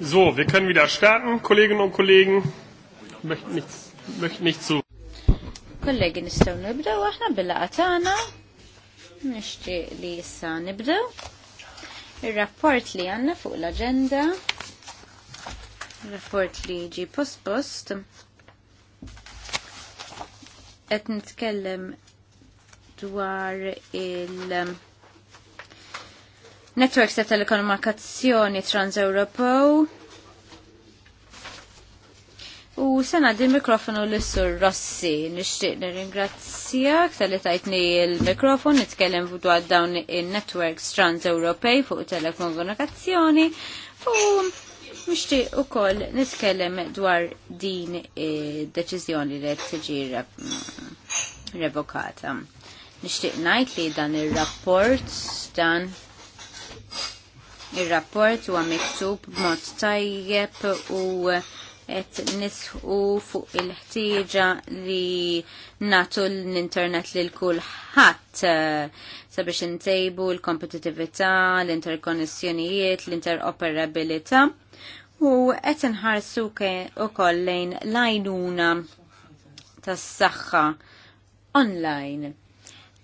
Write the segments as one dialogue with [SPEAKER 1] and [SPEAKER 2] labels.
[SPEAKER 1] So, wir können wieder starten, Kolleginnen und Kollegen. Möchten nicht möchten nichts zu.
[SPEAKER 2] Kollegi nistaw nibdew, aħna billa għatana. Nishti li jissa nibdew. Il-rapport li għanna fuq l-agenda. Il-rapport li ġi post-post. Et nitkellem dwar il- Networks ta' telekomunikazzjoni Trans-Europew. U sena di mikrofonu l-sur Rossi, nishtiq nir-ingrazzjak tal-li tajtni il-mikrofon, nitkellem dwar dawn il-networks trans europej fuq telekomunikazzjoni u nishtiq u koll nitkellem dwar din deċizjoni li tiġi revokata. Nishtiq najt li dan il-rapport dan Ir-rapport huwa miksub b'mod tajjeb u qed nisħu fuq il-ħtieġa li natu l-internet lil kulħadd eh, sabiex intejbu l-kompetitività, l-interkonnessjonijiet, l-interoperabilità u qed inħarsu ukoll lejn l-għajnuna tas-saħħa online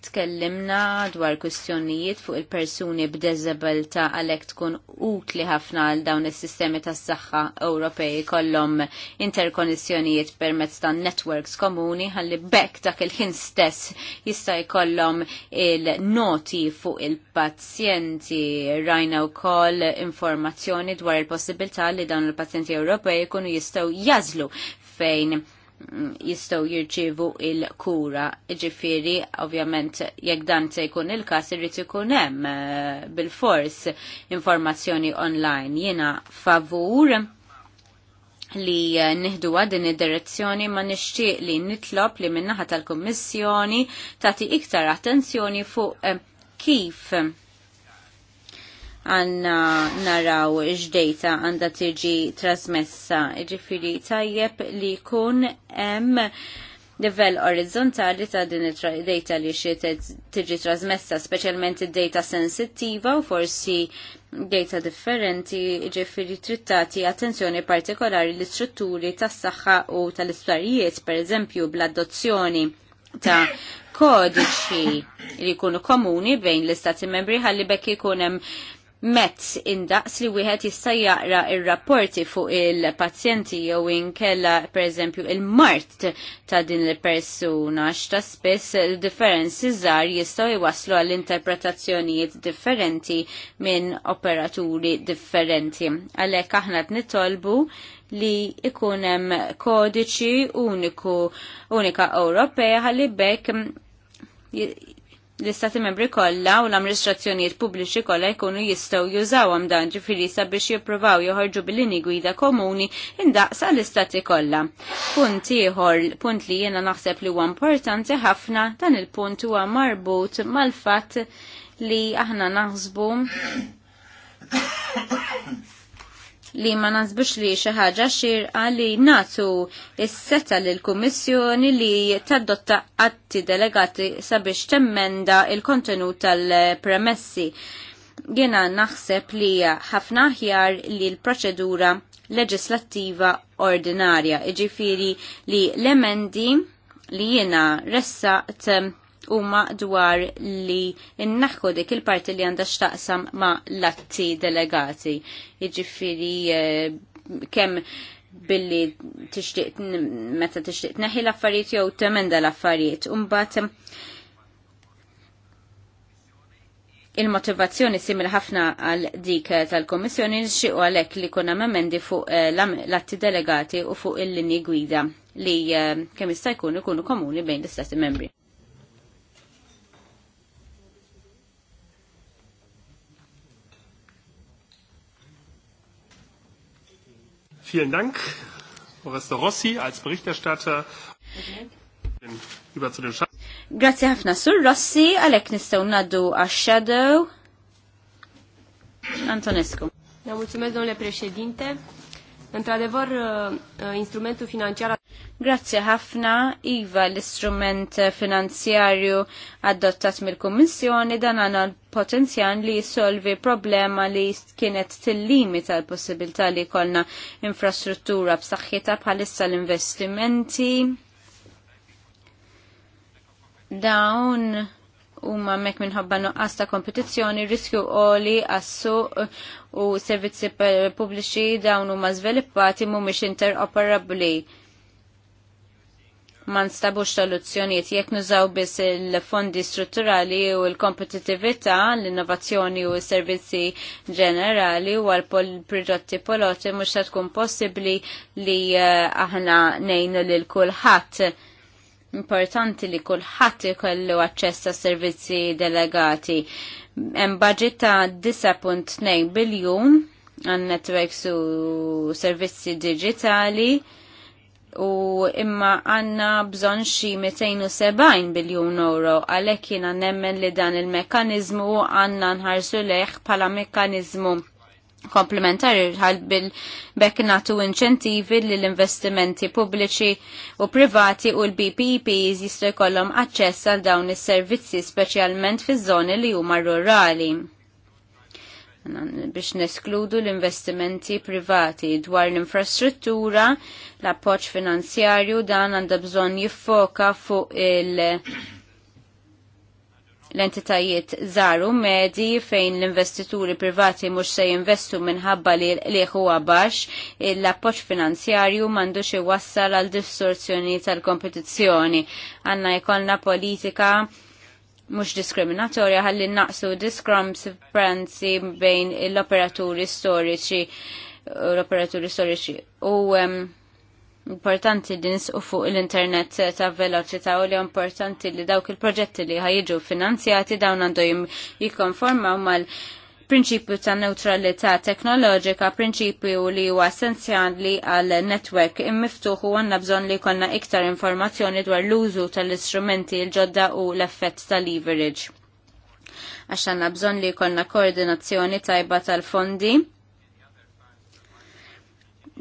[SPEAKER 2] tkellimna dwar kwistjonijiet fuq il-persuni b'deżabilità għalhekk tkun utli ħafna għal dawn is-sistemi tas-saħħa Ewropej kollhom interkonnessjonijiet permezz ta' networks komuni ħalli bekk dak il-ħin stess jista' jkollhom il-noti fuq il-pazjenti rajna wkoll informazzjoni dwar il-possibilità li dawn il-pazjenti Ewropej jkunu jistgħu jażlu fejn jistow jirċivu il-kura. Ġifiri, ovvjament, jekk dan se jkun il-kas, irrit ikun hemm eh, bil-fors informazzjoni online. Jiena favur li eh, nihdu din id-direzzjoni ma nixtieq li nitlob li minnaħa tal-Kummissjoni tagħti iktar attenzjoni fuq eh, kif għanna naraw ġdejta għanda tiġi trasmessa. Ġifiri tajjeb li kun hemm livell orizzontali ta' din id-data li xie tiġi trasmessa, specialment id-data sensittiva u forsi data differenti ġifiri trittati attenzjoni partikolari l-istrutturi tas saħħa u tal-isptarijiet, per eżempju, bl-adozzjoni ta' kodiċi li jkunu komuni bejn l-istati membri ħalli bekk ikun hemm mezz indaqs li wieħed jista' jaqra r rapporti fuq il-pazjenti jew inkella pereżempju il-mart ta' din il-persuna x'ta' spiss differenzi żgħar jistgħu jwaslu għall interpretazzjonijiet differenti minn operaturi differenti. Għalhekk aħna nitolbu li ikun hemm kodiċi uniku unika Ewropea ħalli bekk l-istati membri kollha u l amministrazzjoniet pubbliċi kollha jkunu jistgħu jużawhom dan sa sabiex jippruvaw joħorġu bil-lini gwida komuni indaqsa l-istati kollha. Punt ieħor, punt li jiena naħseb li huwa importanti ħafna dan il-punt huwa marbut mal-fatt li aħna naħsbu li ma nasbux li xi ħaġa xirqa li natu s seta l kummissjoni li tadotta atti delegati sabiex temmenda il-kontenut tal-premessi. Jena naħseb li ħafna ħjar li l-proċedura leġislattiva ordinarja, iġifiri li l-emendi li jena ressaqt huma dwar li innaħħu dik il-parti li għandha xtaqsam ma' l-atti delegati. Jiġifieri eh, kemm billi tixtieq meta tixtieq neħi l-affarijiet jew temenda l-affarijiet. Umbagħad eh, il-motivazzjoni simil ħafna għal dik tal-Komissjoni nxiequ għalek li kuna memendi fuq eh, l-atti delegati u fuq il-linji gwida li kemm jista' jkun ikunu komuni bejn l-istati membri.
[SPEAKER 1] Vielen Dank, Oreste Rossi, als Berichterstatter. Über zu den Schatten.
[SPEAKER 2] Grazie ħafna sur Rossi, għalek nistaw naddu għax-Shadow. Antonescu. Da, mulțumesc, domnule președinte. Intradevor uh, uh instrumentu financiar... Grazie ħafna, Iva, l-istrument finanzjarju adottat mill-Kummissjoni dan għana l-potenzjal li jisolvi problema li kienet til-limita l-possibilità li kolna infrastruttura b'saħħitha bħalissa l-investimenti. Dawn huma mek minħabba nuqqas ta' kompetizzjoni, riskju qoli għassu u servizzi pubbliċi dawn huma żviluppati mhumiex interoperabbli ma nstabux soluzzjonijiet jekk nużaw biss il-fondi strutturali u l-kompetitività, l-innovazzjoni u s-servizzi ġenerali u għal-prodotti poloti mhux se tkun possibbli li eh, aħna ngħinu lil kulħadd importanti li kulħadd ikollu aċċess ta' servizzi delegati. Hemm budget ta' 10.2 biljun għan networks u servizzi digitali u imma għanna bżon xi 270 biljun euro għalhekk jiena nemmen li dan il-mekkaniżmu għandna nħarsu leħ bħala mekkaniżmu komplementari ħal bil-bekk natu inċentivi l-investimenti pubbliċi u privati u l-BPPs jistu jkollhom aċċess għal dawn is-servizzi speċjalment fiż-żoni li huma rurali biex neskludu l-investimenti privati dwar l-infrastruttura, l-appoċ finanzjarju dan għandha bżonn jiffoka fuq il- l-entitajiet zaru medi fejn l-investituri privati mux se jinvestu minħabba li liħu għabax l-appoċ finanzjarju mandux iwassal għal distorsjoni tal-kompetizzjoni. Għanna jkollna politika mux diskriminatorja ħalli naqsu diskrimsi bejn l-operaturi storiċi l-operaturi storiċi u um, Importanti li nisqu fuq l-internet ta' veloċità u li importanti li dawk il-proġetti li ħajġu finanzjati dawn għandhom jikkonformaw mal prinċipju ta' neutralità teknoloġika, prinċipju li huwa essenzjali għal netwerk immiftuħ u għanna bżon li konna iktar informazzjoni dwar l-użu tal-istrumenti l-ġodda u l-effett tal-leverage. Għax għanna bżon li konna koordinazzjoni tajba tal-fondi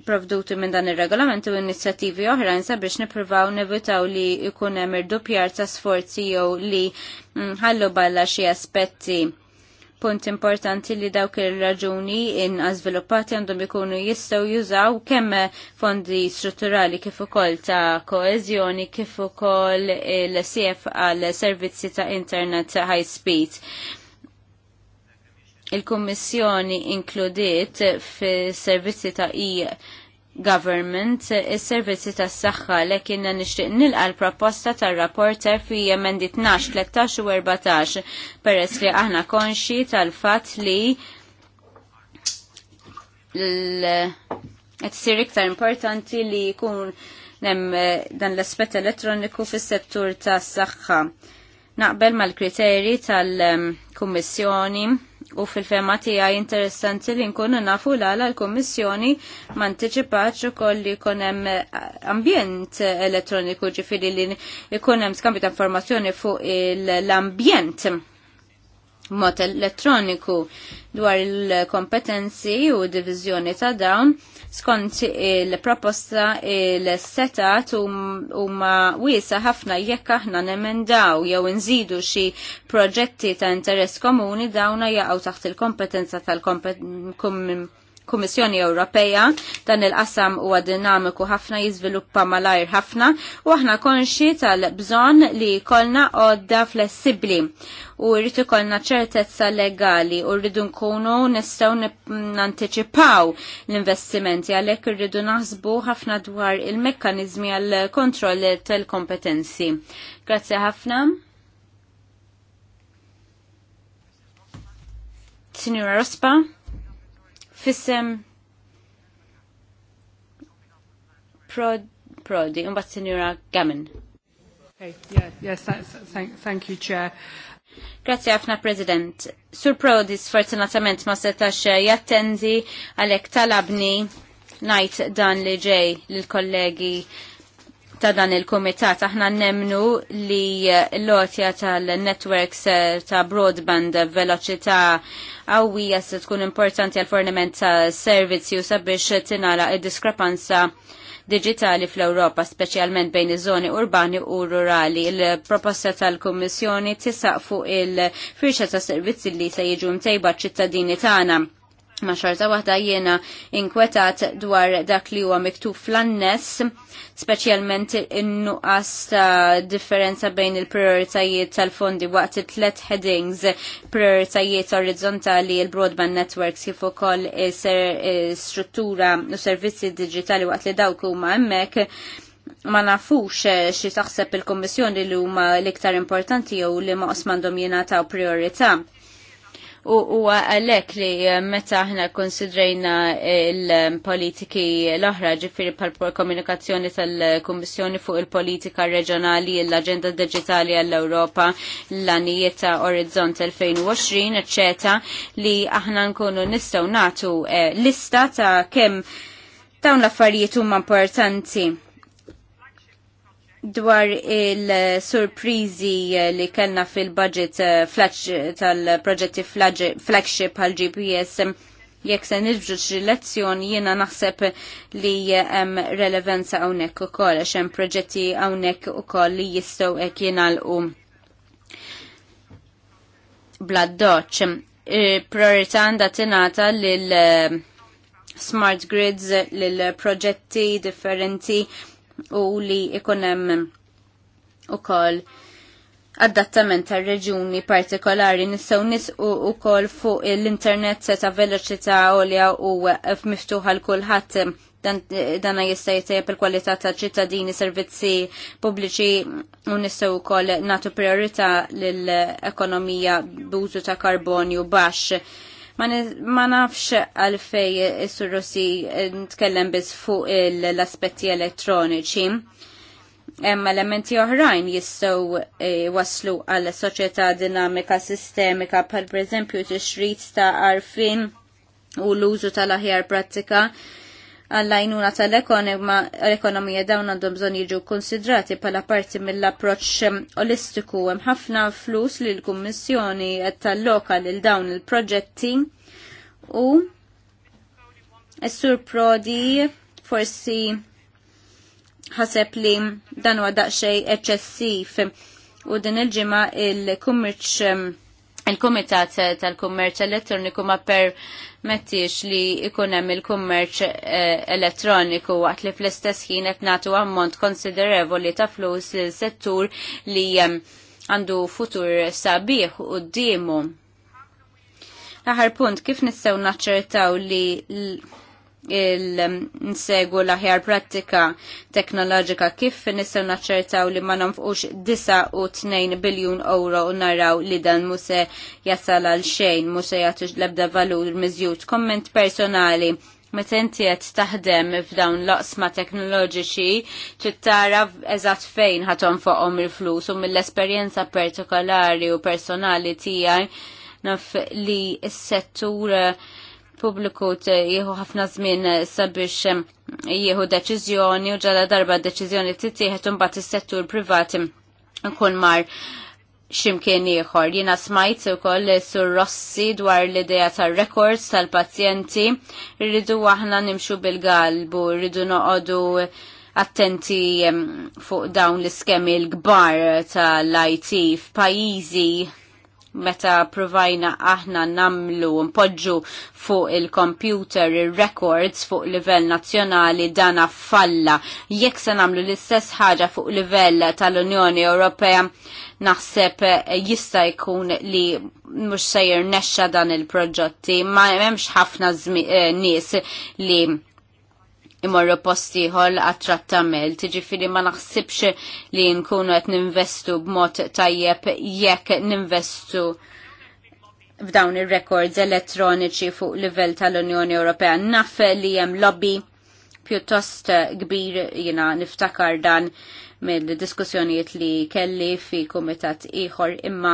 [SPEAKER 2] provduti minn dan ir-regolament u inizjattivi oħrajn sabiex nippruvaw nevitaw li ikun hemm irdupjar ta' sforzi jew li mm, ħallu balla xi aspetti punt importanti li dawk ir-raġuni in azviluppati għandhom ikunu jistgħu jużaw kemm fondi strutturali kif ukoll ta' koeżjoni kif ukoll l-CF għal servizzi ta' internet high speed Il-Kummissjoni inkludiet fis-servizzi ta' i government is-servizzi tas-saħħa li inna nixtieq nilqa l-proposta tar-rapporter fi jemendi 12, 13 u 14 peress li aħna konxi tal-fatt li l isir iktar importanti li jkun hemm eh, dan l-aspett elettroniku fis-settur tas-saħħa. Naqbel mal-kriterji tal-Kummissjoni ehm, u fil-fema tiegħi interessanti li nkunu nafu l-għala l-Kommissjoni manticipax ukoll li jkun hemm eh, ambjent elettroniku ġifiri li konem hemm ta' informazzjoni fuq l-ambjent mod elettroniku dwar il-kompetenzi u divizjoni ta' dawn skont il-proposta il-setat u ma wisa ħafna jekk aħna nemendaw jew nżidu xi proġetti ta' interess komuni dawna jaqgħu taħt il-kompetenza tal-kompetenza Kummissjoni Ewropeja dan il-qasam huwa dinamiku ħafna jiżviluppa malajr ħafna u aħna konxi tal-bżonn li kolna għodda flessibbli u rrid ikollna ċertezza legali u rridu nkunu nistgħu nantiċipaw l-investimenti għalhekk irridu naħsbu ħafna dwar il-mekkaniżmi għall kontroll tal-kompetenzi. Grazzi ħafna. Signora Rospa fissem prod Prodi, un bat Signora Gammon. Hey, yeah, yes, thank, thank you, Chair. Grazie ħafna President. Sur Prodi sfortunatament ma setax eh, jattendi għalek talabni najt dan li ġej l-kollegi ta' dan il-komitat aħna nemnu li l-lotja eh, tal-networks eh, ta' broadband veloċità għawija se tkun importanti għal forniment ta' servizzi u sabiex tinala id-diskrepanza digitali fl-Europa, speċjalment bejn iż-żoni urbani u rurali. Il-proposta tal-Kummissjoni tisaq fuq il-firxa ta' servizzi li se jiġu mtejba ċittadini tagħna ma xorta waħda jiena inkwetat dwar dak li huwa miktub fl-annes, speċjalment in-nuqqas ta' differenza bejn il-prioritajiet tal-fondi waqt it-tlet headings, prioritajiet orizzontali il-broadband networks kif ukoll struttura u servizzi digitali waqt li dawk huma hemmhekk ma nafux xi taħseb il-Kommissjoni li huma l-iktar importanti jew li ma qosmandhom jingħataw priorità. priorità U huwa għalhekk li meta aħna konsidrejna il-politiki l-oħra ġifieri pal komunikazzjoni tal-Kummissjoni fuq il-politika reġjonali l-Aġenda Digitali għall-Ewropa l-għanijiet ta' Orizzont 2020, ecc. li aħna nkunu nistgħu nagħtu eh, lista ta' kemm dawn l-affarijiet huma importanti dwar il-surprizi eh, li kellna fil-budget eh, tal-proġetti flagship għal GPS jekk se nirġu lezzjoni jiena naħseb li hemm relevanza hawnhekk ukoll għax hemm proġetti hawnhekk ukoll li jistgħu hekk jingħalqu bla doċ. E, priorità għandha tingħata lil eh, smart grids lil proġetti differenti u li ikunem u kol adattament tar reġuni partikolari nissaw nisqu u kol fuq l-internet ta' veloċità olja u miftuħa l-kulħadd dana jista' jitejjeb il-kwalità ta' ċittadini servizzi pubbliċi u nistgħu wkoll nagħtu priorità lill-ekonomija b'użu ta' karbonju baxx Ma nafx għalfej is-surrossi eh, nitkellem biss fuq l-aspetti elettroniċi. Hemm elementi oħrajn jistgħu eh, waslu għal soċjetà dinamika sistemika bħal pereżempju tixrid ta' arfin u l-użu tal-aħjar prattika għajnuna tal-ekonomija dawn għandhom bżon jiġu konsidrati pala parti mill-approċ olistiku hemm ħafna flus li l-Kummissjoni qed talloka lil dawn il-proġetti u s-sur Prodi forsi ħaseb li dan huwa daqsxejn eċċessiv u din il-ġimgħa il-kummerċ il ġimgħa il ġimgħa il kummerċ il-Kumitat tal-Kummerċ Elettroniku ma permettix li ikunem hemm il-kummerċ eh, elettroniku għat li fl-istess ħin qed nagħtu ammont konsiderevoli ta' flus settur li ehm, għandu futur sabiħ u qudiemu. Aħar punt kif nistgħu naċċertaw li l il-nsegu laħjar pratika teknoloġika kif nistaw naċċertaw li ma nonfqux 9 biljun euro u naraw li dan muse jasal għal xejn, muse jatux lebda valur mizjut. Komment personali, meta inti taħdem f'dawn loqsma teknoloġiċi ċittara tara eżatt fejn ħaton foqhom il-flus u mill-esperjenza partikolari u personali tiegħi naf li s-settur uh, pubbliku jieħu ħafna żmien eh, sabiex eh, jieħu deċiżjoni u ġala darba deċiżjoni titieħed imbagħad is-settur privat nkun mar ximkien ieħor. Jiena smajt ukoll sur Rossi dwar l-idea tar-records tal-pazjenti rridu aħna nimxu bil-galbu, rridu noqogħdu attenti eh, fuq dawn l-iskemi l-kbar tal-IT f'pajjiżi meta provajna aħna namlu npoġġu fuq il-computer il-records fuq livell nazzjonali dana falla. Jekk se namlu l-istess ħaġa fuq livell tal-Unjoni Ewropea naħseb jista jkun li mhux sejjer nexxa dan il proġotti ma hemmx ħafna eh, nies li imorru postiħol għat-trattament. Ġifiri ma naħsibx li nkunu għet ninvestu b'mod tajjeb jekk ninvestu f'dawn ir-rekords elettroniċi fuq livell tal-Unjoni Ewropea. Naf li hemm lobby pjuttost kbir jina niftakar dan mill-diskussjonijiet li kelli fi komitat ieħor imma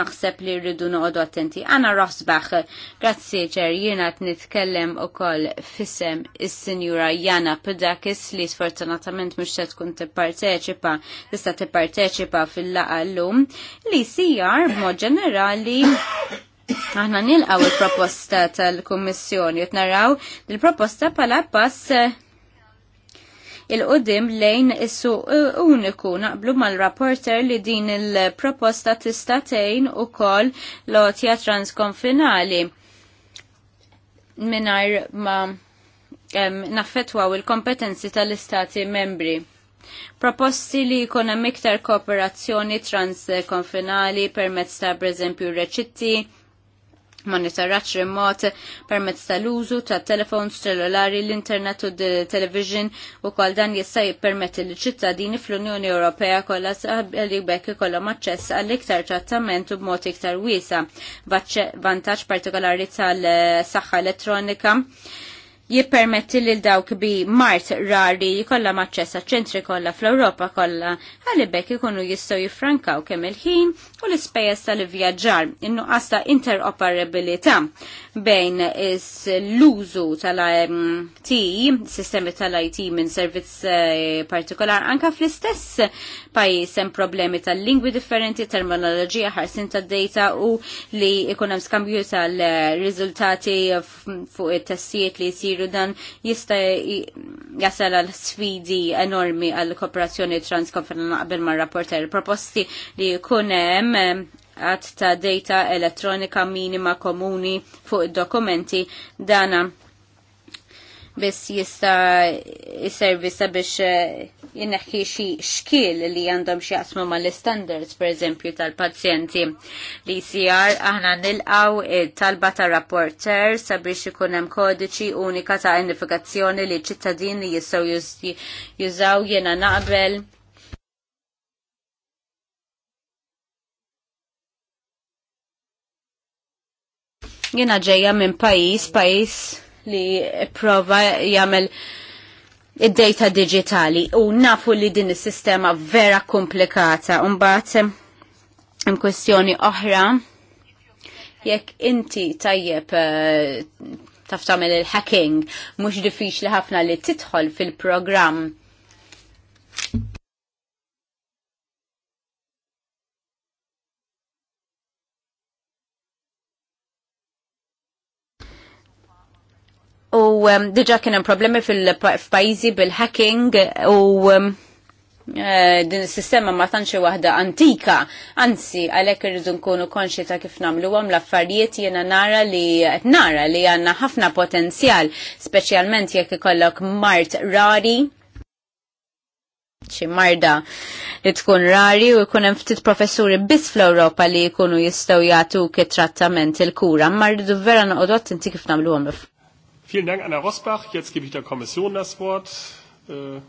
[SPEAKER 2] naħseb li rridu noqogħdu attenti. Anna Rosbach, grazzi ċer jiena qed nitkellem ukoll fissem is-Sinjura Jana Pudakis li sfortunatament mhux se tkun tipparteċipa, tista' tipparteċipa fil-laqa llum li sijar b'mod ġenerali Aħna nilqaw il-proposta tal-Kommissjoni qed naraw il-proposta pala pass il qudim lejn issu uniku naqblu mal-rapporter li din il-proposta tistatejn u kol lotja transkonfinali minar ma naffetwaw il-kompetenzi tal-istati membri. Proposti li jkun hemm iktar kooperazzjoni transkonfinali permezz ta' pereżempju reċitti, monitorat remot permezz tal-użu ta' telefon ċellulari, l-internet u television u kol dan jista' jippermetti li ċittadini fl-Unjoni Ewropea kollha li bekk ikollhom aċċess għall iktar trattament u b'mod iktar wiesa. Vantaġġ partikolari tal-saħħa elettronika jippermetti lil dawk bi mart rari jikolla maċċessa ċentri kollha fl-Ewropa kollha bekk ikunu jistgħu jiffrankaw kemm il-ħin u l-ispejjeż tal-ivvjaġġar innu ta' interoperabilità bejn l-użu tal-IT, sistemi tal-IT minn servizz eh, partikolar anka fl-istess pajjiż hemm problemi tal-lingwi differenti, terminoloġija ħarsin tad-data u li ikun hemm skambju tal-riżultati fuq it-testijiet li jsiru jisiru dan jista jasal għal sfidi enormi għal kooperazzjoni transkonferna naqbel ma' rapporter. Proposti li kunem għat ta' data elettronika minima komuni fuq id-dokumenti dana biss jista jisservisa sabiex eh, jinneħħi xi xkiel li għandhom xi jaqsmu mal-standards pereżempju tal-pazjenti. Li icr e aħna nilqaw talba ta' rapporter sabiex ikun hemm kodiċi unika ta' identifikazzjoni li ċ-ċittadin li jistgħu jużaw jiena naqbel. Jena ġeja minn pajis, pajis li prova jagħmel id-data digitali u nafu li din is-sistema vera komplikata. Mbagħad hemm kwestjoni oħra jekk inti tajjeb eh, taf tagħmel il-hacking mhux diffiċli ħafna li tidħol fil-programm u um, diġa kien hemm problemi fil pajzi bil-hacking u um, eh, din is-sistema ma tantx waħda antika, anzi għalhekk irridu nkunu konxi ta' kif nagħmluhom l-affarijiet jiena nara li nara li għandna ħafna potenzjal, speċjalment jekk ikollok mart rari xi marda li tkun rari u jkun hemm ftit professuri biss fl-Ewropa li jkunu jistgħu jagħtuk it-trattament il-kura, ma rridu vera noqogħdu inti kif nagħmluhom Vielen
[SPEAKER 1] Dank, Anna Rosbach. Jetzt gebe ich der Kommission das Wort. Äh,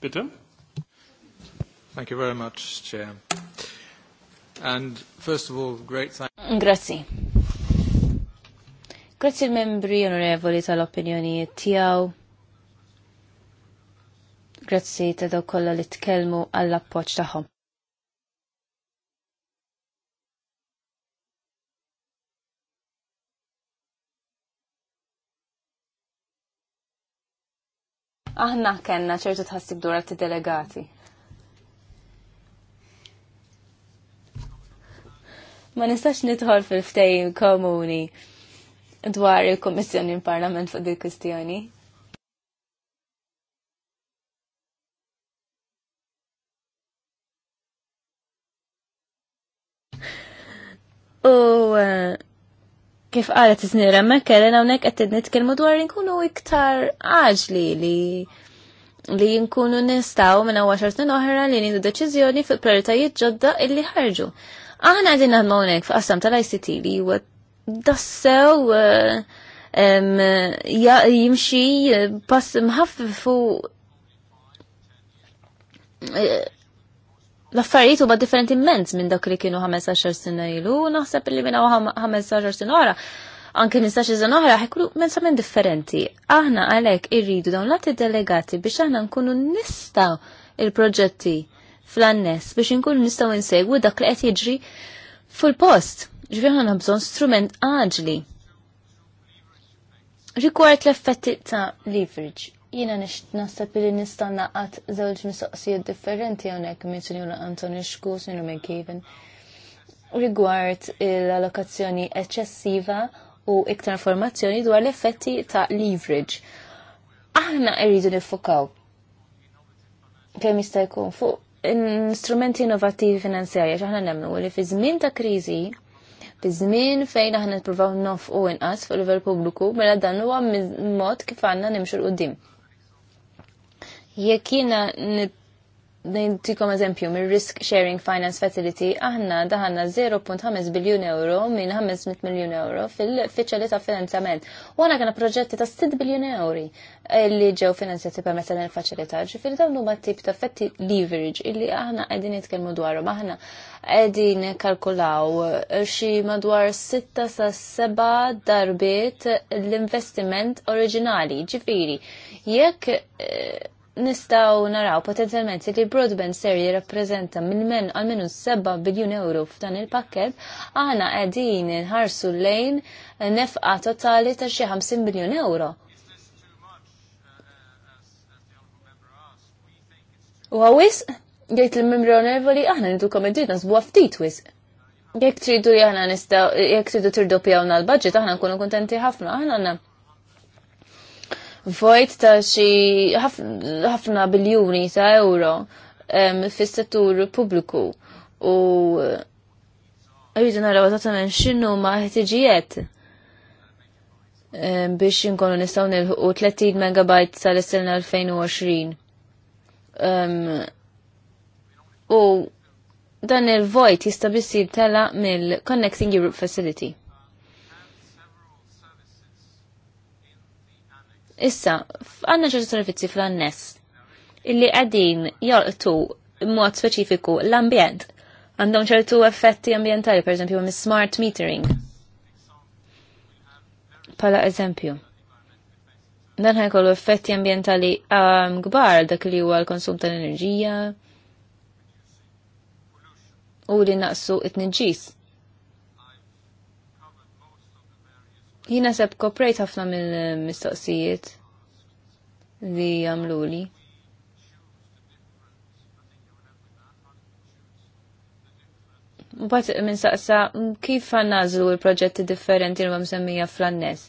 [SPEAKER 1] bitte. Thank you very much, Chair.
[SPEAKER 3] And first of all, great thank Grazie. Grazie membri onorevoli tal-opinjonijiet tiegħu. Grazie ta' daw kollha li tkellmu għall-appoġġ tagħhom. aħna kellna ċertu tħassib dwar t delegati. Ma nistax nidħol fil-ftejn komuni dwar il-Kommissjoni il-Parlament fuq dik kwistjoni.
[SPEAKER 2] U eh,
[SPEAKER 3] kif me iżnira mekkelen hawnhekk qed nitkelmu dwar nkunu iktar għaġli li li nkunu nistaw minna għaxar snin oħra li nidu deċiżjoni fi prioritajiet ġodda illi ħarġu. Aħna għadin naħdmu hawnhekk f'qasam tal-ICT li huwa dassew eh, jimxi eh, pass mħaffif eh, l-affarijiet huma differenti immens minn dak li kienu 15 sena ilu, naħseb li minn 15 sena oħra anke nistax iżan oħra ħekru mensament differenti. Aħna għalek irridu dawn lati delegati biex aħna nkunu nistaw il-proġetti fl-annes biex nkunu nistaw insegwu dak li qed jiġri fil-post. Ġvien għandna bżonn strument għaġli. Rikward l-effetti ta' leverage. Jina nasab li nistanna għat żewġ mistoqsijiet differenti hawnhekk minn Sinjura Antoni Xku, Sinjura Kevin Rigward l-allokazzjoni eċċessiva u iktar informazzjoni dwar l-effetti ta' leverage. Aħna irridu nifokaw kemm jista' jkun fuq instrumenti innovativi finanzjarji x'aħna nemmnu li fi żmien ta' kriżi fi żmien fejn aħna nippruvaw nofqu inqas fuq livell pubbliku mela dan huwa mod kif għandna nimxu l-qudiem. Jekk jiena Nintikom eżempju mir Risk Sharing Finance Facility, aħna daħna 0.5 biljun euro minn 500 miljun euro fil-fiċċa li ta' finanzjament. U għana għana proġetti ta' 6 biljun euro eh, li ġew finanzjati per mezz il-faċilità. Ġifieri dawn huma tip ta' fetti leverage illi aħna qegħdin nitkellmu dwarhom. Aħna qegħdin kalkulaw eh, xi madwar 6 sa 7 darbiet l-investiment oriġinali. Ġifiri, jekk eh, nistaw naraw potenzjalment li broadband ser jirrappreżenta minn men għal 7 biljun euro f'dan il-pakket, għana għedin nħarsu lejn nefqa totali ta' xi 50 biljun euro. U għawis, jgħid l membri onervoli, aħna nidu komedin, għazbu għaftit wisq. Jek tridu jgħana nistaw, jek tridu tirdoppjawna l-budget, aħna nkunu kontenti ħafna, aħna vojt ta' xi ħafna biljuni ta' euro fis-settur pubbliku u rridu naraw eżattament x'inhu ma' ħtiġijiet biex inkollu nistgħu nilħu 30 megabajt sal-sena 2020. U dan il-vojt jista' bissir tela mill-Connecting Europe Facility. Issa, għanna ċertu servizzi fl-annes illi għadin jolqtu mod speċifiku l-ambjent. Għandhom ċertu effetti ambientali, per eżempju, mis smart metering. Pala eżempju. Dan ħajkollu effetti ambientali um, gbar dak li huwa l-konsum tal-enerġija u li naqsu it-nġis Jina seb koprejt ħafna mill-mistoqsijiet eh, li għamluli. U bat minn saqsa kif għannażlu il-proġetti differenti li semmija fl-annes.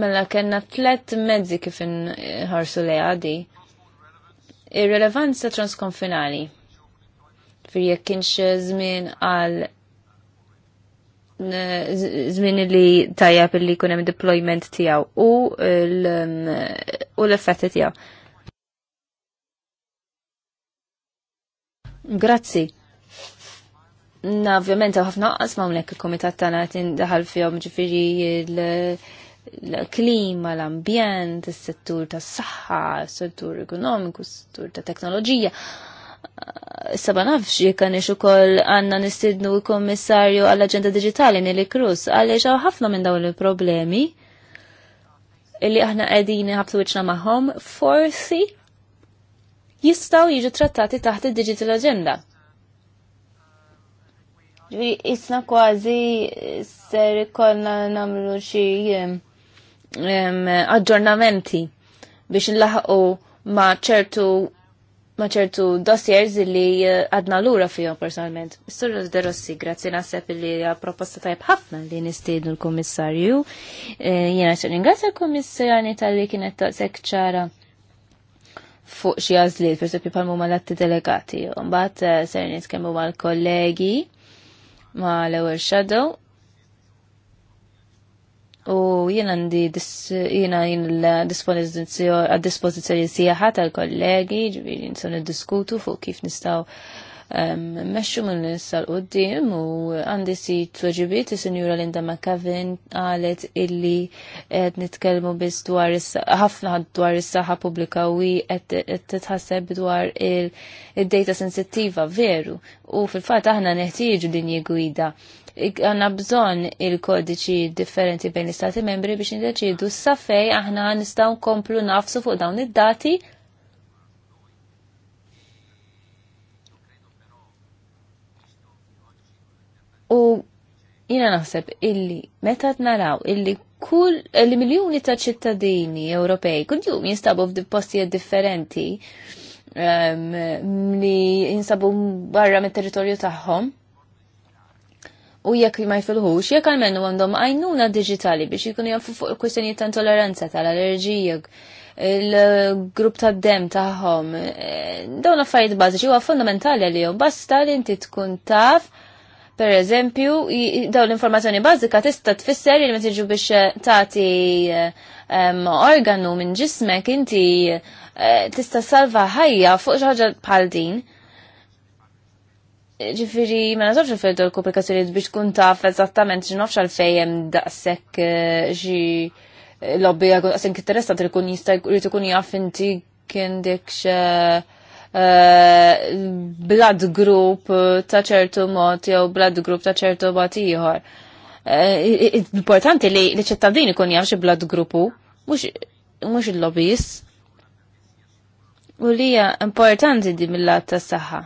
[SPEAKER 3] Mela kena tlet mezzi kif nħarsu li għadi. Ir-relevanza transkonfinali. Fir jekk kienx żmien għal zmin li tajab li jkun hemm deployment tiegħu u um, l-effetti tiegħu. Grazzi. Na, ovvjament, ħafna qasma hawnhekk il-komitat tagħna għatin daħal fihom ġifieri l-klima, l-ambjent, is-settur tas-saħħa, s settur ekonomiku, s settur ta' teknoloġija. Issa ma nafx jekk għandix ukoll għandna nistidnu l-Kommissarju għall-Aġenda Digitali Nili Cruz għaliex hawn ħafna minn dawn il-problemi illi aħna qegħdin ħabtu wiċċna magħhom forsi jistgħu jiġu trattati taħt id-Digital Agenda. Isna kważi ser ikollna nagħmlu xi aġġornamenti biex nlaħqu ma' ċertu ma' ċertu dossiers li eh, għadna l-ura fija personalment. Istorja de Rossi, grazzi naħseb li proposta tajb ħafna li nistidu l-komissarju. Eh, Jena ċer ringrazzja l komissarju tal-li kienet taqsek ċara fuq xi għażliet, per palmu l atti delegati. Mbagħad eh, ser nitkemmu mal-kollegi ma l-ewwel shadow U jien għandi jiena jien l-dispozizjoni sieħa tal-kollegi, ġviri nson diskutu fuq kif nistaw ehm, meċu minn l-nissal qoddim u għandi si tweġibiet il-Sinjura Linda McCavin għalet illi għed nitkelmu biz dwar ħafna dwar is-saħħa pubblika u għed titħasseb dwar il-data sensittiva veru u fil-fat aħna neħtieġu din gwida għanna bżon il-kodiċi differenti bejn l-istati membri biex ndeċidu s-safej aħna nistaw nkomplu nafsu fuq dawn id-dati u jina naħseb illi meta naraw illi kull li miljoni ta' ċittadini Ewropej kull jum jinstabu f'postijiet differenti um, li jinsabu barra mit territorju tagħhom u jekk li ma jfilħux, jekk għalmenu għandhom għajnuna digitali biex jikunu jaffu fuq il kwestjonijiet ta' intolleranza tal-allerġija, il-grupp ta' dem taħħom, eh, dawn affarijiet bażiċi huwa li jom basta li inti tkun taf per eżempju, dawn l-informazzjoni bażika tista' tfisser li meta tiġu biex eh, tagħti eh, organu minn ġismek inti tista' salva ħajja fuq xi ħaġa bħal din ġifiri, ma il-fejdu l komplikazzjoniet biex tkun taf eżattament x'nafx għal fejn daqshekk eh, xi eh, lobby għal daqshekk interessat li kun jista' jrid ikun jaf inti kien eh, blood group ta' ċertu mod jew blood group ta' ċertu mod ieħor. Importanti li l-ċittadin ikun jaf xi blood groupu, mhux il-lobbyist. U li hija importanti di mill-lat tas-saħħa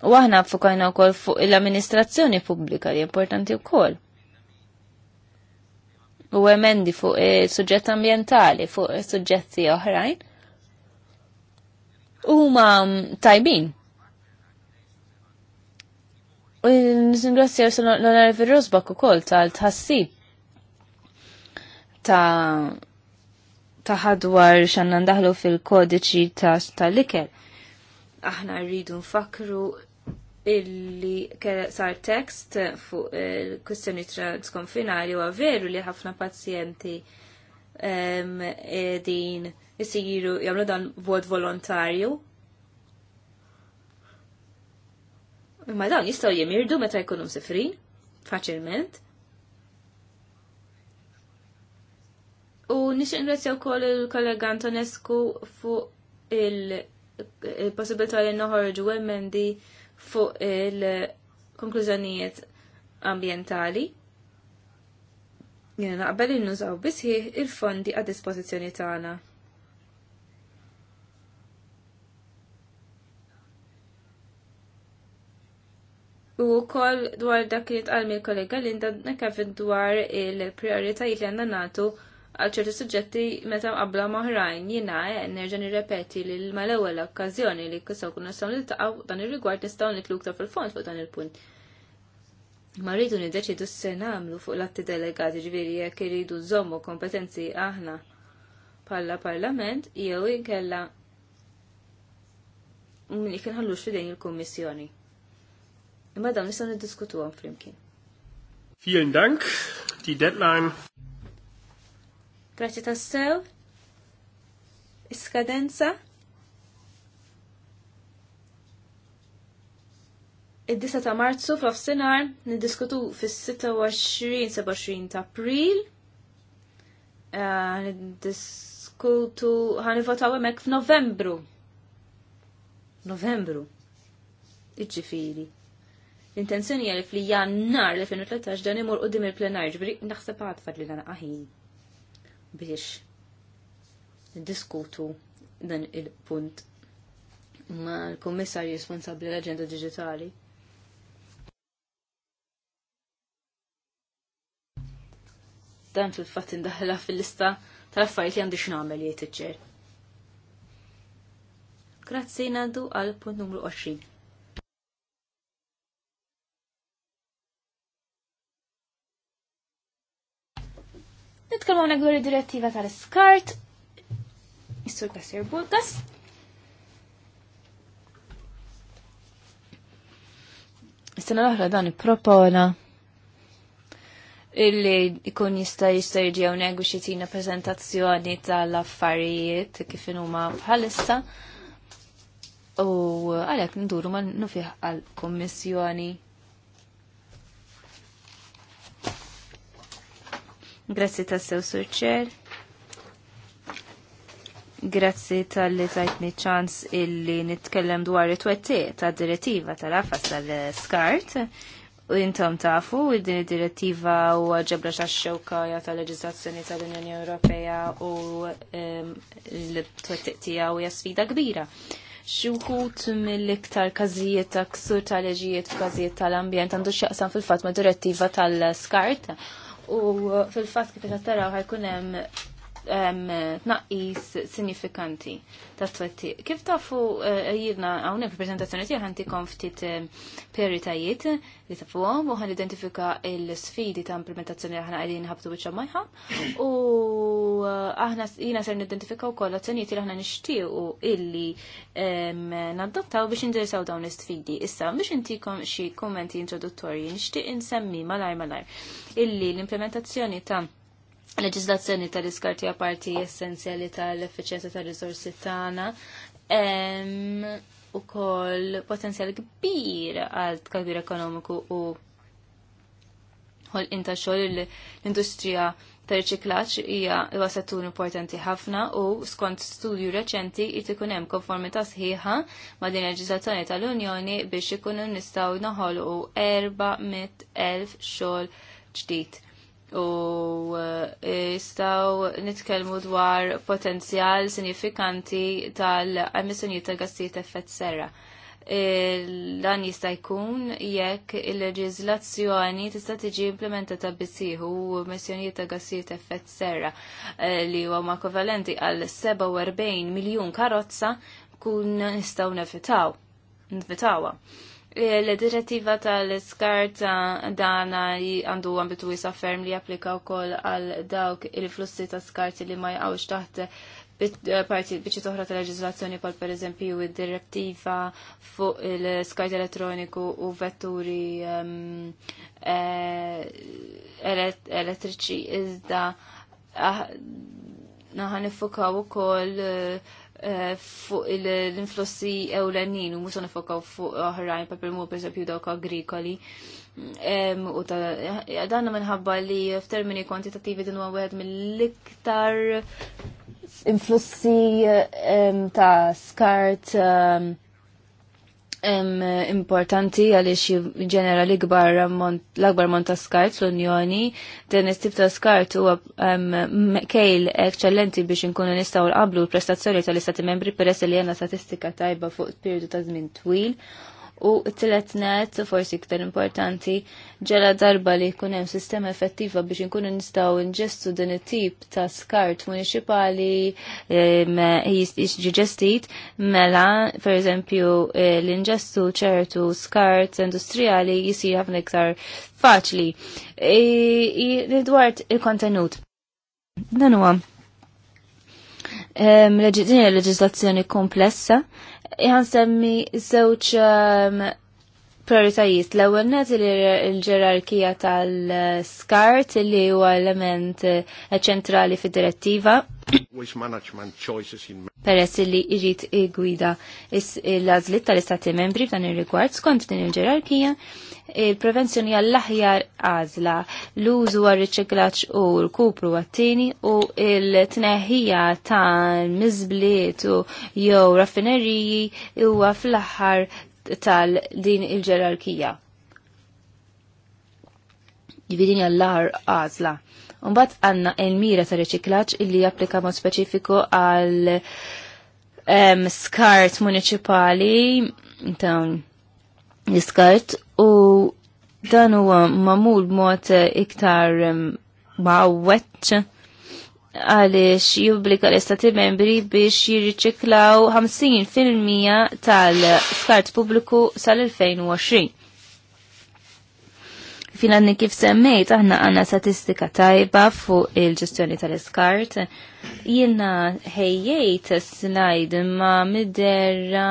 [SPEAKER 3] U aħna fukajna wkoll fuq l-amministrazzjoni pubblika li importanti wkoll. U emendi fuq eh, suġġett ambientali, fuq suġġetti oħrajn. Huma mm, tajbin. U ngrazzja l-onar u ukoll tal-tħassib ta' taħadwar xanna ndaħlu fil-kodiċi ta' tal likel Aħna rridu nfakru illi sar tekst fuq il-kwistjoni eh, transkonfinali u veru li ħafna pazjenti ehm, din jisiru jamlu dan vot volontarju. Ma dawn jistaw jimirdu meta jkunu msifrin, faċilment. U nix ingrazzjaw kol il-kollega Antonescu fuq il-possibilità li noħorġu emendi di fuq il-konklużjonijiet ambientali. Jena naqbel il-nużaw bisħiħ il-fondi għad dispożizzjoni tagħna. U kol dwar dak li tqal mill-kollega Linda nekka dwar il-prioritajiet li għandna nagħtu għal ċerti suġġetti meta qabla maħrajn jina eh, nerġa' nirrepeti li mal-ewwel okkażjoni li kisaw kun nistgħu niltaqgħu dan ir-rigward nistgħu nitlu iktar fil-fond fuq dan il-punt. Ma rridu niddeċidu se nagħmlu fuq l-atti delegati ġifieri jekk iridu żommu kompetenzi aħna bħala parlament jew inkella li kien ħallux fidejn il-Kummissjoni. Imma dawn nistgħu niddiskutuhom flimkien.
[SPEAKER 1] Vielen Dank. Die Deadline
[SPEAKER 3] Grazzi tassew. Iskadenza. id disa ta' Marzu f'Ofsinar niddiskutu fis-26-27 ta' April. Eh, niddiskutu ħanivotaw hemmhekk f'Novembru. Novembru. Iġġifieri. L-intenzjoni għalif li jannar li 2013 dan imur qudiem il-plenarġ, naħseb għad li l-għana biex diskutu dan il-punt ma l-Kummissarju responsabli l-Aġenda Digitali. Dan fil-fatt indaħla fil-lista tal-affarijiet li għandi x'nagħmel jgħid iċ-ċer. Grazzi ngħaddu għal punt numru 20. Nitkellmu hawnhekk dwar id-direttiva tal-iskart, is-sur Kasir Bulkas. Is-sena l-oħra dan ippropona illi ikun jista' jista' jiġi hawnhekk biex jitina preżentazzjoni tal-affarijiet kif huma bħalissa u għalhekk nduru ma nufiħ għall-Kummissjoni. Grazzi tassew surċer. Grazzi tal-li tajtni ċans illi nitkellem dwar it-twetti ta' direttiva tal-afas tal-skart. U intom tafu din id-direttiva u ġebra ta' xewka tal leġislazzjoni tal-Unjoni Ewropea u l-twetti tiegħu hija sfida kbira. Xuħut mill-iktar każijiet ta' ksur tal-leġijiet f'każijiet tal-ambjent għandu x'jaqsam fil-fatt ma' direttiva tal-skart u fil-fatt kif qed taraw ħajkun hemm tnaqqis sinifikanti ta' twetti. Kif tafu eh, jirna għawnek prezentazzjoni tiegħek ħantikom ftit eh, prioritajiet li għom u għan identifika l-sfidi ta' implementazzjoni għana aħna qegħdin ħabtu biċċa majħa u eh, aħna jiena ser nidentifika wkoll azzjonijiet li aħna nixtiequ illi naddottaw biex indirsaw dawn l-sfidi. Issa biex intikom xi kummenti introduttorji nixtieq insemmi malajr malajr illi l-implementazzjoni ta' leġislazzjoni tal-iskarti parti essenzjali tal-effiċenza tal risorsi tagħna u ukoll potenzjal kbir għal tkabbir ekonomiku u għol inta xogħol l-industrija tal-riċiklaġġ hija huwa settur importanti ħafna u skont studju reċenti qed ikun hemm konformità sħiħa ma' din leġislazzjoni tal-Unjoni biex ikunu nistgħu naħolqu 400,000 xogħol ġdid u jistaw eh, nitkelmu dwar potenzjal sinifikanti tal-emissjonijiet ta' gassijiet effett serra. Dan jista' jkun jekk il-leġiżlazzjoni tista' tiġi implementata bisieħu u emissjonijiet ta' gassijiet effett serra eh, li huma kovalenti għal 47 miljun karozza kun nistgħu nevitaw. Nvitawa. L-direttiva tal-skarta dana għandu għambitu jisa ferm li applika wkoll għal dawk il-flussi ta' skarti li ma jgħawx taħt parti biċi toħra tal-leġizlazzjoni pal per eżempju id-direttiva fuq il skart elettroniku u vetturi ehm, eh, elettriċi iżda ah, naħan nifukaw u koll uh, Eh, fuq l-influssi ewlenin u musa nifokaw fuq oħrajn, per per per esempio dawk agrikoli. U eh, danna minħabba li f'termini kwantitativi din huwa wieħed mill-iktar influssi eh, ta' skart importanti għaliex ġenera l-ikbar l-akbar mont ta' skart l-Unjoni, din is-tip ta' skart huwa kejl eċċellenti biex inkunu nistgħu nqablu l-prestazzjoni tal-Istati Membri peress li għandna statistika tajba fuq periodu ta' żmien twil u t-tlet net, forsi iktar importanti, ġela darba li jkun hemm sistema effettiva biex nkunu nistgħu nġestu din it-tip ta' skart municipali ġestit mela, pereżempju eh, l-inġestu ċertu skart industrijali jisir ħafna iktar faċli. E, dwar il-kontenut. Dan huwa Ehm, din il-leġislazzjoni komplessa. Iħan semmi zewċ ehm, prioritajiet l-ewwel li l ġerarkija tal-skart li huwa element eh, ċentrali fid-direttiva. Peress li jrid gwida l-għażliet tal-istati membri f'dan ir-rigward skont din il-ġerarkija il-prevenzjoni għall-aħjar għazla, l-użu għal-riċiklaċ u l-kupru għattini u il-tneħija tal-mizbliet u jew raffineriji u fl-aħħar tal-din il-ġerarkija. Jibidini jiġifieri għall-aħjar għazla. Unbat għanna il-mira ta' riċiklaċ illi japplika mod speċifiku għal skart municipali, ta' l u Dan huwa mamul mod eh, iktar mawweċ għaliex jubblika l-istati membri biex jirriċiklaw 50% tal-skart pubbliku sal-2020 filanni kif semmejt, aħna għanna statistika tajba fuq il-ġestjoni tal-iskart. Jina ħejjejt s-snajd ma midderra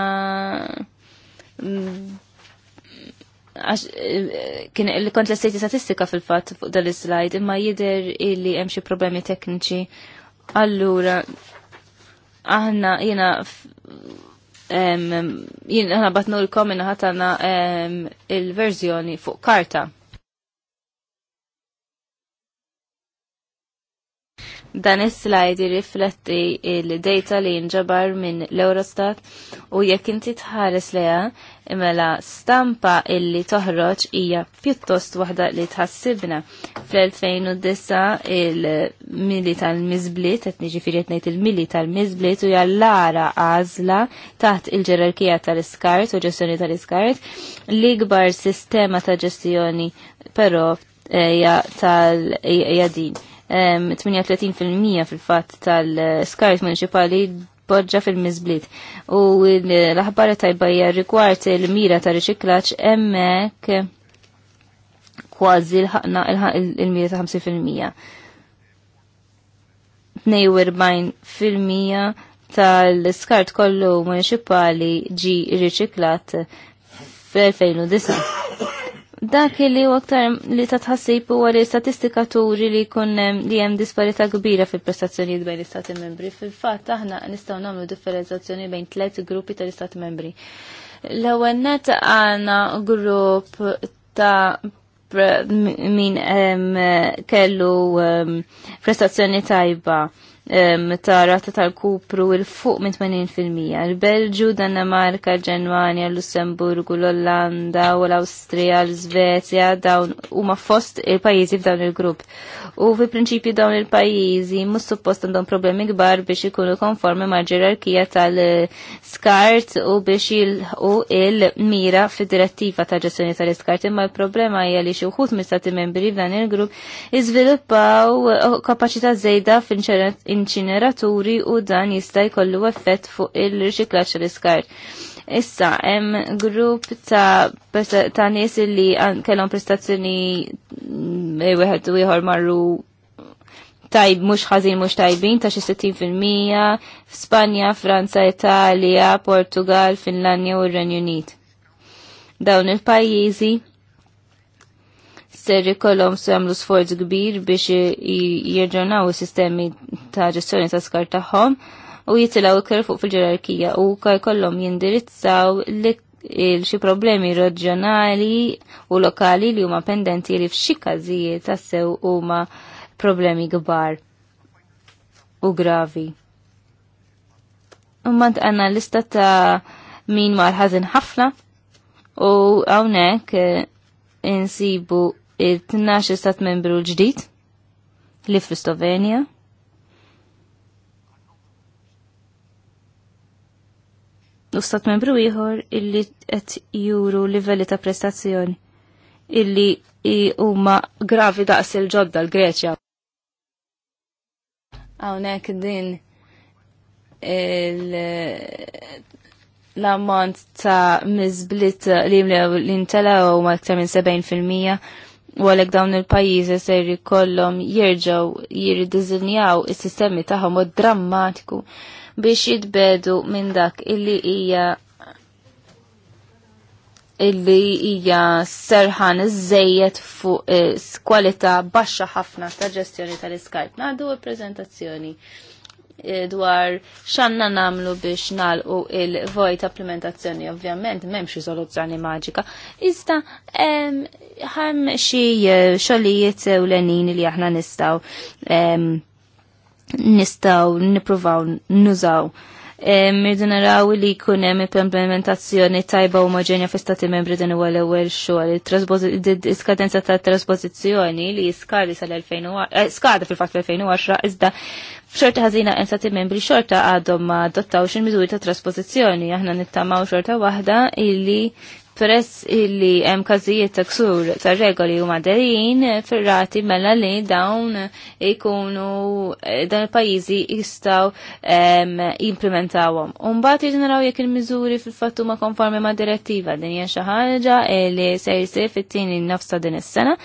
[SPEAKER 3] Eh, kien li kont l-estejti statistika fil-fatt fuq dal-slide imma jider illi hemm xi problemi tekniċi. Allura aħna jiena jiena batnu batnulkom inna ħatana il-verżjoni fuq karta. Dan is-slide jirrifletti il-data li jinġabar minn l-Eurostat u jekk inti tħares leha imela stampa illi toħroġ hija pjuttost waħda li tħassibna. Fl-2009 il-mili tal-mizblit, qed niġifieri ngħid il-mili tal-mizblit u jallara għażla taħt il-ġerarkija tal-iskart u ġestjoni tal-iskart li gbar sistema ta' ġestjoni però eh, hija tal-jadin. 38% fil-fatt tal-skart municipali poġġa fil-mizblit. U l-aħbar tajbajja rigward il-mira ta' riċiklaċ emmek kważi l-ħakna il-mira ta' 50%. 42% tal-skart kollu municipali ġi riċiklat fl-2009. Dak li u aktar li ta' tħassib huwa li statistika turi li kun li hemm disparità kbira fil prestazzjoni bejn l-istati membri. Fil-fatt aħna nistgħu nagħmlu differenzazzjoni bejn tliet gruppi tal-istati membri. L-ewwel net għandna grupp ta' min kellu prestazzjoni tajba ta' rata tal-kupru il-fuq minn 80%. Il-Belġu, Danimarka, Ġermania, Lussemburgu, l-Ollanda u l-Awstrija, l-Svezja dawn huma fost il-pajjiżi f'dawn il-grupp. U fi prinċipju dawn il-pajjiżi mhux suppost għandhom problemi kbar biex ikunu konformi ma' ġerarkija tal-skart u biex u il-mira fid-direttiva ta' ġestjoni tal-iskart. Imma l-problema hija li xi wħud mistati membri f'dan il-grupp iżviluppaw kapaċità żejda f'inċerent inċineraturi u dan jista' jkollu effett fuq il-riċiklaġġ l-iskart. Issa, hemm grupp ta' ta' nies li kellhom prestazzjoni mm, e, wieħed u ieħor marru tajb mhux ħażin mhux tajbin ta' xi mija f'Spanja, Franza, Italja, Portugal, Finlandja u r-Renju Unit. Dawn il-pajjiżi Ministeri kollom su jamlu sforz kbir biex jirġonaw sistemi ta' ġestjoni ta' skar tagħhom u jitilaw iktar fuq fil-ġerarkija u kaj kollom jindirizzaw xi problemi reġjonali u lokali li huma pendenti li f'xi każijiet tassew huma problemi kbar u gravi. Ummant għanna lista ta' min marħazin ħafna u għawnek eh, insibu il-12 istat membru l-ġdid li fl-Slovenja. U stat membru ieħor illi qed juru livelli ta' prestazzjoni illi huma gravi daqs il-ġodda l-Greċja. Hawnhekk din l-ammont ta' mizblit li jimlew l-intela u ma' ktar minn 70 fil-mija U għalek dawn il-pajizi se kollom jirġaw jiridizinjaw il-sistemi taħħom mod drammatiku biex jitbedu minn dak illi hija illi hija serħan iżejjed fuq kwalità baxxa ħafna ta' ġestjoni tal-iskajp. Nagħdu il-preżentazzjoni Eh, dwar xanna namlu biex nalqu il-vojt implementazzjoni ovvjament memx soluzzjoni maġika. Iżda ħam xie eh, xolijiet u l-enin li aħna nistaw nistaw nipruvaw nużaw. Mirdu naraw li jkun hemm implementazzjoni tajba omogenja fi stati membri din huwa l-ewwel xogħol. Iskadenza ta' trasposizjoni li skadi sal 2000 eh, skada fil-fatt fil-2010 iżda f'xorta ħażina għen stati membri xorta għadhom ma adottawx il-miżuri ta' trasposizjoni. Aħna nittamaw xorta waħda illi Peress illi hemm każijiet ta' ksur ta' regoli huma dejjin fir-rati mela li dawn ikunu eh, dan il-pajjiżi jistgħu jimplementawhom. U mbagħad jiġu jekk il-miżuri fil fattu ma' konformi ma' direttiva din hija xi ħaġa eh, li se jsir fit-tieni nofs din is-sena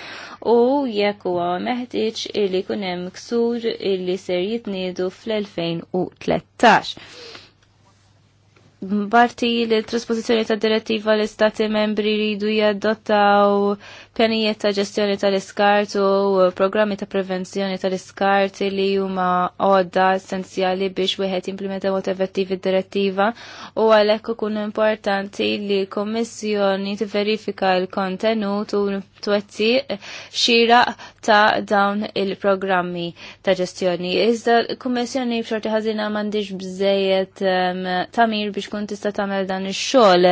[SPEAKER 3] u jekk huwa meħtieġ illi jkun hemm ksur illi ser jitniedu fl-2013 barti li trasposizjoni ta' direttiva l istati membri ridu jaddottaw pjanijiet ta' ġestjoni tal-iskart u programmi ta' prevenzjoni tal-iskart li huma għodda essenzjali biex wieħed implementa mod effettivi direttiva u għalhekk ikun importanti li l-Kommissjoni tiverifika l-kontenut u twezzi xira ta' dawn il-programmi ta' ġestjoni. Iżda kummissjoni b'xorti ħażina m'għandix bżejjed tamir biex kun tista' tagħmel dan ix-xogħol.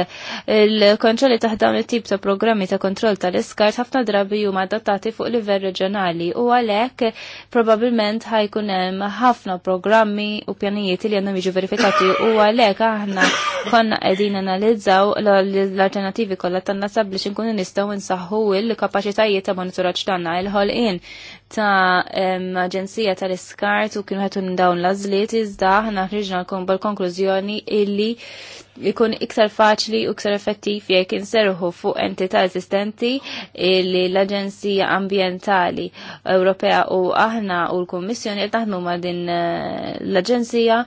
[SPEAKER 3] Il-kontrolli ta' dawn it-tip ta' programmi ta' kontroll tal-iskart ħafna drabi huma adattati fuq livell reġjonali u għalhekk probabbilment ħajkun hemm ħafna programmi u pjanijiet li għandhom jiġu verifikati u għalhekk aħna konna qegħdin analizzaw l alternativi kollha tan-nasab biex inkunu nistgħu nsaħħu il-kapaċitajiet ta' monitoraġġ tagħna il-ħolqien ħolqien ta' aġenzija tal-iskart u kienu ħetun dawn lażliet iżda ħna ħriġna l konklużjoni illi ikun iktar faċli u iktar effettiv jekk inserħu fuq entità eżistenti li l-Aġenzija Ambientali Ewropea u aħna u l-Kummissjoni qed aħnu ma' din eh, l-Aġenzija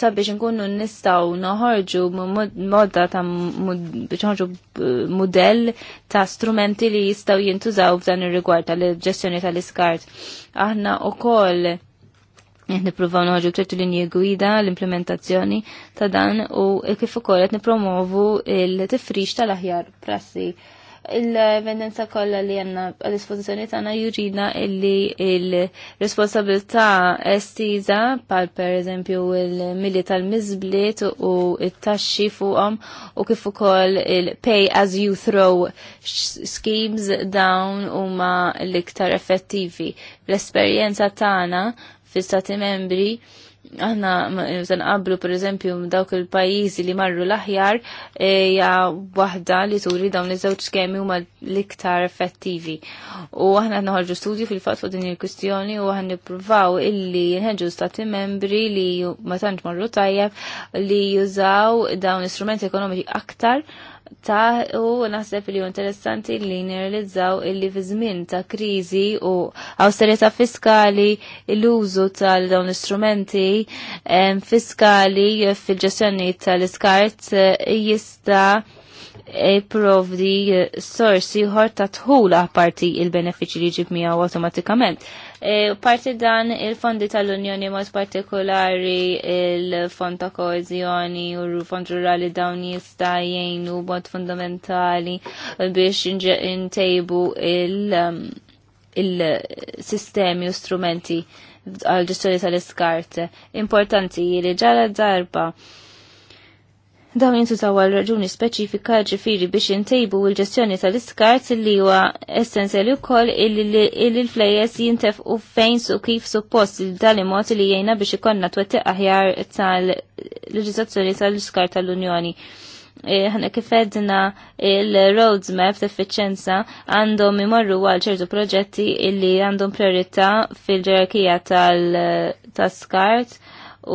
[SPEAKER 3] sabiex nkunu nistgħu noħorġu modda ta' biex noħorġu eh, mudell ta' strumenti li jistgħu jintużaw f'dan ir-rigward tal-ġestjoni tal-iskart. Aħna wkoll Jett nipruvaw noħġu ċertu linje gwida l-implementazzjoni ta' dan u kif ukoll qed nipromovu il-tifrix tal-aħjar prassi. Il-vendenza kollha li għandna għall ispożizzjoni tagħna jurina illi il-responsabilità estiża pal per eżempju il-mili tal-miżbliet u it-taxxi fuqhom u kif ukoll il-pay as you throw schemes dawn huma l-iktar effettivi. L-esperjenza tagħna fil stati membri aħna mżan qablu per eżempju dawk il-pajizi li marru l-aħjar hija e, waħda li turi dawn iż-żewġ skemi huma l-iktar effettivi. U aħna noħorġu studju fil-fatt fuq din il-kwistjoni u aħna nippruvaw illi jinħeġġu stati membri li ma tantx marru tajjeb li jużaw dawn l-istrumenti ekonomiċi aktar ta' u naħseb li interessanti li nirrealizzaw illi fi żmien ta' kriżi u awsterjetà fiskali l-użu tal dawn l-istrumenti fiskali fil-ġestjoni tal-iskart eh, jista' eh, provdi eh, sorsi ħor ta' tħula parti il-benefiċi li ġib miegħu awtomatikament. E, parti dan il-fondi tal-Unjoni mod partikolari il-fond ta' koezjoni u l-fond rurali dawn jista' jgħinu mod fundamentali biex intejbu um, il-sistemi u strumenti għal ġestjoni tal-iskart. Importanti li ġara darba Dawn jintużaw għal raġuni speċifika ġifiri biex jintejbu l-ġestjoni tal-iskart li huwa essenzjali wkoll il-flejes jintefqu fejn su kif suppost dal mod li jgħina biex ikonna twettiq aħjar tal-leġizazzjoni tal-iskart tal-Unjoni. E, ħana kif edna il map t-efficienza għandhom imorru għal ċertu proġetti li għandhom priorità fil-ġerarkija tal-skart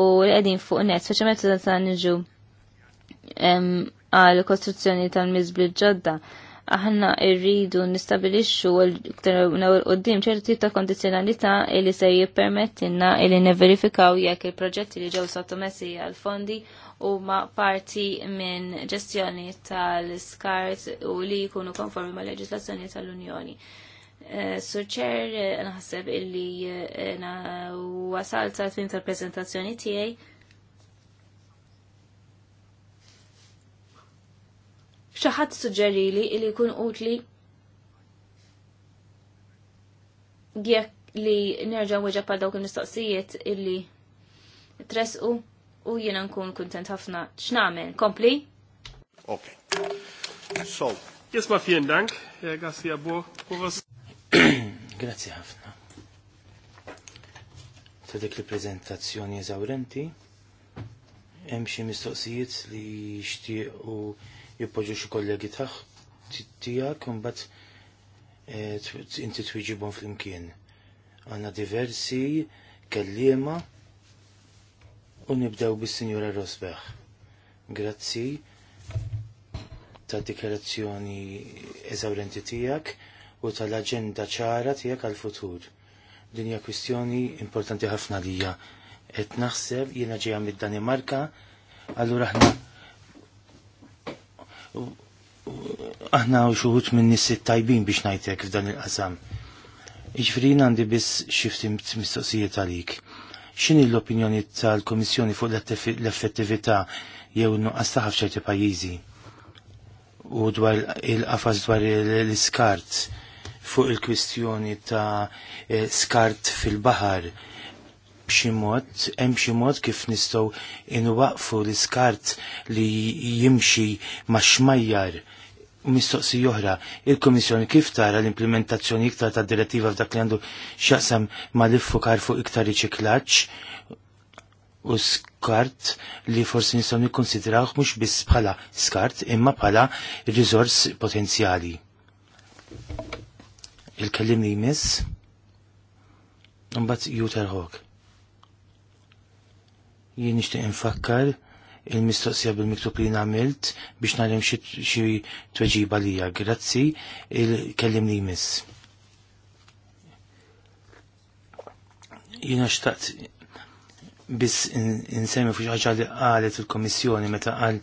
[SPEAKER 3] u l fuq net, metta tal nġu għal kostruzzjoni tal-mizbli ġodda. Aħna irridu nistabilixxu l-nawel qoddim ċerti ta' kondizjonalità li se jippermettilna li nivverifikaw jekk il-proġetti li ġew sottomessi għal fondi huma parti minn ġestjoni tal-skart u li jkunu konformi mal leġislazzjoni tal-Unjoni. Eh, Suċer eh, naħseb illi eh, wasalt għal fin tal-prezentazzjoni tiegħi xaħat suġġeri li jkun utli jekk li nerġa' weġa pa dawk il-mistoqsijiet illi tresqu u jiena nkun kuntent ħafna x'nagħmel. Kompli?
[SPEAKER 1] Ok. So, jisma' vielen Dank, Herr għabu, Borges.
[SPEAKER 4] Grazie ħafna. Ta' dik li prezentazzjoni eżawrenti, hemm xi mistoqsijiet li xtiequ jippoġġu xie kollegi taħ, tiegħek u mbagħad eh, inti fl flimkien. Għanna diversi kelliema u nibdew bis-Sinjura Rosbeħ. Grazzi ta' dikarazzjoni eżawrenti tiegħek u tal-aġenda ċara tiegħek għal-futur. Din hija kwistjoni importanti ħafna lija. Qed naħseb jiena ġejja mid-Danimarka, allura aħna aħna u xuħut minn nisit tajbin biex najtek f'dan il-qasam. Iġfrin għandi biss xiftimt mistoqsijiet għalik. X'inhi l-opinjoni tal-Komissjoni fuq l-effettività jew nuqqas taħaf ċerti pajjiżi? U dwar il-qafas dwar l-iskart fuq il-kwistjoni ta' eh, skart fil-bahar b'xi mod, hemm xi mod kif nistgħu inwaqfu l-iskart li jimxi ma' xmajjar mistoqsi oħra, il-Komissjoni kif tara l-implementazzjoni iktar ta' direttiva f'dak li għandu x'jaqsam ma' liffu karfu fuq iktar riċiklaġġ u skart li forsi nistgħu nikkonsidrawh mhux biss bħala skart imma bħala riżors potenzjali. Il-kellim li jmiss, bat Juter Hawk jien nixtieq infakkar il-mistoqsija bil-miktub li namilt biex nagħlem xi tweġiba lija. Grazzi, il-kellim li jmiss. Jiena xtaqt biss insemmi fuq ħaġa li qalet il-Komissjoni meta qal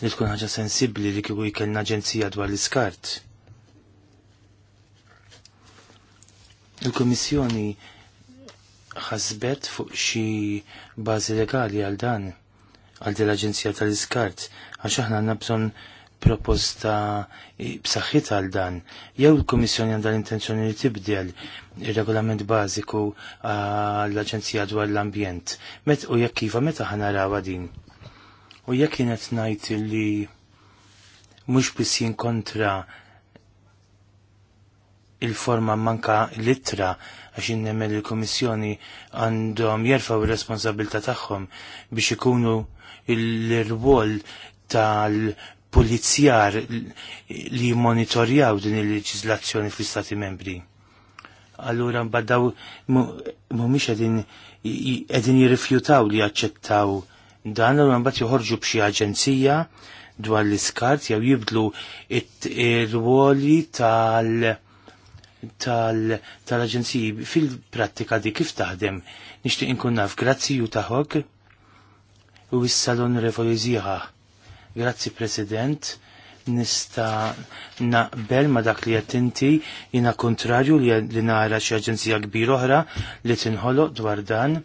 [SPEAKER 4] li tkun ħaġa sensibbli li kieku jkellna aġenzija dwar l-iskart. Il-Komissjoni il komissjoni ħasbet fuq xi bażi legali għal dan għal din l-Aġenzija tal-Iskart għax aħna għandna bżonn proposta b'saħħitha għal dan. Jew il-Kummissjoni għandha l-intenzjoni li tibdel ir-regolament bażiku għall-Aġenzija ah, dwar l-Ambjent. Met u jekk iva, meta naraw din. U jekk kienet ngħid li mhux biss jinkontra kontra il-forma manka l-ittra għax nemmen il-Komissjoni għandhom jerfaw il responsabilità tagħhom biex ikunu l-rwol tal-pulizjar li monitorjaw din il leġizlazzjoni fl-Istati membri. Allura mbaddaw mhumiex qegħdin qegħdin jirrifjutaw li jaċċettaw dan allura mbagħad joħorġu b'xi aġenzija dwar l-iskart jew jibdlu it-rwoli tal- tal-aġenziji tal aġenziji fil prattika di kif taħdem nixtieq inkun naf grazzi u taħok u issa l revoluzija. Grazzi President, nista naqbel ma dak li jattinti jina kontrarju li nara xi aġenzija kbir oħra li tinħoloq dwar dan.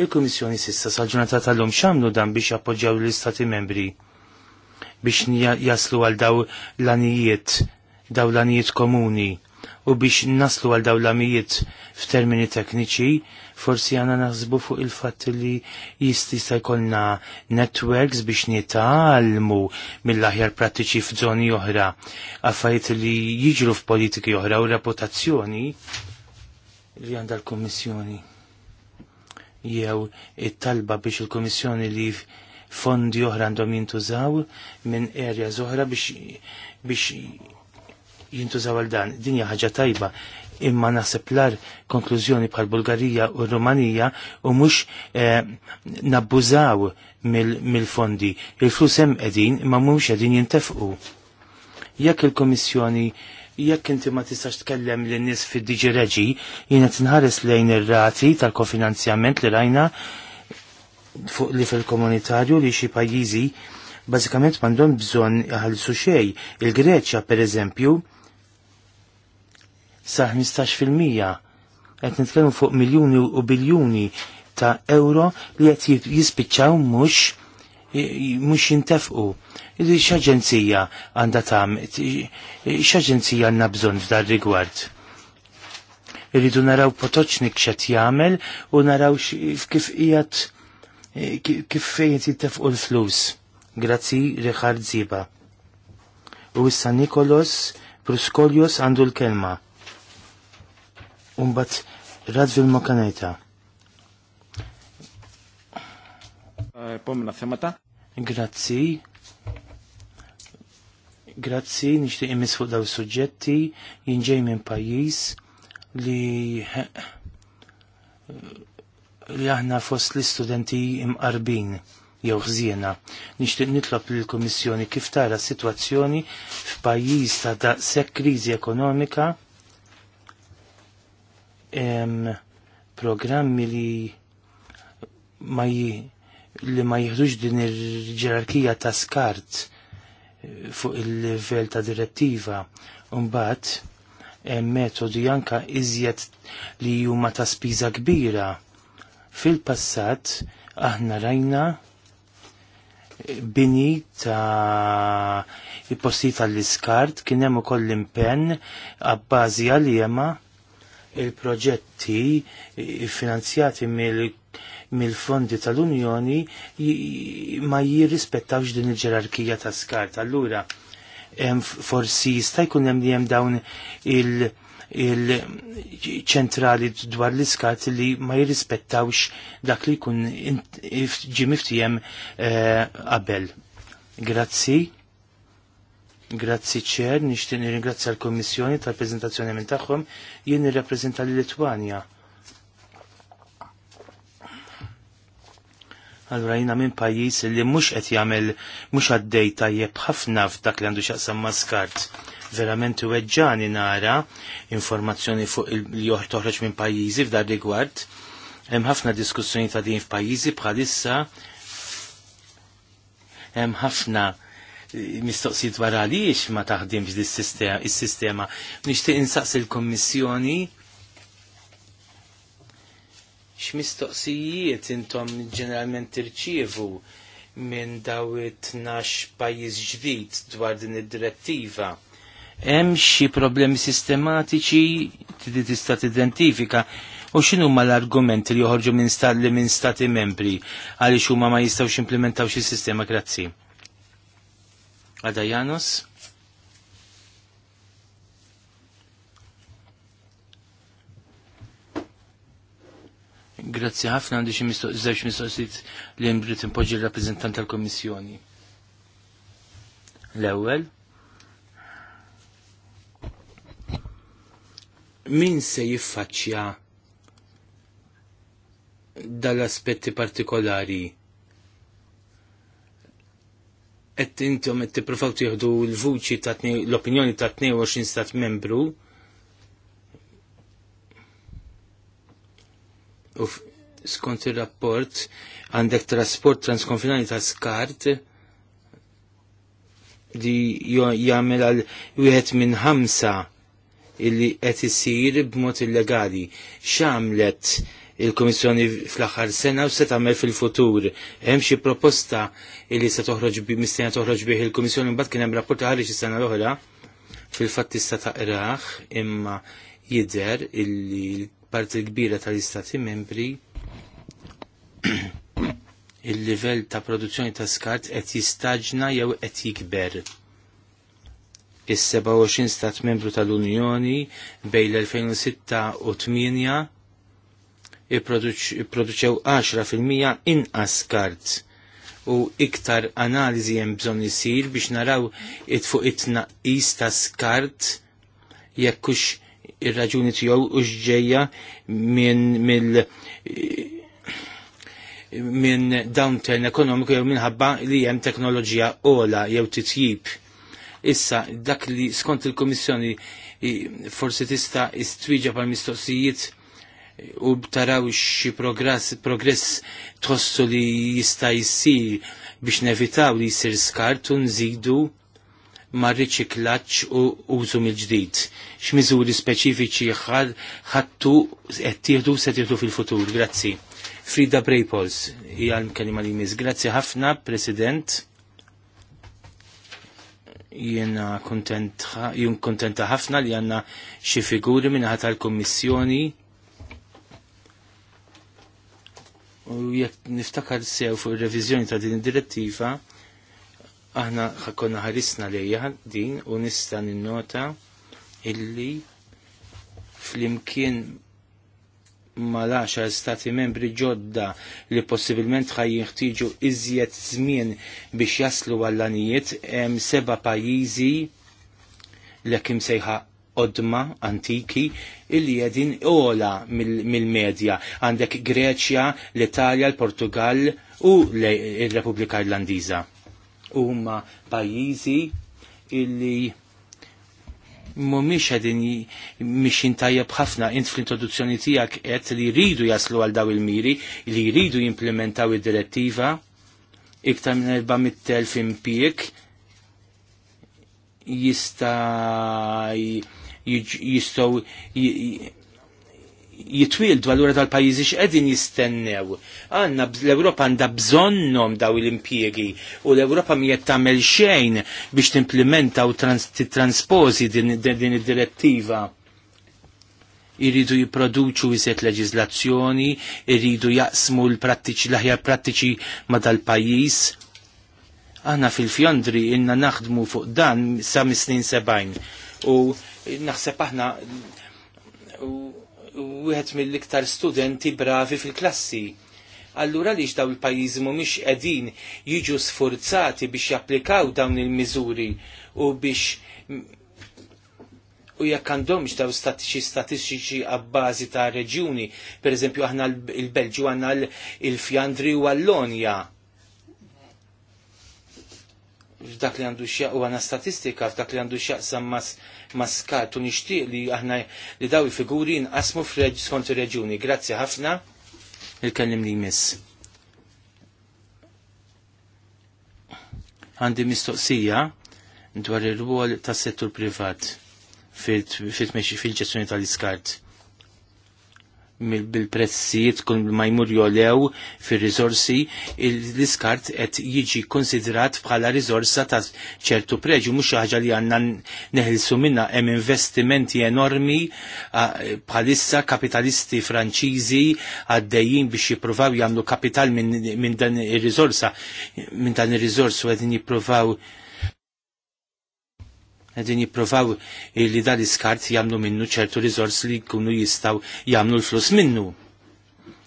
[SPEAKER 4] Il-Kummissjoni sissa sal-ġurnata tal-lum xamlu dan biex appoġġjaw l-Istati membri biex jaslu għal daw l-anijiet, daw l-anijiet komuni u biex naslu għal dawlamijiet f'termini tekniċi, forsi għana naħsbu fuq il-fatt li jistista jkollna networks biex nitalmu mill-aħjar pratiċi f'żoni oħra, għaffajt li jiġru f'politiki oħra u reputazzjoni li għanda l komissjoni Jew it-talba biex il komissjoni li fondi oħra għandhom jintużaw minn erja oħra biex biex jintużaw għal dan. Dinja ħaġa tajba imma naħseb lar konklużjoni bħal Bulgarija u Rumanija u mhux eh, nabbużaw mill-fondi. Mil Il-flus hemm qegħdin imma mhux qegħdin jintefqu. Jekk il-Komissjoni jekk inti ma tistax tkellem lin nies fid-diġi reġi, jiena tinħares lejn ir-rati tal-kofinanzjament li rajna fuq li fil-komunitarju li xi pajjiżi bażikament m'għandhom bżonn jħallsu xejn. Il-Greċja pereżempju sa' 15% qed nitkellmu fuq miljuni u biljuni ta' euro li qed jispiċċaw mhux mhux jintefqu. X'aġenzija għandha tam, x'aġenzija għandna bżonn f'dar rigward? Irridu naraw potoċnik xat jagħmel u naraw kif jgħat kif fejn jittefqu l-flus. Grazzi Richard Ziba. U issa Nikolos Bruskolios għandu l-kelma. Umbat Radvil Mokaneta. Eh, Pomna femata. Grazzi. Grazzi, nishti imis fuq daw suġġetti, jinġej minn pajjiż li li aħna fost l-istudenti imqarbin jew ħżiena. Nixtieq nitlob lill kummissjoni kif tara s-sitwazzjoni f'pajjiż ta' daqshekk kriżi ekonomika programmi li ma li ma jieħdux din il-ġerarkija ta' skart eh, fuq il level ta' direttiva. Umbat, metodi anka iżjed li huma ta' spiża kbira. Fil-passat, aħna rajna eh, bini ta' posti tal-iskart kien hemm ukoll impenn għabbażi għal jema' il-proġetti finanzjati mill-fondi mil tal-Unjoni ma jirrispettawx din il-ġerarkija ta' skart. Allura, forsi jista' jkun hemm li hemm dawn il- il-ċentrali dwar l iskart li ma jirrispettawx dak li jkun ġimiftijem eh, qabel. Grazzi. Grazzi ċer, nishtin ringrazzja l-Kommissjoni tal-prezentazzjoni minn tagħhom, jien nirrappreżenta l litwania Allura jina minn pajjiż li mhux qed jagħmel mhux għaddej tajjeb ħafna f'dak li għandu x'aqsam maskart. Verament weġġani nara informazzjoni fuq li toħroġ minn pajjiżi fdar rigward. Hemm ħafna diskussjoni ta' din f'pajjiżi bħalissa hemm ħafna mistoqsijiet wara għaliex ma taħdimx is-sistema. Nixtieq insaqs il-Kommissjoni x'mistoqsijiet intom ġeneralment irċievu minn daw it pajis pajjiż ġdid dwar din id-direttiva. Hemm xi problemi sistematiċi tridi tista' tidentifika u x'inhu ma l-argumenti li joħorġu minn stati membri għaliex huma ma jistgħux implementaw xi sistema grazzi. Għada Janus. Grazzi ħafna għandi xi mistoqsijiet mistoqsijiet li mbrid impoġi l rappresentant tal-Kommissjoni. L-ewwel. Min se jiffaċċja dal-aspetti partikolari qed intom qed tippruvaw tiħdu l-vuċi ta' l-opinjoni ta' 22 stat membru u skont ir-rapport għandek trasport transkonfinali ta' skart li jagħmel għal wieħed minn ħamsa illi qed isir b'mod illegali. X'għamlet il-Komissjoni fl-aħħar sena u se tagħmel fil-futur. Hemm xi proposta li se toħroġ bi mistenja toħroġ bih il-Komissjoni mbagħad kien hemm rapport ħareġ is-sena l-oħra fil-fatt tista' taqrah imma jidher illi l-parti kbira tal-Istati membri il-livell ta' produzzjoni ta' skart qed jistaġna jew qed jikber. Is-27 stat membru tal-Unjoni bejn l-2006 u 8 jipproduċew 10% inqas kart u iktar analiżi hemm bżonn isir biex naraw it fuq it-tnaqqis ta' skart jekk hux ir-raġuni tiegħu u ġejja minn mill minn downturn ekonomiku jew minħabba li hemm teknoloġija ola jew titjib. Issa, dak li skont il-Komissjoni forsi tista' istwiġa pal mistoqsijiet u b'taraw xi progress tħossu li jista' jsir biex nevitaw li jsir skart u nżidu ma' riċiklaċ u użu mill-ġdid. X'miżuri speċifiċi ħattu qed tieħdu se tieħdu fil-futur. Grazzi. Frida Brejpols hija l-kelima li miss. Grazzi ħafna, President. Jiena kontent, jien kontenta ħafna li għandna xi figuri minnaħa tal-Kummissjoni U jekk niftakar sew fuq ir-reviżjoni ta' din id-direttiva, aħna ħakonna ħarisna lejja din u nista' ninnota illi flimkien mal għaxar stati membri ġodda li possibilment ħaj jinħtiġu iżjed żmien biex jaslu għall-anijiet hemm seba' pajjiżi l-ekim sejħa odma antiki illi jedin ola mill-medja. Mil Għandek Greċja, l-Italja, l-Portugal u l-Repubblika Irlandiża. Huma pajjiżi illi mumiex għedin miex jintajab ħafna int fl-introduzzjoni tijak għed li jridu jaslu għal daw il-miri, li jridu jimplementaw id-direttiva iktar minn 400.000 impik jista' jistow jitwildu għallura tal-pajizi x'qegħdin jistennew. Għanna l-Ewropa għandha bżonnhom daw l-impjiegi u l-Ewropa mijiet tagħmel xejn biex timplementa u transpozi din id-direttiva. Iridu jipproduċu iset leġizlazzjoni, iridu jaqsmu l-prattiċi l-aħjar prattiċi ma dal-pajjiż. Aħna fil-fjondri inna naħdmu fuq dan sa mis-snin 70 u naħseb aħna wieħed mill-iktar studenti bravi fil-klassi. Allura liġ daw il-pajjiżi mhumiex qegħdin jiġu sforzati biex japplikaw dawn il-miżuri u biex u jekk għandhomx daw statiċi statistiċi għabbażi ta' reġjuni, per aħna il-Belġu għandna il-Fjandri u Allonja f'dak li għandu xjaq u għana statistika f'dak li għandu xjaq sam maskat u nishtiq li aħna li dawi figuri asmu f'reġ skont reġuni. Grazzi ħafna il-kellim li jmiss. Għandi mistoqsija dwar il ruol tas settur privat fil-ġestjoni tal-iskart bil-prezzijiet kun ma jmur jolew fir rizorsi l-iskart qed jiġi konsidrat bħala rizorsa ta' ċertu preġu mhux ħaġa li għandna neħilsu minna hemm investimenti enormi bħalissa kapitalisti Franċiżi għaddejjin biex jippruvaw jagħmlu kapital minn dan ir-riżorsa minn dan ir-riżors u qegħdin jippruvaw Għedin jiprofaw li dal iskart jamlu minnu ċertu rizors li kunu jistaw jamlu l-flus minnu.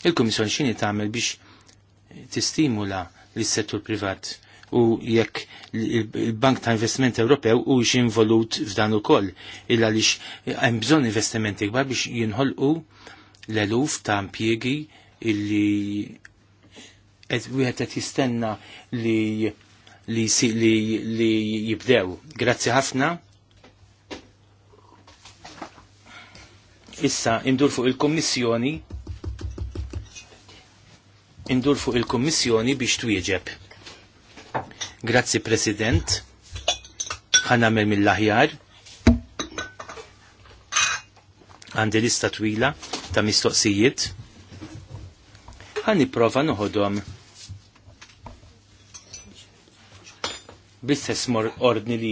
[SPEAKER 4] Il-Komissjoni xini tagħmel biex tistimula l-settur privat u jekk il-Bank ta' Investiment Ewropew u involut f'dan ukoll illa lix hemm bżonn investimenti kbar biex jinħolqu l-eluf ta' impjiegi illi wieħed qed jistenna li li, li, li jibdew. Grazzi ħafna. Issa indur fuq il-Kommissjoni indur fuq il-Kommissjoni biex twieġeb. Grazzi President, ħanamel mill-aħjar. Għandi lista twila ta' mistoqsijiet. Ħani prova noħodhom Bistess mor ordni li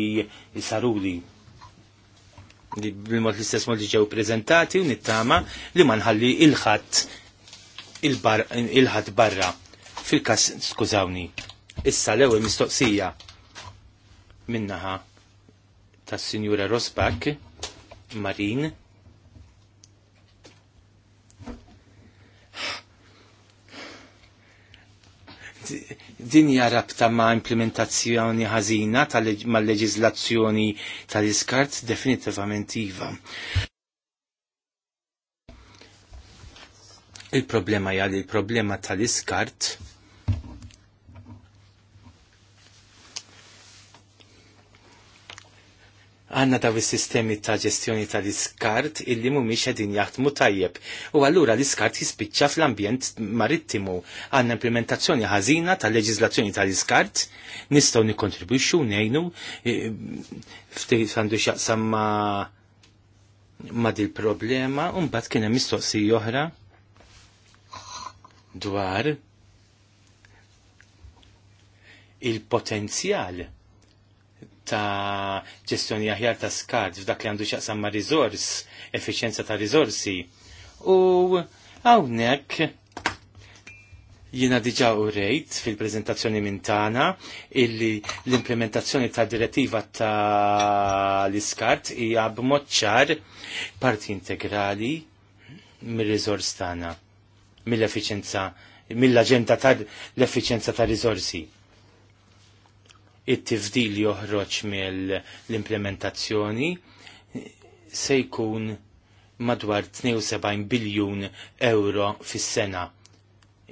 [SPEAKER 4] jisaruli li bil-mod l-istess mod li ġew prezentati u nittama li ma nħalli il-ħadd il-ħadd barra. Fil-kas, skużawni, issa l-ewwel mistoqsija minnaħa tas-Sinjura Rosbach Marin din hija rabta ma' implementazzjoni ħażina mal-leġiżlazzjoni tal-iskart definitivament iva. Il-problema hija li l-problema tal-iskart għanna daw is-sistemi ta' ġestjoni tal-iskart illi mhumiex qegħdin jaħdmu tajjeb. U allura l-iskart jispiċċa fl-ambjent marittimu. Għandna implementazzjoni ħażina tal-leġiżlazzjoni tal-iskart, nistgħu nikkontribwixxu ngħinu e, ftit għandu x'jaqsam ma' ma' dil problema u mbagħad kien hemm mistoqsija oħra dwar il-potenzjal ta' ġestjoni aħjar ta' skart f'dak li għandu xaqsam ma' rizors, efficienza ta' rizorsi. U għawnek jina diġa u rejt fil-prezentazzjoni minn tana illi l-implementazzjoni ta' direttiva ta' l-iskart hija b'moċċar parti integrali mir-riżors tagħna mill-effiċenza mill-aġenda tal-effiċenza ta' riżorsi it-tifdil joħroġ mill-implementazzjoni se jkun madwar 72 biljun euro fis-sena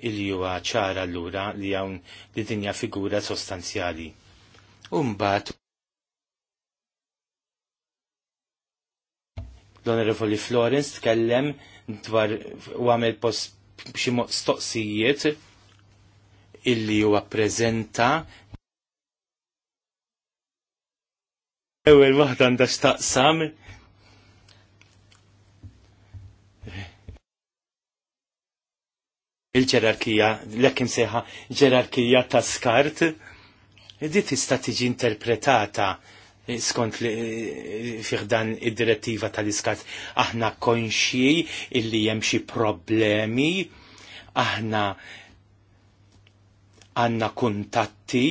[SPEAKER 4] il huwa ċara allura li hawn li dinja figura sostanzjali. Umbat l-Onorevoli Florence tkellem dwar u għamil post b'xi stoqsijiet illi huwa prezenta Ewel waħda għanda x'taqsam. Il-ġerarkija, l ekim seħa ġerarkija ta' skart, di tista' tiġi interpretata skont li fiħdan id-direttiva tal iskart aħna konxi illi hemm xi problemi, aħna għanna kuntatti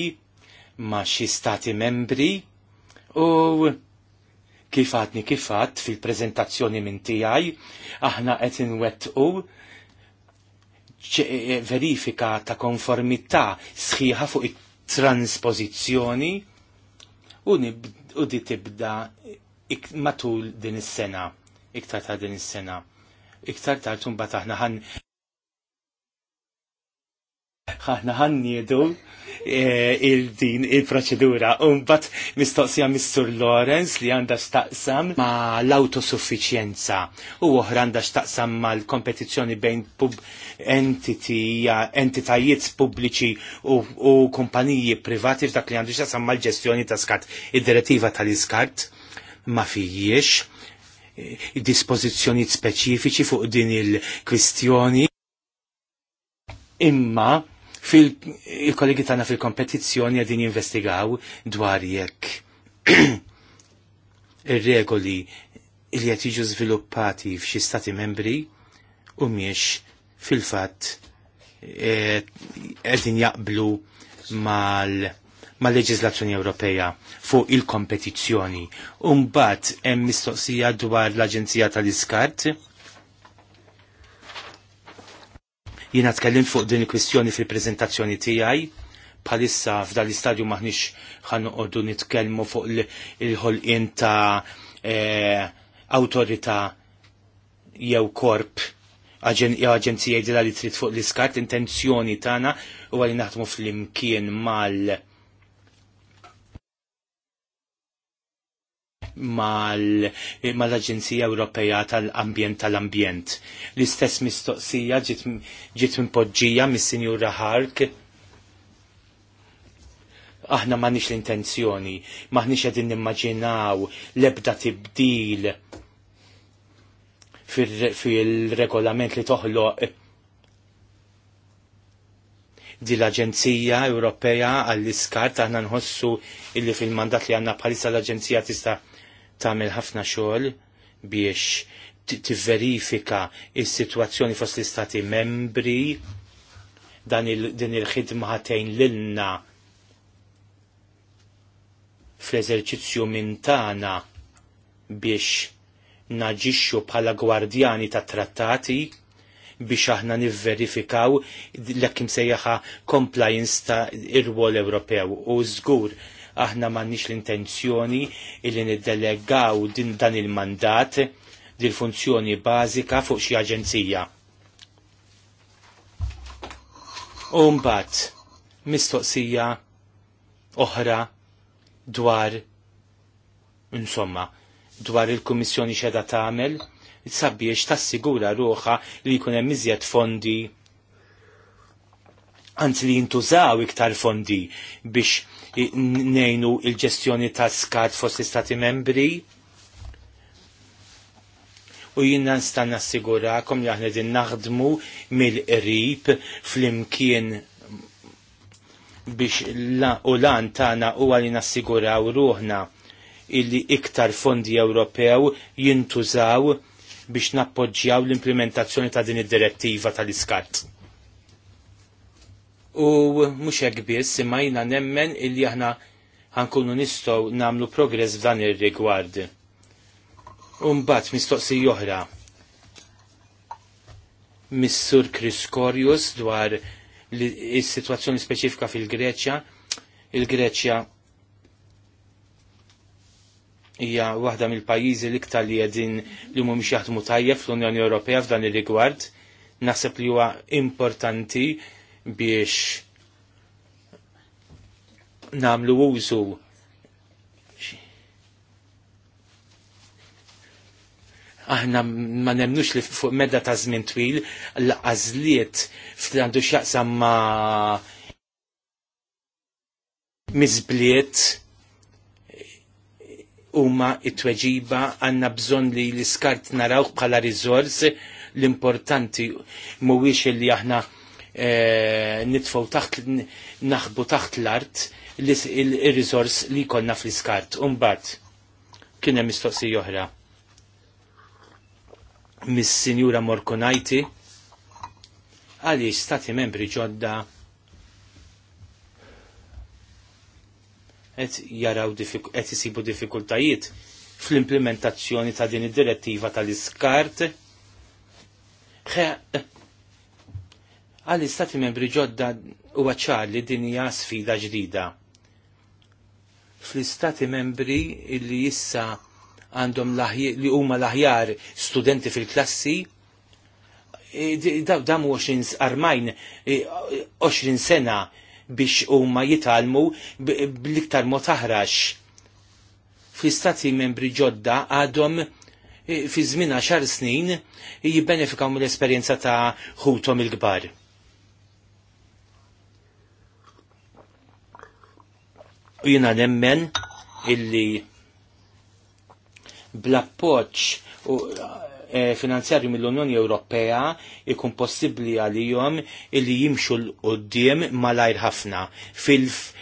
[SPEAKER 4] ma' xi stati membri, U kifatni kifat fil-prezentazzjoni minn tijaj, aħna qed inwettqu e, verifika ta' konformità sħiħa fuq it transpozizjoni u, u di tibda matul din is-sena, iktar ta' din is-sena. Iktar tal-tumba taħna ħan ħahna ħanniedu eh, il-din il-proċedura. Umbat mistoqsija Mr. Lawrence li għanda xtaqsam ma l-autosuffiċjenza u oħra għanda xtaqsam ma l-kompetizjoni bejn pub entitajiet pubbliċi u kumpaniji privati f'dak li għandu xtaqsam ma l-ġestjoni ta' skat. Id-direttiva tal-iskart ma fijiex eh, dispozizjoni speċifiċi fuq din il-kwistjoni imma fil-kollegi tana fil-kompetizzjoni qegħdin jinvestigaw dwar jekk ir-regoli il jiġu żviluppati f'xi stati membri u miex fil-fatt e, qegħdin jaqblu mal mal leġislazzjoni Ewropea fuq il-kompetizzjoni. Umbat hemm mistoqsija dwar l-Aġenzija tal-Iskart Jina tkellim fuq din il-kwistjoni fil-prezentazzjoni tiegħi bħalissa f'dan l-istadju maħniex ħanqodu nitkellmu fuq il-ħolqien ta' e, jew korp aġenzija id li trid fuq l-iskart, intenzjoni tagħna u għalli naħdmu fl-imkien mal- mal-Aġenzija Ewropea tal-Ambjent tal-Ambjent. L-istess mistoqsija ġiet poġġija mis-Sinjura Hark aħna m'għandniex l-intenzjoni, m'aħniex qegħdin nimmaġinaw l-ebda tibdil fil-regolament li toħloq di l-Aġenzija Ewropea għall-Iskart aħna nħossu illi fil-mandat li għanna bħalissa l-Aġenzija tista' tagħmel ħafna xogħol biex tivverifika s sitwazzjoni fost l-istati membri dan il, din il-ħidma ħatejn lilna fl-eżerċizzju minn tagħna biex naġixxu bħala gwardjani ta' trattati biex aħna nivverifikaw l-ekim sejjaħa compliance ta' ir-wol Ewropew u żgur aħna m'għandniex l-intenzjoni illi niddelegaw din dan il-mandat dil funzjoni bażika fuq xi aġenzija. U mbagħad mistoqsija oħra dwar insomma dwar il-Kummissjoni xeda tagħmel sabiex tassigura ruħa li jkun hemm iżjed fondi anzi li jintużaw iktar fondi biex nejnu il-ġestjoni ta' skat fost istati membri. U jina nistan nassigurakom li aħna din naħdmu mill-qrib fl-imkien biex la u lan tana u għali nassiguraw ruħna illi iktar fondi Ewropew jintużaw biex nappoġġjaw l-implementazzjoni ta' din id-direttiva tal-iskat u mhux hekk biss imma jiena nemmen illi aħna ħankunu nistgħu nagħmlu progress f'dan ir-rigward. U mbagħad mistoqsi oħra. Missur Corius dwar is-sitwazzjoni speċifika fil-Greċja. Il-Greċja hija waħda mill-pajjiżi l-iktar li qegħdin li mhumiex jaħdmu tajjeb fl-Unjoni Ewropea f'dan ir-rigward. Naħseb li huwa importanti biex namlu użu aħna ma nemnux li fuq medda ta' żmien twil l-għażliet f'għandu x'jaqsam ma miżbliet huma it-tweġiba għandna bżonn li l-iskart naraw bħala riżors l-importanti mhuwiex li aħna Eh, nitfgħu taħt naħbu taħt l-art il-riżors li jkollna fl-iskart. Umbagħad kien hemm mistoqsija oħra mis-Sinjura Morkonajti għaliex stati membri ġodda qed jaraw qed jisibu diffikultajiet fl-implementazzjoni ta' din id-direttiva tal-iskart għalli istati membri ġodda u għacċalli dinja sfida ġdida. Fl-istati membri illi jissa għandhom li huma l-aħjar studenti fil-klassi, e, dam 20 armajn 20 e, sena biex huma jitalmu bl-iktar mod taħrax. Fl-istati membri ġodda għadhom e, fi żmien xar snin jibbenefikaw mill-esperjenza ta' ħutom il-kbar. U jina nemmen illi bl-appoċ e, finanzjarju mill-Unjoni Ewropea ikun possibli għalijom illi jimxu l-qoddim malajr ħafna. Fil-fat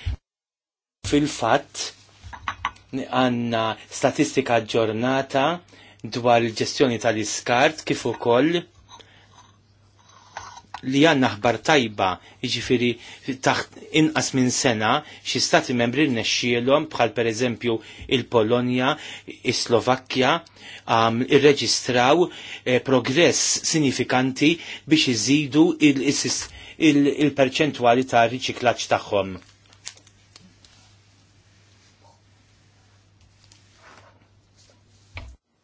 [SPEAKER 4] fil għanna statistika ġornata dwar il-ġestjoni tal-iskart kif ukoll koll li għanna ħbar tajba iġifiri taħt inqas minn sena xi stati membri rnexxielhom bħal pereżempju il-Polonja, is-Slovakkja um, irreġistraw eh, progress sinifikanti biex iżidu il-perċentwali il, il ta' riċiklaġġ tagħhom.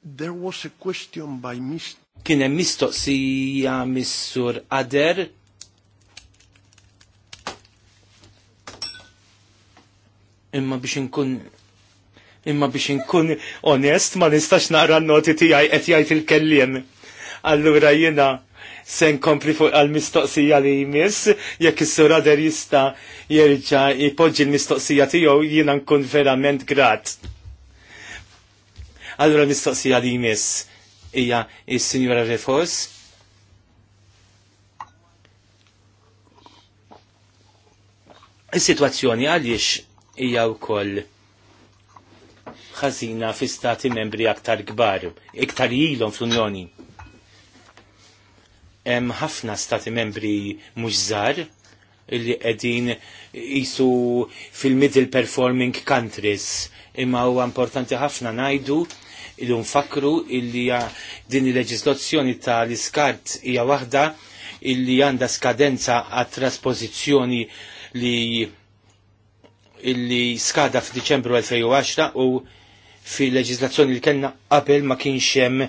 [SPEAKER 1] There was a question by Mr.
[SPEAKER 4] Kien hemm mistoqsija missur Ader imma biex inkun imma biex inkun onest ma nistax naqra n-noti tiegħi qed jgħid il-kelliem. Allura jiena se nkompli fuq għal-mistoqsija li jmiss, jekk is sur Ader jista jerġa' jpoġġi l-mistoqsija tiegħu jiena nkun verament grat. Allura mistoqsija li jmiss hija is-Sinjura Refos. Is-sitwazzjoni għaliex hija wkoll ħażina fi stati membri aktar kbar, iktar ilhom fl-Unjoni. Hemm ħafna stati membri mhux żgħar illi qegħdin jisu fil-middle performing countries imma huwa importanti ħafna ngħidu illu nfakru illi din il-leġislazzjoni tal-iskart hija waħda illi għanda skadenza għat traspożizzjoni li illi skada f'Diċembru 2010 u fil leġislazzjoni li kellna qabel ma kienx hemm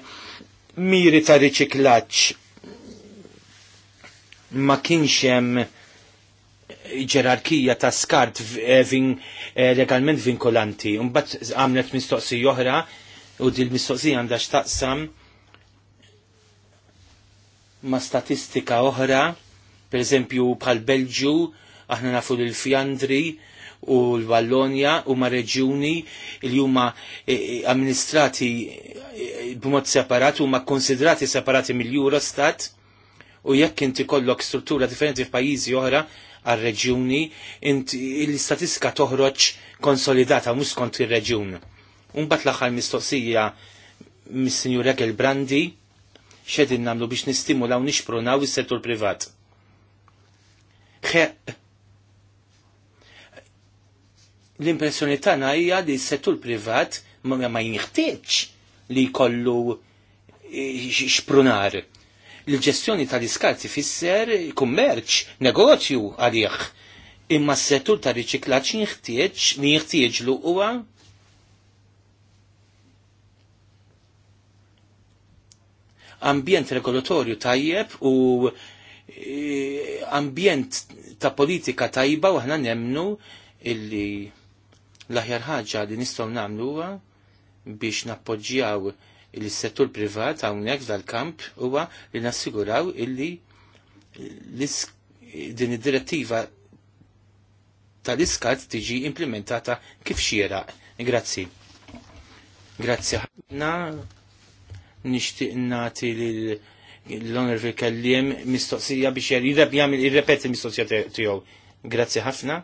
[SPEAKER 4] miri ta' riċiklaġġ ma kienx hemm ġerarkija ta' skart eh, eh, legalment vinkolanti. Mbagħad għamlet mistoqsi oħra u l mistoqsija għandha x'taqsam ma' statistika oħra, per eżempju bħal Belġu, aħna nafu l-Fjandri u l-Wallonja u ma' reġjuni li huma e, e, amministrati e, b'mod separat u ma' konsidrati separati mill-Eurostat u jekk inti kollok struttura differenti f'pajjiżi oħra għal reġjuni, l-istatistika toħroġ konsolidata mhux kont ir-reġjun Unbat l-axar mistoqsija mis-Sinjur Ekel Brandi, xedin namlu biex nistimulaw nixpronaw is-settur privat. L-impressjoni tagħna hija li s-settur privat ma jinħtieġ li jkollu e, xprunar. l ġestjoni tal-iskarti fisser kummerċ, negozju għalih. Imma s-settur tal-riċiklaġġ jinħtieġ li jinħtieġ lu huwa ambjent regolatorju tajjeb u e, ambjent ta' politika tajba u ħna nemnu illi l-aħjar ħaġa li nistgħu nagħmluha biex nappoġġjaw il-settur privat hawnhekk dal-kamp huwa li nassiguraw illi din id-direttiva tal-iskat tiġi implementata kif xieraq. Grazzi. Grazzi ħafna nixtieq nati li l-oner fil-kellim mistoqsija biex jirreb jagħmel irrepeti mistoqsija tiegħu. Grazzi ħafna.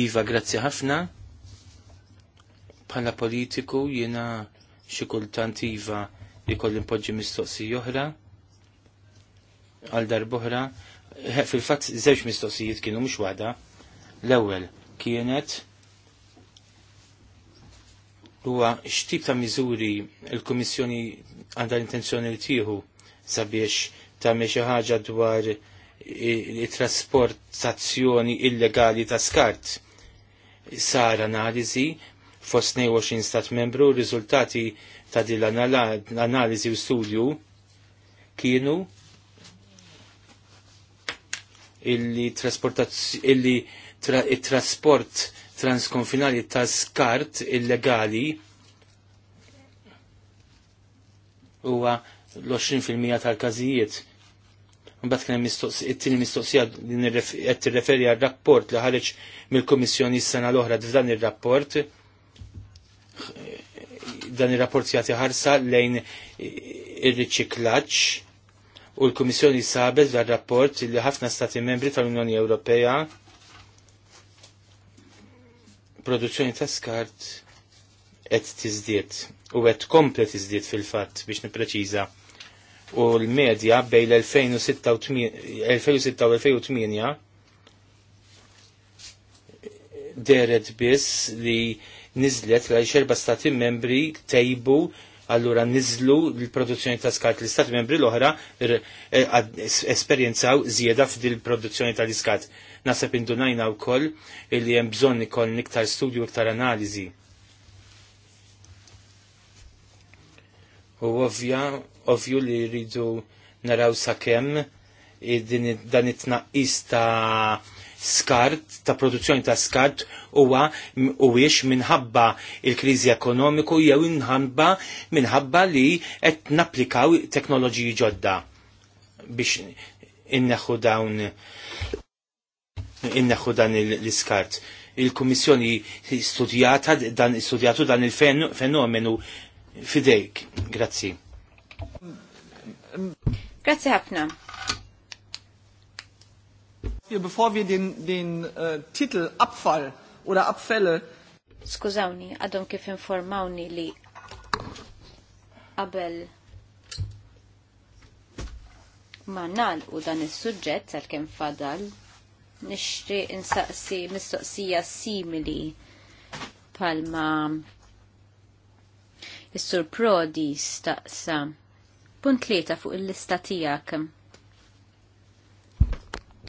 [SPEAKER 4] Iva, grazzi ħafna. Pala politiku jiena xi iva li kolli npoġġi mistoqsija oħra għal darbohra. Fil-fatt żewġ mistoqsijiet kienu mhux waħda. L-ewwel kienet huwa x'tip ta' miżuri l-Kummissjoni għandha l-intenzjoni li tieħu sabiex tagħmel xi ħaġa dwar it-trasportazzjoni illegali ta' skart. Sar analiżi fost 22 stat membru, riżultati ta' din l-analiżi u studju kienu illi trasportazzjoni illi tra, trasport transkonfinali ta' skart illegali huwa l-20% tal-każijiet. Mbagħad kien it-tieni mistoqsija li qed tirreferi għal rapport li ħareġ mill-Kummissjoni s-sena l-oħra f'dan ir-rapport dan ir-rapport jagħti ħarsa lejn ir-riċiklaġġ u l-Kummissjoni sabet dar rapport li ħafna stati membri tal-Unjoni Ewropea produzzjoni ta' skart qed tiżdied u qed komplet tiżdied fil-fatt biex nippreċiża u l-medja bejn l-2006 u 2008 deret biss li nizlet għal xerba stati membri tejbu allura niżlu l-produzzjoni ta' skat l-istat membri l-oħra er, e, esperjenzaw zjeda fil produzzjoni tal-iskat. Nasab indunajna wkoll li hemm bżonn ikoll iktar studju iktar analiżi. U ovvja, ovvju li rridu naraw sakemm dan it-tnaqqis ta' skart, ta' produzzjoni ta' skart huwa wiex minħabba il-kriżi ekonomiku jew minħabba minħabba li qed napplikaw teknoloġiji ġodda biex inneħu dawn inneħu dan l-iskart. Il-Kummissjoni studjata dan studjatu dan il-fenomenu fidejk. Grazzi.
[SPEAKER 2] Grazzi ħafna. Bevor wir den, den uh, Titel Abfall oder Abfälle. Skużawni, għadhom kif informawni li qabel ma nalqu dan is-suġġett kemm fadal nixtri insaqsi mistoqsija simili palma is-sur Prodi staqsa. Punt tlieta fuq il-lista tiegħek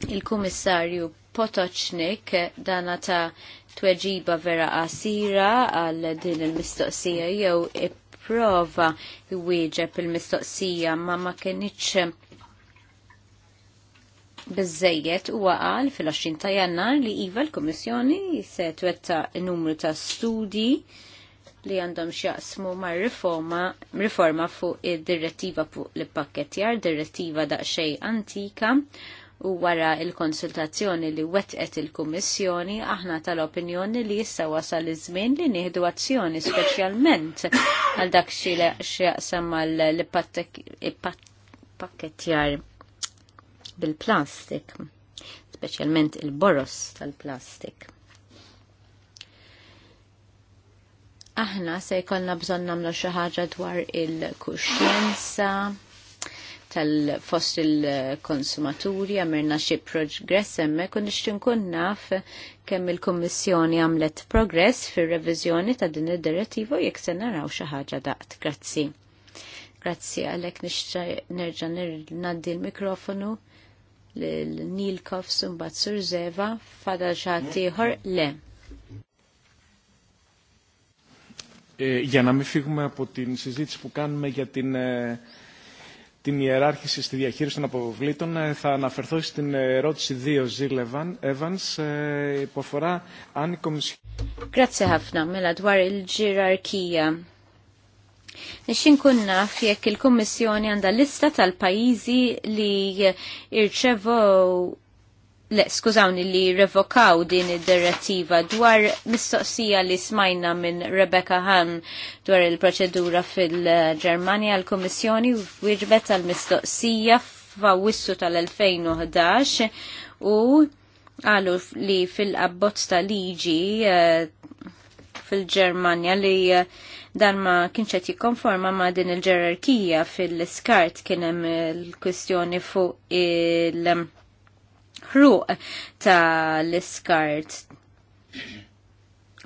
[SPEAKER 2] il-Kummissarju Potocnik dana ta' tweġiba vera qasira għal din il-mistoqsija jew ipprova jwieġeb il-mistoqsija ma ma kienitx bizzejiet u għal fil-20 ta' jannar li iva l-Komissjoni se twetta n numru ta' studi li għandhom xjaqsmu ma' riforma, riforma fuq id-direttiva fuq l-pakketjar, direttiva da' xej antika u wara il-konsultazzjoni li wetqet il-Kummissjoni aħna tal-opinjoni li issa wasal iż-żmien li nieħdu azzjoni speċjalment għal dak x'jaqsam mal-pakketjar bil-plastik, speċjalment il-boros tal-plastik. Aħna se jkollna bżonn nagħmlu xi ħaġa dwar il-kuxjenza, tal-fost il-konsumaturi għamirna xie progress emme kun nixtin kun naf kemm il-Kommissjoni għamlet progress fir revizjoni ta' din id-direttiva jekk se naraw xi ħaġa daqt. Grazzi. Grazzi għalek nixtieq nerġa' nirnaddi l-mikrofonu l Neil Kofs imbagħad Zeva fada ieħor le.
[SPEAKER 4] Eh, για να μην φύγουμε από την συζήτηση που κάνουμε για την ε, την ιεράρχηση στη διαχείριση των αποβλήτων θα αναφερθώ στην ερώτηση 2 Ζήλ Evans που αφορά αν η Κομισιόν...
[SPEAKER 2] Grazie ħafna, mela dwar il-ġirarkija. Nixin kunna fjek il-Kommissjoni għanda lista tal-pajizi li irċevu le, skużawni li revokaw din id-direttiva dwar mistoqsija li smajna minn Rebecca Hahn dwar il-proċedura fil-Germania l-Komissjoni wieġbet għal-mistoqsija f'Awwissu tal-2011 u għalu li fil-abbozz tal-liġi eh, fil-Germania li eh, dan ma kienx qed jikkonforma ma' din il-ġerarkija fil-skart kien hemm il-kwistjoni fuq il-, -kwistjoni fuq il ħruq l iskart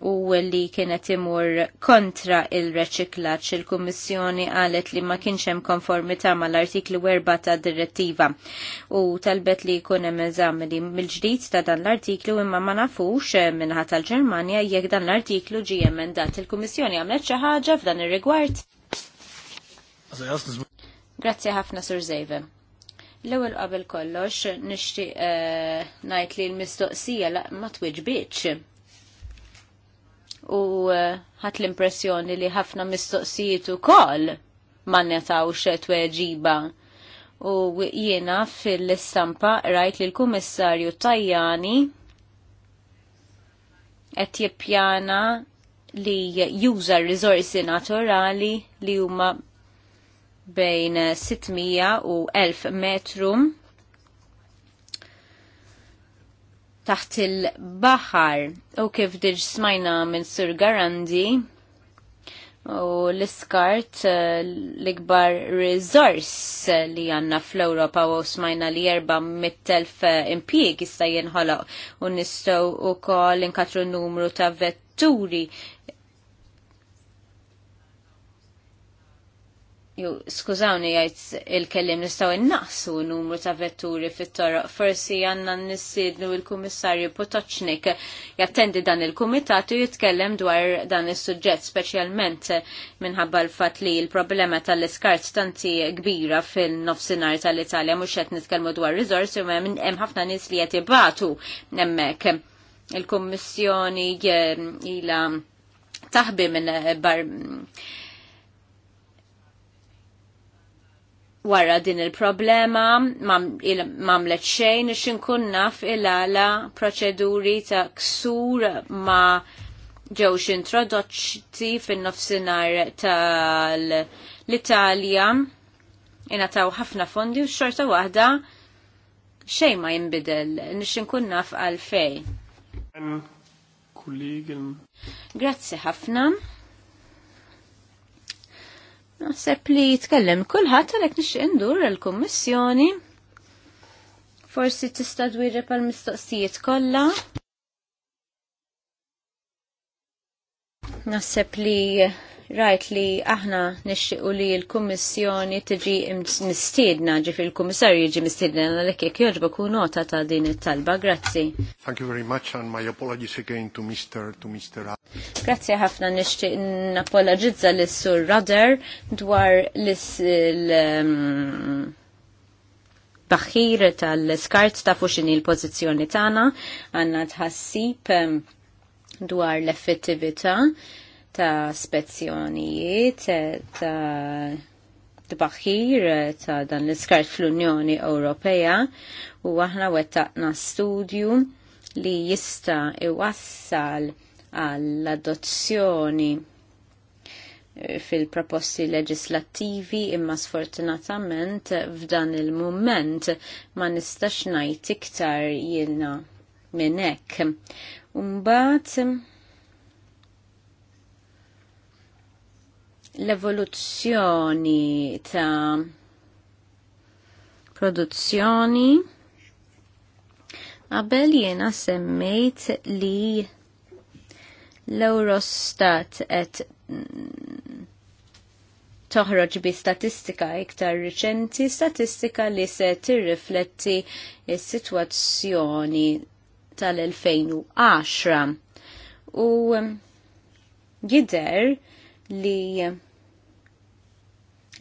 [SPEAKER 2] u li kienet imur kontra il-reċiklaċ il-Kummissjoni għalet li ma kienx hemm konformità mal-artiklu 4 ta' direttiva u talbet li jkun hemm li mill-ġdid ta' dan l-artiklu imma ma nafux eh, minħat tal-Ġermanja jekk dan l-artiklu ġie emendat. Il-Kummissjoni għamlet xi ħaġa f'dan ir-rigward. Grazzi ħafna Sur L-ewwel qabel kollox nixtieq eh, ngħid li l-mistoqsija ma twiġbitx. U eh, ħadd l-impressjoni li ħafna mistoqsijiet ukoll ma netawx tweġiba. U jiena fil-istampa rajt li l-Kummissarju Tajjani qed jippjana li juża r-riżorsi naturali li huma bejn 600 u 1000 metru taħt il bahar u kif diġ smajna minn Sir Garandi u l-iskart l-ikbar rizors li għanna fl-Europa u smajna li jerba mit-telf eh, impieg jista' jinħoloq u nistgħu ukoll inkatru numru ta' vetturi Ju, skużawni jgħid il-kellim nistaw innaqsu numru ta' vetturi fit-toroq. Forsi għanna nissidnu il-kummissarju Potoċnik jattendi dan il-kumitat u jitkellem dwar dan is-suġġett speċjalment minħabba l-fat li l-problema tal-iskart tanti kbira fil-nofsinhar tal-Italja mhux qed nitkellmu dwar riżors u hemm ħafna nies li qed ibatu hemmhekk. Il-Kummissjoni eh, ila taħbi minn bar wara din il-problema, mamlet xejn, xin naf il-għala proċeduri ta' ksur ma ġewx introdotti fin-nofsinar tal-Italja taw ħafna fondi u xorta waħda xej ma jimbidel, nixinkun naf għal fej. Grazzi ħafna. Naħseb li jitkellem kulħadd għalhekk nixtieq indur għall-Kummissjoni. Forsi tista' dwirre pal-mistoqsijiet kollha. Naħseb li rajt li aħna nixxiqu li l-Kummissjoni tiġi mistiedna ġif il-Kummissarju jiġi mistiedna għalhekk jekk jogħġbok hu nota ta' din it-talba. Grazzi. Thank you very much and my apologies again to Mr. to Mr. Grazzi ħafna nixtieq apologizza lis sur Rudder dwar lis l um, baħir tal-skart ta' fuxini l-pozizjoni tagħna għandna tħassib um, dwar l-effettività ta' spezzjonijiet ta' tbaħħir ta' dan l-iskart fl-Unjoni Ewropea u aħna wettaqna studju li jista' iwassal għall-adozzjoni eh, fil-proposti leġislattivi imma sfortunatament f'dan il-moment ma nistax ngħid iktar jiena minn hekk. Umbagħad l-evoluzzjoni ta' produzzjoni qabel jiena semmejt li l-Eurostat qed toħroġ bi statistika iktar riċenti, statistika li se tirrifletti is-sitwazzjoni tal-2010. U jider li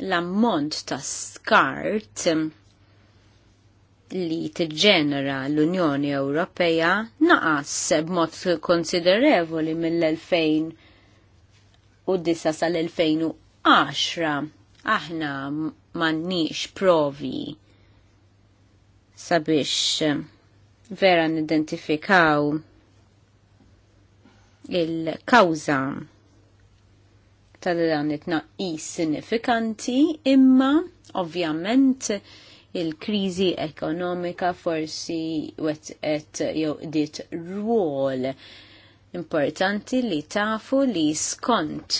[SPEAKER 2] l-ammont ta' skart li tiġġenera l-Unjoni Ewropea naqas b'mod konsiderevoli mill-2009 sal-2010. Aħna m'għandniex provi sabiex vera nidentifikaw il-kawza tal dan it-tnaqqis sinifikanti imma ovvjament il-krizi ekonomika forsi wetqet jew dit rwol importanti li tafu li skont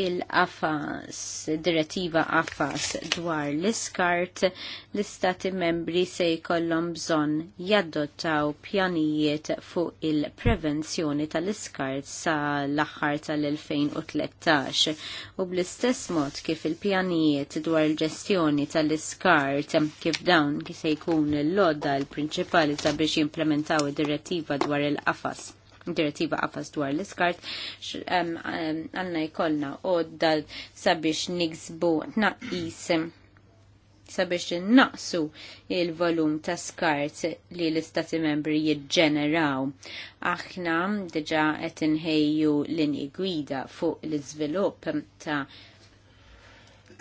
[SPEAKER 2] il-AFAS, direttiva AFAS dwar l-iskart, l-istati membri se jkollhom bżonn jaddottaw pjanijiet fuq il-prevenzjoni tal-iskart sa l-aħħar tal-2013 u bl-istess mod kif il-pjanijiet dwar il-ġestjoni tal-iskart kif dawn se jkun l-lodda l-prinċipali sabiex jimplementaw id-direttiva dwar il-AFAS direttiva għafas dwar l-iskart, għanna jkollna u dal sabiex nigzbu naqis sabiex naqsu il-volum ta' skart li l-istati membri jidġeneraw. Aħna diġa qed inħejju l gwida fuq l-iżvilupp ta'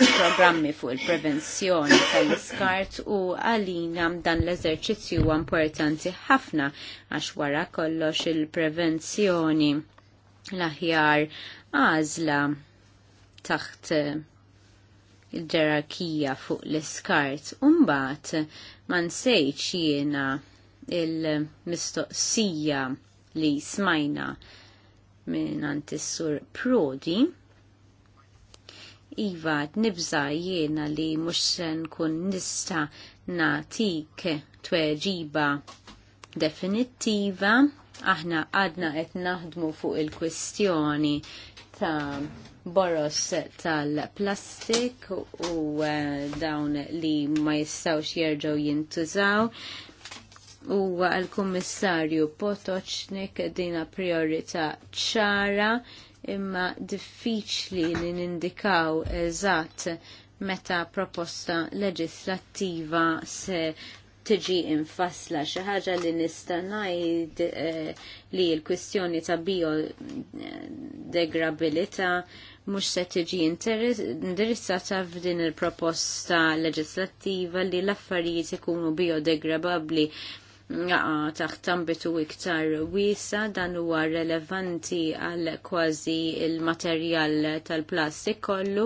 [SPEAKER 2] programmi fuq il-prevenzjoni tal-iskart u għalina dan l-eżerċizzju huwa importanti ħafna għax wara kollox il-prevenzjoni l-aħjar għażla taħt il-ġerarkija fuq l-iskart. Umbat ma nsejċ jiena il-mistoqsija li smajna minn anti sur Prodi Iva, nibza jiena li mux sen kun nista natik tweġiba definittiva, aħna għadna qed naħdmu fuq il-kwestjoni ta' boros tal-plastik u eh, dawn li ma jistawx jerġgħu jintużaw huwa għal kummissarju Potoċnik dina priorità ċara imma diffiċli li nindikaw eżatt meta proposta leġislattiva se tiġi infasla xi ħaġa li nista' ngħid eh, li l-kwistjoni ta' biodegrabilità mhux se tiġi indirizzata f'din il-proposta leġislattiva li l-affarijiet ikunu biodegrabbli jaqa taħt ambitu iktar wiesa dan huwa relevanti għal kważi il-materjal tal-plastik kollu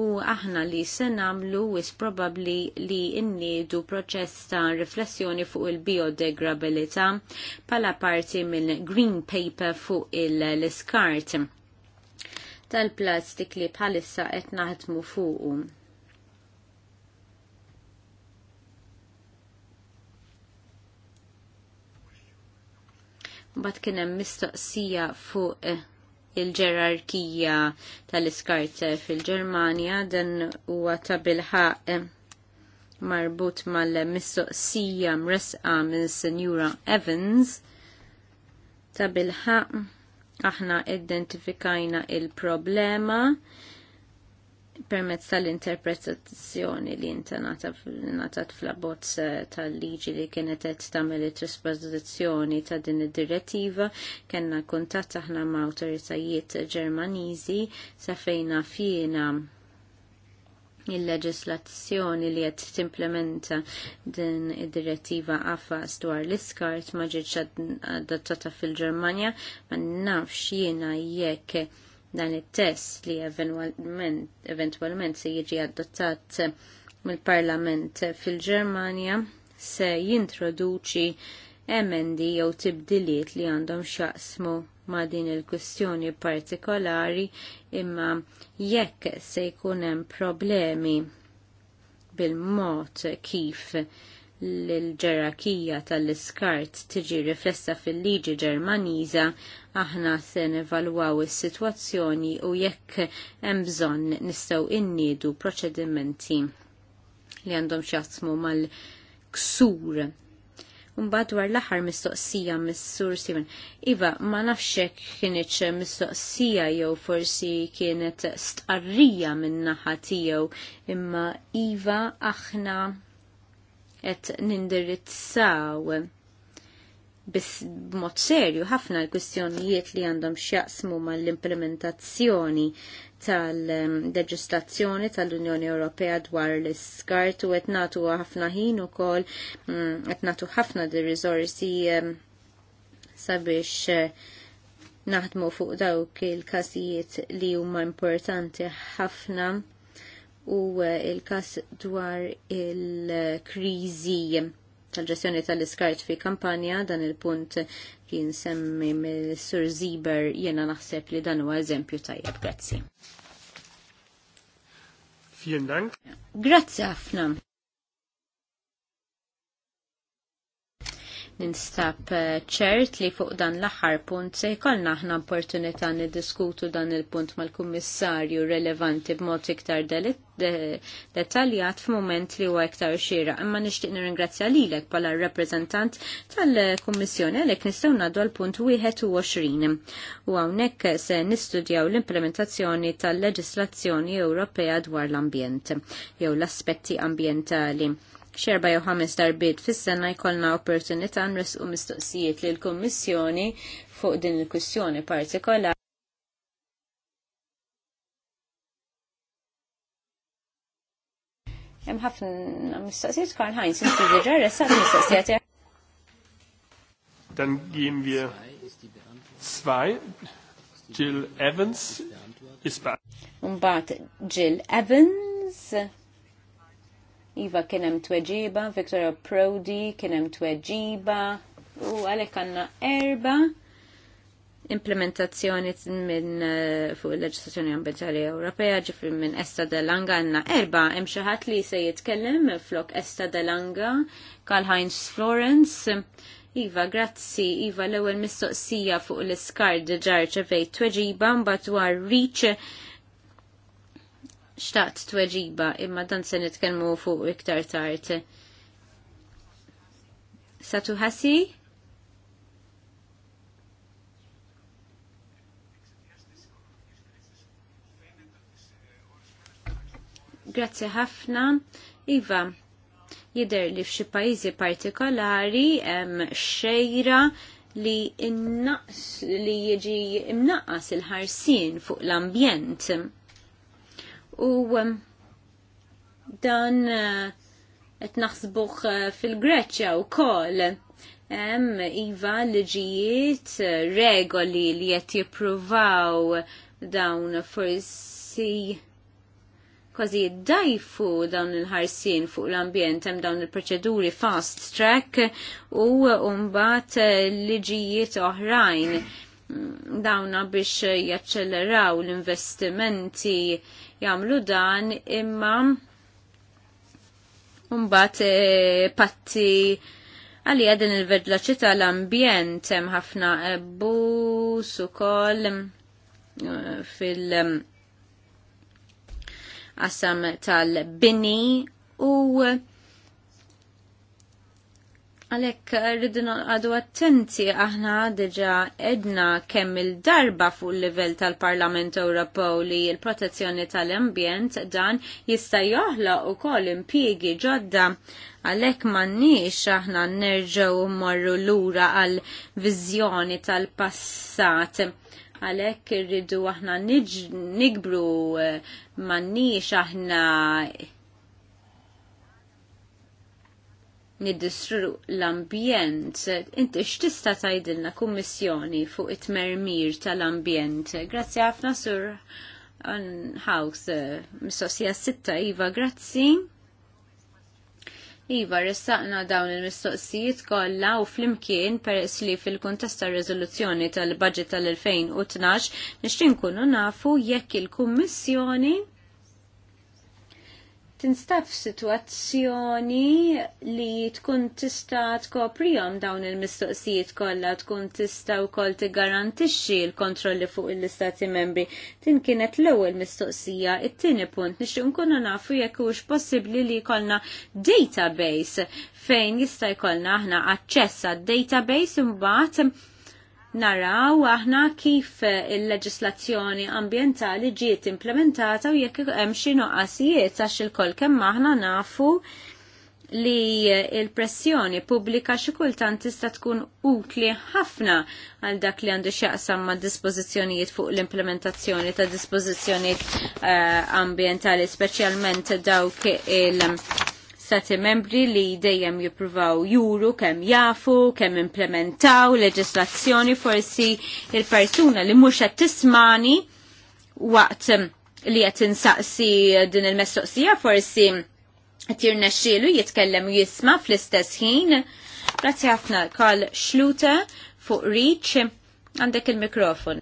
[SPEAKER 2] u aħna li se nagħmlu wis probabbli li nniedu proċess ta' riflessjoni fuq il biodegrabilità pala parti minn Green Paper fuq il-iskart tal-plastik li bħalissa qed naħdmu fuqu. Bat kienem mistoqsija fuq eh, il-ġerarkija tal-iskart eh, fil ġermania dan huwa ta' bilħaq eh, marbut mal-mistoqsija mresqa minn Senjura Evans ta' bilħaq aħna identifikajna il-problema permezz tal-interpretazzjoni li natat fl-abbozz eh, tal-liġi li kienet qed tagħmel it-trasposizzjoni ta' din id-direttiva kellna kuntatt aħna ma' awtoritajiet Ġermaniżi sa naf fina il-leġislazzjoni li qed timplementa din id-direttiva għafa dwar l-iskart ma ġietx adattata fil-Ġermanja ma nafx jiena jekk dan it-test li eventualment se jiġi adottat mill-Parlament fil-Ġermanja se jintroduċi emendi jew tibdiliet li għandhom xaqsmu ma' din il-kwistjoni partikolari imma jekk se jkun hemm problemi bil-mod kif l-ġerarkija tal-iskart tiġi riflessa fil-liġi Ġermaniża, aħna se nevalwaw is-sitwazzjoni u jekk hemm bżonn nistgħu nniedu proċedimenti li għandhom xjaqsmu mal-ksur Mbagħad dwar l-aħħar mistoqsija mis-sur Simon. Iva, ma nafxek kienx mistoqsija jew forsi kienet stqarrija min-naħa tiegħu imma iva aħna qed nindirizzaw biss b'mod serju ħafna l-kwistjonijiet li għandhom x'jaqsmu mal-implementazzjoni tal-leġislazzjoni tal-Unjoni Ewropea dwar l-iskart u qed nagħtu ħafna ħin ukoll mm, qed nagħtu ħafna di rizorsi mm, sabiex eh, naħdmu fuq dawk il-każijiet li huma importanti ħafna u eh, il-kas dwar il-krizi tal-ġestjoni tal-iskart fi kampanja dan il-punt kien semmi mill-Sur Ziber jena naħseb li dan huwa eżempju tajjeb. Grazzi. Vielen Dank. Grazzi ħafna. Ninstab eh, ċert li fuq dan l-aħħar punt se jkollna aħna opportunità niddiskutu dan il-punt mal-kummissarju relevanti b'mod iktar dettaljat f'mument li huwa iktar xira. Imma nixtieq nirringrazzja lilek bħala rappreżentant tal-Kummissjoni għalhekk nistgħu ngħaddu għal punt wieħed u 21. U hawnhekk se nistudjaw l-implementazzjoni tal-leġislazzjoni Ewropea dwar l-ambjent jew l-aspetti ambjentali xerba jew ħames darbiet fis-sena jkollna opportunità nresqu mistoqsijiet lil kummissjoni fuq din il-kwistjoni partikolari. Hemm ħafna mistoqsijiet Karl Heinz inti diġà ressaq mistoqsijiet.
[SPEAKER 1] Dan gehen wir zwei. Jill Evans ist bei.
[SPEAKER 2] Jill Evans Iva kienem tweġiba, Victoria Prodi kienem tweġiba, u għalek għanna erba implementazzjoni minn eh, fuq il-leġislazzjoni ambientali Ewropea ġifri minn Esta Langa għanna erba hemm xi ħadd li se jitkellem flok Esta Langa Karl Heinz Florence Iva, grazzi, Iva, l ewwel mistoqsija fuq l-iskard ġar ċevejt tweġiba mbagħad dwar xtaqt tweġiba imma dan se nitkellmu fuq iktar tard. Satu ħassi? Grazzi ħafna. Iva, jider li f'xi pajjiżi partikolari hemm xejra li innaqs li jiġi mnaqqas il-ħarsien fuq l-ambjent u um, dan qed uh, naħsbuh uh, fil-Greċja wkoll. Hemm iva liġijiet uh, regoli li qed jippruvaw dawn forsi kważi jiddajfu dawn il-ħarsin fuq l-ambjent hemm dawn il-proċeduri fast track u mbagħad um, liġijiet oħrajn dawna biex jaċċelleraw l-investimenti jagħmlu dan imma mbagħad e, patti għalija din il vedlaċi l-ambjent hemm ħafna ebbus ukoll e, fil- e, qasam tal-bini u Għalek eh, rridin għadu attenti aħna deġa edna kemm il-darba fuq il-livell tal-Parlament Ewropew li l-protezzjoni tal-ambjent dan jista' joħla u koll impjiegi ġodda għalek mannix aħna nerġaw morru lura għal viżjoni tal-passat għalek irridu aħna nikbru eh, mannix aħna niddistru l-ambjent. Inti x'tista' tgħidilna kummissjoni fuq it-mermir tal-ambjent. Grazzi ħafna sur House, mistoqsija sitta Iva, grazzi. Iva, ressaqna dawn il-mistoqsijiet kollha u flimkien peress li fil-kuntest tar riżoluzzjoni tal-budget tal-2012 nixtin kunu nafu jekk il-Kummissjoni tinstaf f'sitwazzjoni li tkun tista' tkoprihom dawn il-mistoqsijiet kollha tkun tista' wkoll tigarantixxi l-kontrolli fuq l-istati membri. Tin kienet l-ewwel mistoqsija, it-tieni punt nixtieq nkunu nafu jekk hux possibbli li jkollna database fejn jista' jkollna aħna aċċess għad-database imbagħad naraw aħna kif il-leġislazzjoni ambientali ġiet implementata u jekk hemm xi noqqasijiet għax il-koll kemm aħna nafu li il-pressjoni pubblika xi kultant tista' tkun utli ħafna għal dak li għandu x'jaqsam ma' dispożizzjonijiet fuq l-implementazzjoni ta' dispożizzjonijiet uh, ambientali, speċjalment dawk il- stati membri li dejjem jippruvaw juru kemm jafu, kemm implementaw leġislazzjoni forsi il-persuna li mhux qed tismani waqt um, li qed insaqsi din il mestoqsija forsi qed jirnexxielu jitkellem u jisma' fl-istess ħin. Grazzi ħafna Karl Schluter fuq Reach għandek il-mikrofon.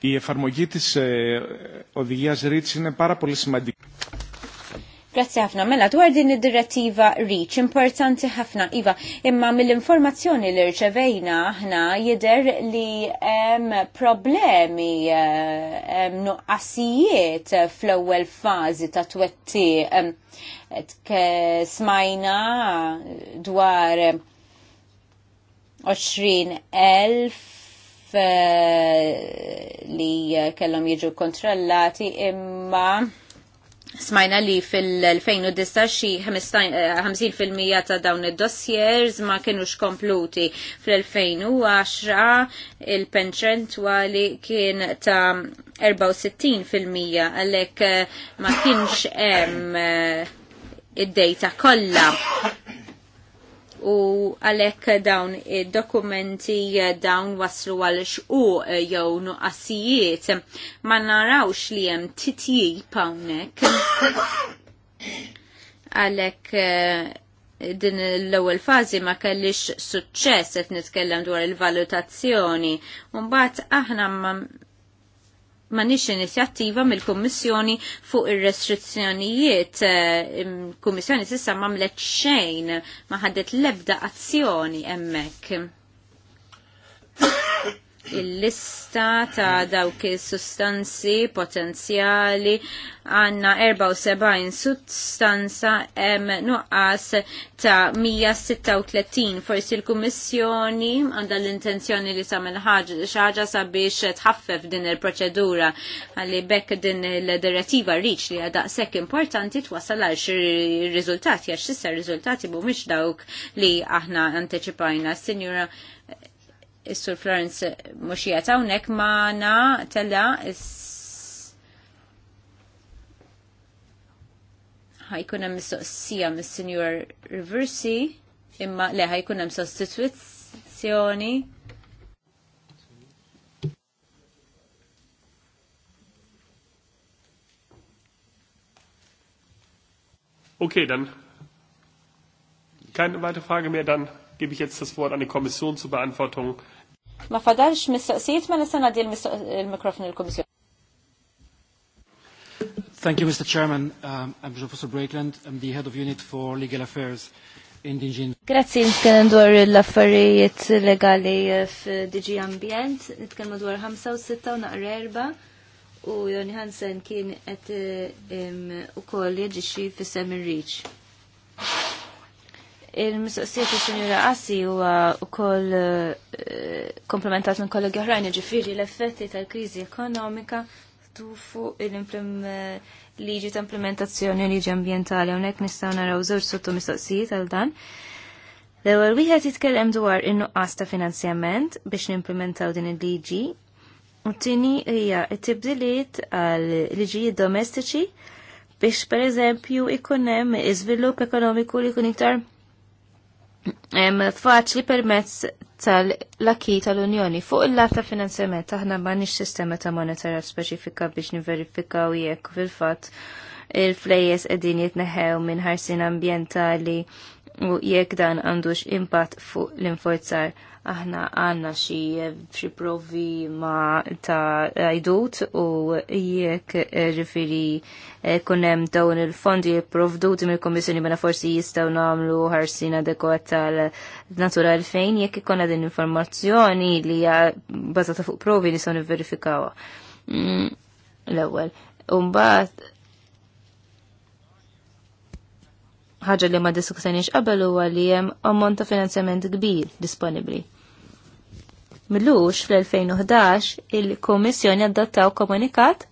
[SPEAKER 4] η εφαρμογή της ε, οδηγίας REACH είναι πάρα πολύ σημαντική.
[SPEAKER 2] Grazzi ħafna, mela dwar din id-direttiva REACH, importanti ħafna, Iva, imma mill-informazzjoni li rċevejna aħna jider li hemm problemi, eh, hemm nuqqasijiet fl-ewwel fażi ta' twetti eh, smajna dwar eh, 20,000 Eh, li kellhom jiġu kontrollati imma Smajna li fil-2019 50% eh, ta' dawn id-dossiers ma kienux kompluti. Fl-2010 il-penċentwali kien ta' 64% għalek eh, ma kienx hemm id-dejta kollha u għalek dawn dokumenti eh, dawn waslu għal xqu eh, jew nuqqasijiet ma narawx li hemm titjib hawnhekk. għalek eh, din l-ewwel fażi ma kellix suċċess qed nitkellem dwar il-valutazzjoni. Mbagħad aħna ma nix inizjattiva mill-Kummissjoni fuq ir-restrizzjonijiet. Eh, Kummissjoni sissa mlet xejn ma ħadet lebda azzjoni hemmhekk. il-lista ta' dawk il sustanzi potenzjali għanna 74 sustanza em nuqqas ta' 136 forsi l-Kummissjoni għandha l-intenzjoni li tagħmel ħaġa sabiex tħaffef din il-proċedura għalli bekk din il-direttiva riċ li għadha sekk importanti twasal għal xi riżultati għax issa riżultati mhumiex dawk li aħna anteċipajna. Sinjura Is-Sur Florence mhux qiegħed hawnhekk magħna tella ħajkun hemm mistoqsija mis senior Riversi imma le ħajkun hemm sostituzzjoni.
[SPEAKER 1] Okay, dann keine weitere Frage mehr, dann gebe ich jetzt das Wort an die Kommission zur Beantwortung.
[SPEAKER 2] Ma fadarx mistaqsijiet ma nista' ngħaddi l-mikrofon il-Kummissjoni.
[SPEAKER 1] Thank you, Mr. Chairman. Um, I'm Professor Breakland. I'm the head
[SPEAKER 4] of unit for legal affairs in DG.
[SPEAKER 3] Grazzi nitkellem dwar l-affarijiet legali uh, f'DG Ambient. Nitkellmu dwar 5 u 6 u u Joni Hansen kien qed ukoll uh, jeġixxi fi Semin Reach. Il-mistoqsijiet il-Sinjura Assi huwa wkoll eh, komplementat minn kollegi oħrajn, ġifiri l-effetti tal-kriżi ekonomika tufu il-liġi eh, ta' implementazzjoni liġi ambientali hawnhekk nistgħu naraw żewġ sottu mistoqsijiet għal dan. L-ewwel wieħed jitkellem dwar in-nuqqas ta' finanzjament biex nimplementaw din il-liġi. U t-tini hija t-tibdiliet għal liġijiet domestiċi biex pereżempju ikun hemm iżvilupp ekonomiku li jkun iktar faċli permezz tal-laki tal-Unjoni fuq il-lat ta' finanzjament aħna m'għandniex sistema ta' monetarja speċifika biex niverifikaw jekk fil-fatt il-flejjes qegħdin jitneħew minn ħarsin ambjentali u jekk dan għandux impatt fuq l-inforzar aħna għanna xie provi ma ta' ajdut u jekk eh, ġifiri eh, kunem dawn il-fondi provduti mill kommissjoni mela forsi jistaw namlu ħarsin adekwat tal-natura l-fejn jekk ikonna din informazzjoni li hija bazata fuq provi li son verifikawa. Mm, l-ewwel. Umbat ħaġa li ma diskussajniex qabel huwa li hemm ammont ta' finanzjament kbir disponibbli. Millux fl-2011 il-Kommissjoni adottaw komunikat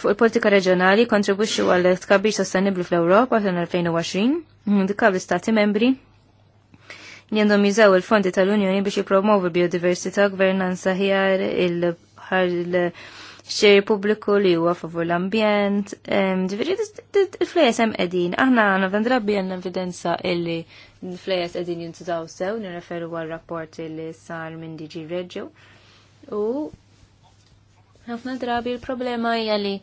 [SPEAKER 3] fuq il-politika reġjonali kontribwixxu għal tkabbir sostenibbli fl-Ewropa fl-2020 indikaw l-Stati membri li għandhom jużaw il-fondi tal-Unjoni biex jipromovu biodiversità, gvernanza ħjar, il-ħar il-, -ħar il xejr pubbliku li huwa favur l-ambjent, ġifieri il-flejes hemm qegħdin. Aħna għandna drabi għandna evidenza illi l-flejes qegħdin jintużaw sew, nirreferu għal rapport li sar minn Diġi Reġġu. U ħafna drabi il-problema hija li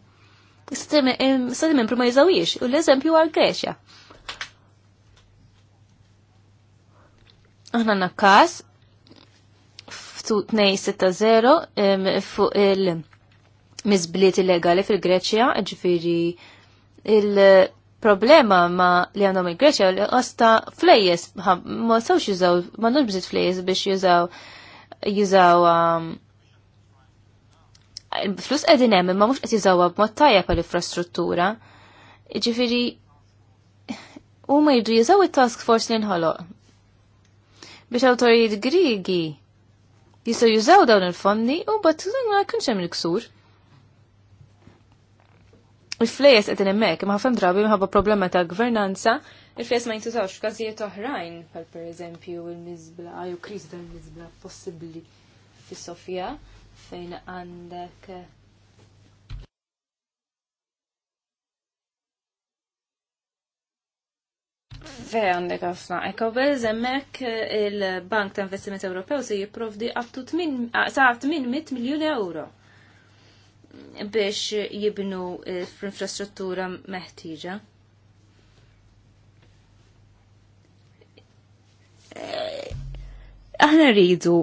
[SPEAKER 3] s-sistemi ma jżawiex, u l-eżempju għal Greċja. Aħna nakkas, 2-6-0, fuq il- lim mizbliet illegali fil-Greċja, ġifiri il-problema ma li għandhom il-Greċja li għasta flejjes, ma sawx jużaw, ma nux bżit flejes biex jużaw, jużaw um, flus qegħdin hemm imma mhux qed jiżawha b'mod tajjeb għall infrastruttura. u huma jidu jiżaw it-task force li nħoloq. Biex autorijiet Grigi jistgħu jużaw dawn il-fondi u bad ma jkunx hemm il-ksur il-flejes qed emmek, imma ħafna drabi minħabba problema ta' gvernanza, il-flejes ma jintużawx f'każijiet oħrajn, bħal pereżempju il-miżbla jew kriżi tal-miżbla possibbli fi Sofija fejn għandek Fej għandek għafna. Ekobel, emmek il-Bank ta' Investiment Ewropew se jipprovdi up 800 miljoni euro biex jibnu eh, fl-infrastruttura meħtieġa. Eh, aħna rridu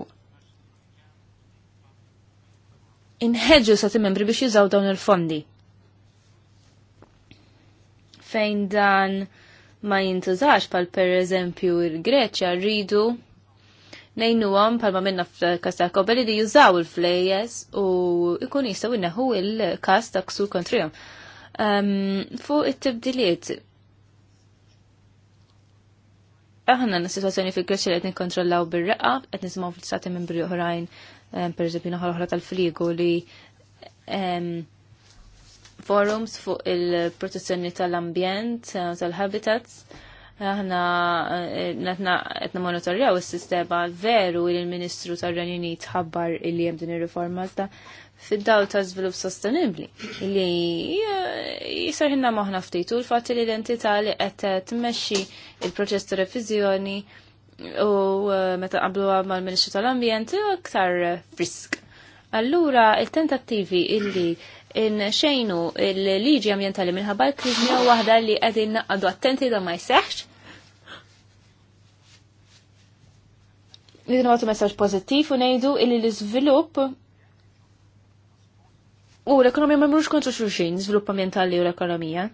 [SPEAKER 3] inħeġu sati membri biex jużaw dawn il-fondi. Fejn dan ma jintużax pal per eżempju il-Greċja rridu nejnuhom palma minna f'kas ta' kobel li jużaw il-flejjes u ikun jistgħu inneħu il kast ta' ksur kontrihom. Ehm, fuq it-tibdiliet aħna na situazzjoni fil kreċi li qed nikkontrollaw bir-reqqa, qed nisimgħu fil-stati membri oħrajn, ehm, eżempju, noħra oħra tal-fligu li ehm, forums fuq il-protezzjoni tal-ambjent, eh, tal-habitats, aħna qed eh, monitorjaw is-sistema veru li ministru tar-Renju tħabbar ħabbar illi hemm din ir-riforma fid-dawl ta' sostenibli sostenibbli li eh, jisarħinna maħna ftit u l fat li l identità li qed tmexxi il-proċess ta' revizjoni u eh, meta qablu mal-Ministru tal-Ambjent aktar frisk. Allura, il-tentattivi il-li In xejnu il-liġi ambientali minħabba l-krizmi u wahda li għedin naqdu attenti da ma jseħx. Nidin għatu messaċ pozittif u nejdu illi l-izvilup u l-ekonomija ma mrux kontra xurxin, zvilup ambientali u l-ekonomija.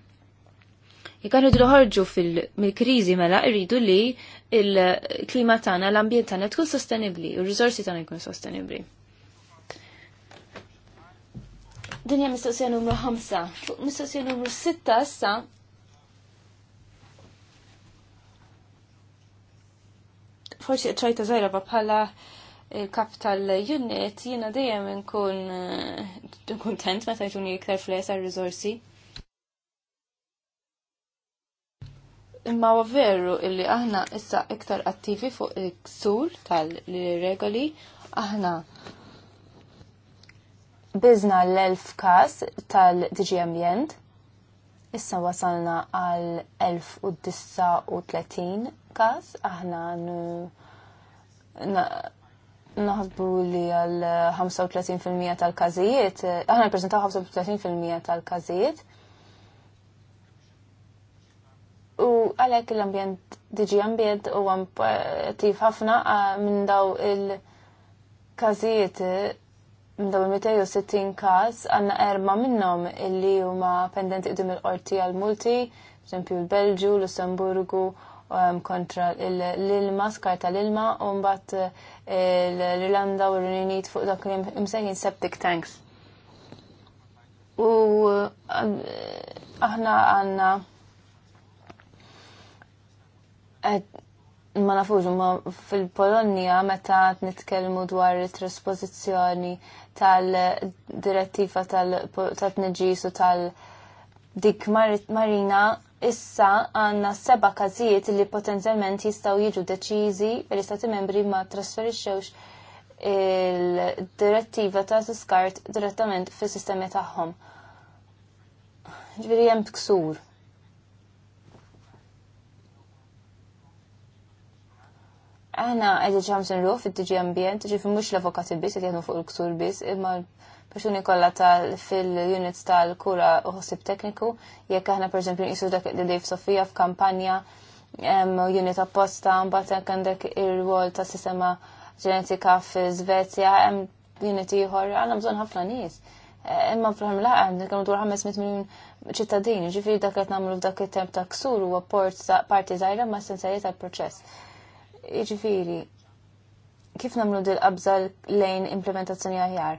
[SPEAKER 3] Jekan rridu ħarġu fil-krizi mela rridu li il-klima tagħna, l-ambjent tagħna tkun sostenibbli u r-riżorsi tagħna jkun sostenibbli. Dinja mistoqsija numru 5. Fuq mistoqsija numru 6 issa. Forsi ċajta zaħira bħala eh, kap tal-unit jiena dejjem nkun eh, kuntent meta jkunu iktar fles għal-rizorsi. Imma huwa veru illi aħna issa iktar attivi fuq il-ksur tal-regoli aħna Bizna l-1000 kas tal-DG Ambient, issa wasalna għal 1039 kas, aħna naħsbu li għal 35% tal-kazijiet, aħna nippreżentaw 35% tal-kazijiet. U għalhekk l-ambjent diġi ambjent huwa għam ħafna minn daw il-kazijiet daw 260 każ għandna erba' minnhom illi huma pendenti qdiem il-qorti għal multi, pereżempju l-Belġu, Lussemburgu um, kontra l-ilma, skar tal-ilma, u mbagħad eh, l-Irlanda u l-Rinit fuq dak li msejħin septic tanks. U um, aħna għanna eh, ma nafuġu ma fil-Polonja meta nitkellmu dwar it-trasposizzjoni tal-direttiva tal-tnġis u tal-dik marina issa għanna seba kazijiet li potenzjalment jistaw jiġu deċizi l-istati membri ma trasferixxewx il-direttiva ta' skart direttament fis sistemi tagħhom. Ġviri hemm ksur Aħna għedin ċamsin ruħ fit-tġi ambjent, ġifi mux l-avokati bis, għed fuq il-ksur bis, imma persuni kollha tal fil-units tal-kura u ħossib tekniku, jekk aħna per esempio nqisu dak li Dave Sofija kampanja unit apposta, mbagħad għandek il rwol ta' sistema ġenetika f hemm unit ieħor, għandna bżonn ħafna nies. Imma fl-ħam laqa, għandna dwar 500 miljon ċittadini, ġifiri dak li nagħmlu f'dak it-temp ta' ksur u apport parti żgħira ma' sensajiet tal-proċess Iġviri, kif namlu dil-qabza lejn implementazzjoni aħjar?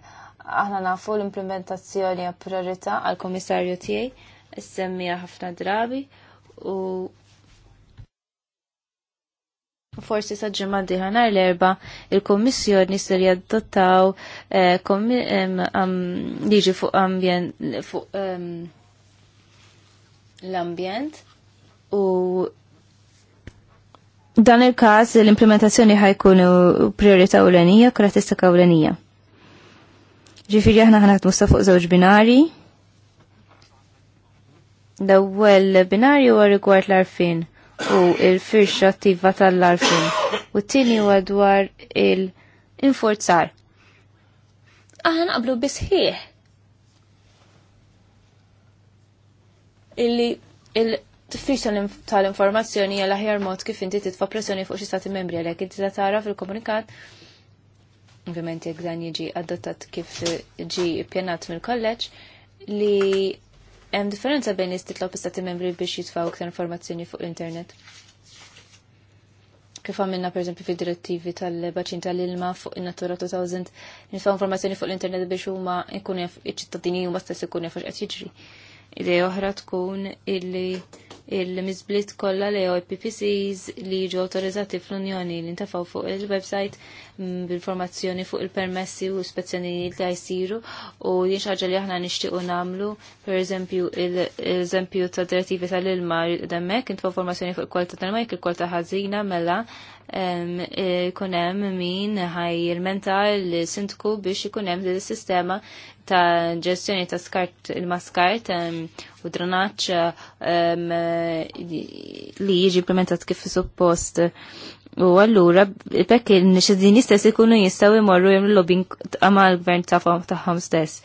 [SPEAKER 3] Aħna nafu l-implementazzjoni priorità għal-komissarju tiegħi, issemmija ħafna drabi u Forsi saġġima diħanar l-erba il-Kommissjoni ser jaddottaw eh, liġi fuq ambjent fuq l-ambjent u dan il-każ l-implementazzjoni ħajkun priorità ewlenija, karattistika ewlenija. Ġifieri aħna ħanaħdmu sa fuq zawġ binari. L-ewwel u huwa rigward l-arfin u il-firxa attiva tal-arfin. U t tini u dwar il inforzar Aħna naqblu bisħieħ illi il- t tal-informazzjoni għal aħjar mod kif inti titfa' pressjoni fuq xi stati membri għalhekk inti tara fil-komunikat ovvjament jekk dan jiġi adottat kif ġi ppjanat mill-kolleġġ li hemm differenza bejn titlob stati membri biex jitfaw iktar informazzjoni fuq l-internet. Kif għamilna pereżempju fid-direttivi tal-baċin tal-ilma fuq in-Natura 2000 nifgħu informazzjoni fuq l-internet biex huma ikun iċ-ċittadini huma stess ikun jafu qed jiġri idea oħra tkun illi il-mizblit kollha il e PPCs li jiġu autorizzati fl-Unjoni li ntafaw fuq il-website Mm, b'informazzjoni fuq il-permessi u ispezzjonijiet li jsiru u jien ħaġa li aħna nixtiequ nagħmlu, pereżempju l-eżempju ta' direttivi tal-ilma demmek, intfa' informazzjoni fuq il-kwalità tal ma jekk il-kwalità ħażina mela e, ikun hemm min ħaj menta li sintku biex ikun hemm din sistema ta' ġestjoni ta' skart il-maskart u drenaġġ e, li jiġi implementat kif suppost U għallura, bekk il-nixedini stess ikunu jistaw imorru jimlu lobbying għama l-gvern ta' taħħom stess.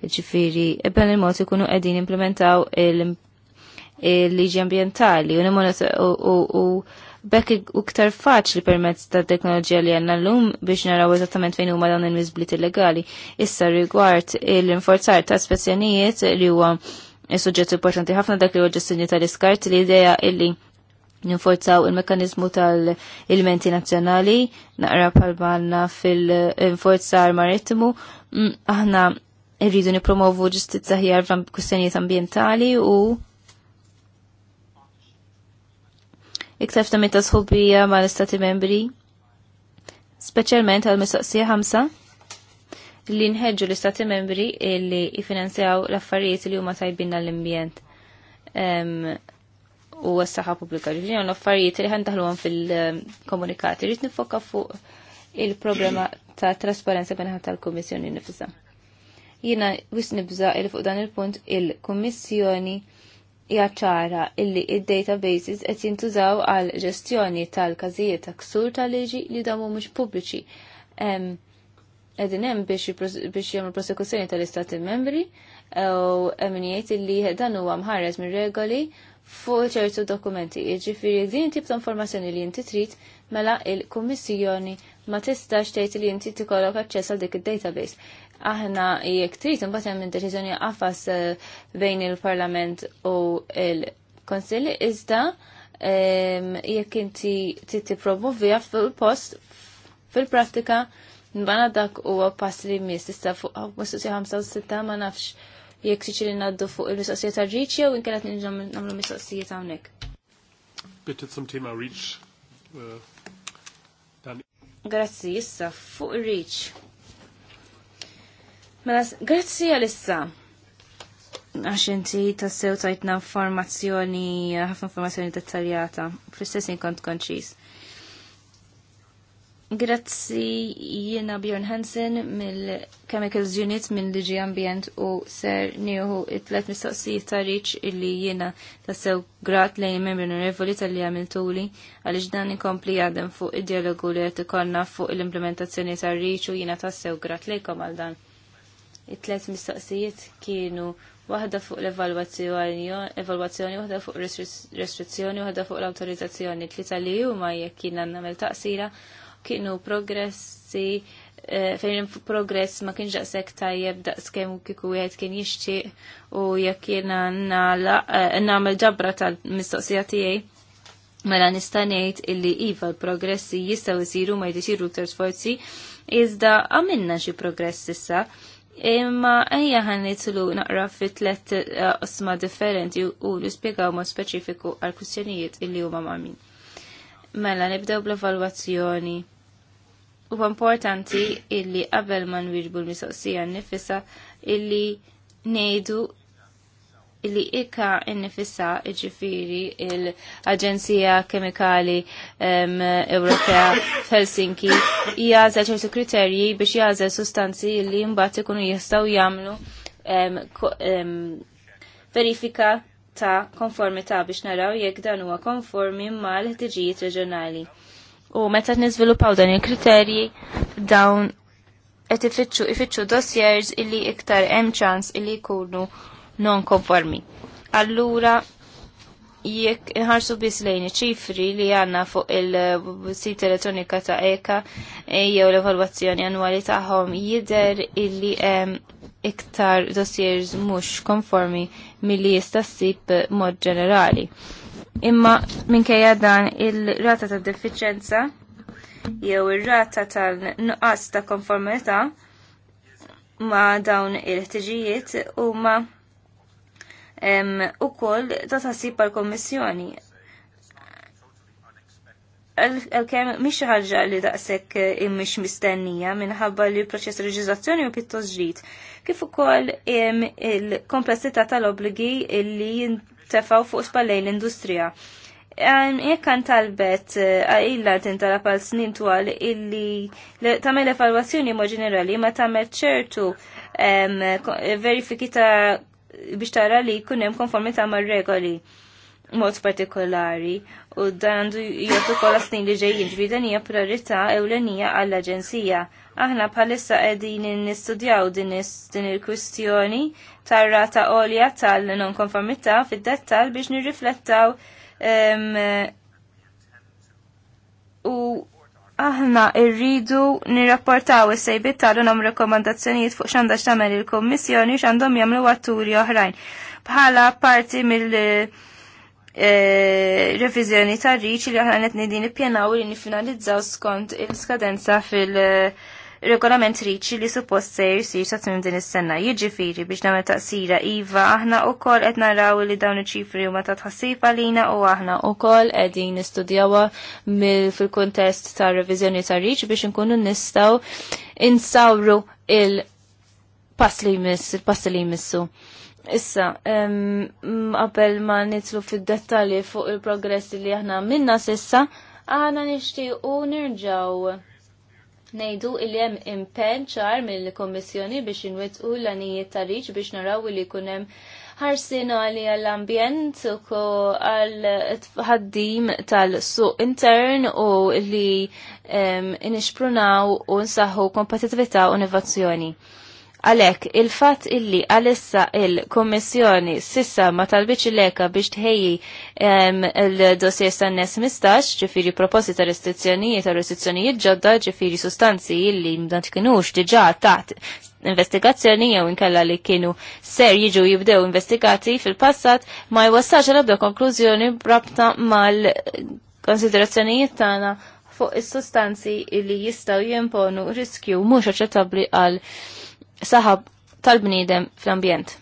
[SPEAKER 3] Ġifiri, ebben il-mod ikunu għedin implementaw il-liġi ambientali u bekk u ktar faċli permezz ta' teknoloġija li għanna l-lum biex naraw eżattament fejn huma dawn il-mizblit illegali. Issa rigward l-inforzar ta' spezzjonijiet li huwa suġġett importanti ħafna dak li huwa ġestjoni tal-iskart li ideja illi ninforzaw il-mekanizmu tal-elementi nazjonali, naqra palbanna fil-inforzar marittimu, mm, aħna irridu nipromovu ġustizza ħjar fl kustenijiet ambientali u iktar ta' meta sħubija ma' l-istati membri, specialment għal-mistoqsija ħamsa li nħedġu l-istati membri li jifinanzjaw l-affarijiet li huma tajbin l imbjent u s-saħħa pubblika. Ġifieri hawn affarijiet li ħandaħluhom fil-komunikati. Rrid nifokka fuq il-problema ta' trasparenza minħat tal-Kummissjoni nifisa. Jiena wis nibża il fuq dan il-punt il-Kummissjoni hija ċara illi id-databases qed jintużaw għal ġestjoni tal-każijiet ta' ksur tal-liġi li damu mhux pubbliċi. Edin hemm biex jagħmlu prosekuzzjoni tal-istati membri u hemm illi dan huwa mħares minn regoli fuq ċertu dokumenti. Jiġifieri din tip ta' informazzjoni li inti trid mela il-Kummissjoni ma tistax tgħid li inti tikollok aċċess għal dik id-database. Aħna jekk trid imbagħad hemm deċiżjoni qafas eh, bejn il-Parlament u il-Konsill iżda ehm, jekk inti trid tippromovija fil-post fil-prattika mbagħad dak huwa pass li miss tista' fuq mistoqsija 5 u ma nafx Jek tiċili naddu fuq il mistoqsija ta' Reach jew inkelet nġam nagħmlu mistoqsijiet hawnhekk.
[SPEAKER 1] Bitte zum Thema Reach. Äh,
[SPEAKER 3] grazzi, issa, fuq Reach. Mela, grazzi għal-issa għax inti tassew tajtna informazzjoni, ħafna informazzjoni dettaljata, fl-istess kont konċis. Grazzi jiena Bjorn Hansen mill-Chemicals Unit minn Liġi Ambient u ser nieħu it-tlet mistoqsijiet ta' riċ illi jiena tassew grat lejn membri onorevoli tal-li tuli, għaliex dan inkompli għadem fuq id-dialogu li qed ikollna fuq l-implementazzjoni ta' riċ u jiena tassew grat lejkom għal dan. It-tlet mistoqsijiet kienu waħda fuq l-evalwazzjoni, evalwazzjoni waħda fuq restrizzjoni, waħda fuq l-autorizzazzjoni, tlita li huma jekk jiena nagħmel taqsira kienu progressi eh, fejn progress ma kienx daqshekk tajjeb daqskemm kieku wieħed kien jixtieq u jekk jiena eh, nagħmel ġabra tal-mistoqsija tiegħi. Mela nista' ngħid illi iva l-progressi jistgħu jsiru ma jdisiru iktar sforzi, iżda għamilna xi progress issa. Imma ejja ħan nitlu naqra fi tlet eh, osma differenti u nispjegaw mod speċifiku għal kwistjonijiet illi huma ma' min. Mela nibdew bl-evalwazzjoni u importanti illi qabel ma nwirbu l-mistoqsija nnifisa illi ngħidu illi ikka innifissa iġifiri l-Aġenzija Kemikali um, Ewropea Helsinki jgħazel ċertu kriterji biex jażel sustanzi li mbagħad ikunu jistgħu jagħmlu um, um, verifika ta' konformità biex naraw jekk dan huwa konformi mal-ħtiġijiet reġjonali. U meta nizvilupaw dan il-kriterji dawn qed ifittxu ifittxu dossiers illi iktar hemm ċans illi jkunu non konformi. Allura jekk inħarsu biss lejn ċifri li għanna fuq il-sit elettronika ta' EKA e jew l-evalwazzjoni annwali tagħhom jidher illi hemm iktar dossiers mhux konformi milli jista' ssib mod ġenerali. Imma minkejja dan il-rata ta' deficienza jew ir-rata tal-nuqqas ta' konformità ma' dawn il-ħtiġijiet huma koll ta' tasib għall-Kommissjoni għal-kem miex ħagġa li daqsek miex mistennija minħabba li proċess reġizazzjoni u pittos ġdid. Kif ukoll il-komplessità tal-obligi li tefaw fuq spallej l-industrija. Jekk kan talbet eh, tinta la pal snin twal illi tamel evalwazzjoni mo ġenerali ma tamel ċertu eh, verifikita biex tara li kunem konformita ma regoli mod partikolari u dan għandu jgħatu kolla snin li ġejjin ġvidanija priorità ewlenija għall-Aġenzija Aħna bħalissa qegħdin nistudjaw din il-kwistjoni tar-rata għolja tal-nonkonformità fid-dettal biex nirriflettaw u aħna irridu nirrapportaw is-sejbiet tal-unhom rekomandazzjonijiet fuq x'għandax tagħmel il-Kummissjoni x'għandhom jagħmlu atturi oħrajn. Bħala parti mill- e, revizjoni tar riċ li aħna qed din ippjanaw li nifinalizzaw skont il-skadenza fil- regolament riċi li suppost se jsir sa tmim din is-sena. Jiġifieri biex nagħmel taqsira iva aħna wkoll qed naraw li dawn iċ-ċifri huma ta' tħassib għalina u aħna wkoll qegħdin nistudjawha fil-kuntest ta' reviżjoni ta' riċ biex inkunu nistgħu insawru il-pass li jmiss, il-pass li jmissu. Issa, qabel ma nitlu fid-dettalji fuq il progressi li aħna minna sissa, għana nishtiqu nirġaw ngħidu il hemm impenn ċar mill-Kommissjoni biex inwettqu l-għanijiet tariċ biex naraw li jkun hemm ħarsin għali għall-ambjent u għall tħaddim tal-suq intern u li inisprunaw u nsaħħu kompetitività u innovazzjoni. Għalek, il-fat illi għalissa il-Kommissjoni sissa ma talbiċ il-leka biex tħejji l-dossier sannes mistax, ġifiri proposti ta' restrizzjonijiet ta' restrizzjonijiet ġodda, ġifiri sustanzi illi mdant kienux diġa taħt investigazzjoni jew inkella li kienu ser jiġu jibdew investigati fil-passat ma jwassax l-ebda konklużjoni rabta mal-konsiderazzjonijiet tagħna fuq is-sustanzi li jistgħu jimponu riskju mhux aċċettabbli għal saħab tal bnidem fl-ambjent.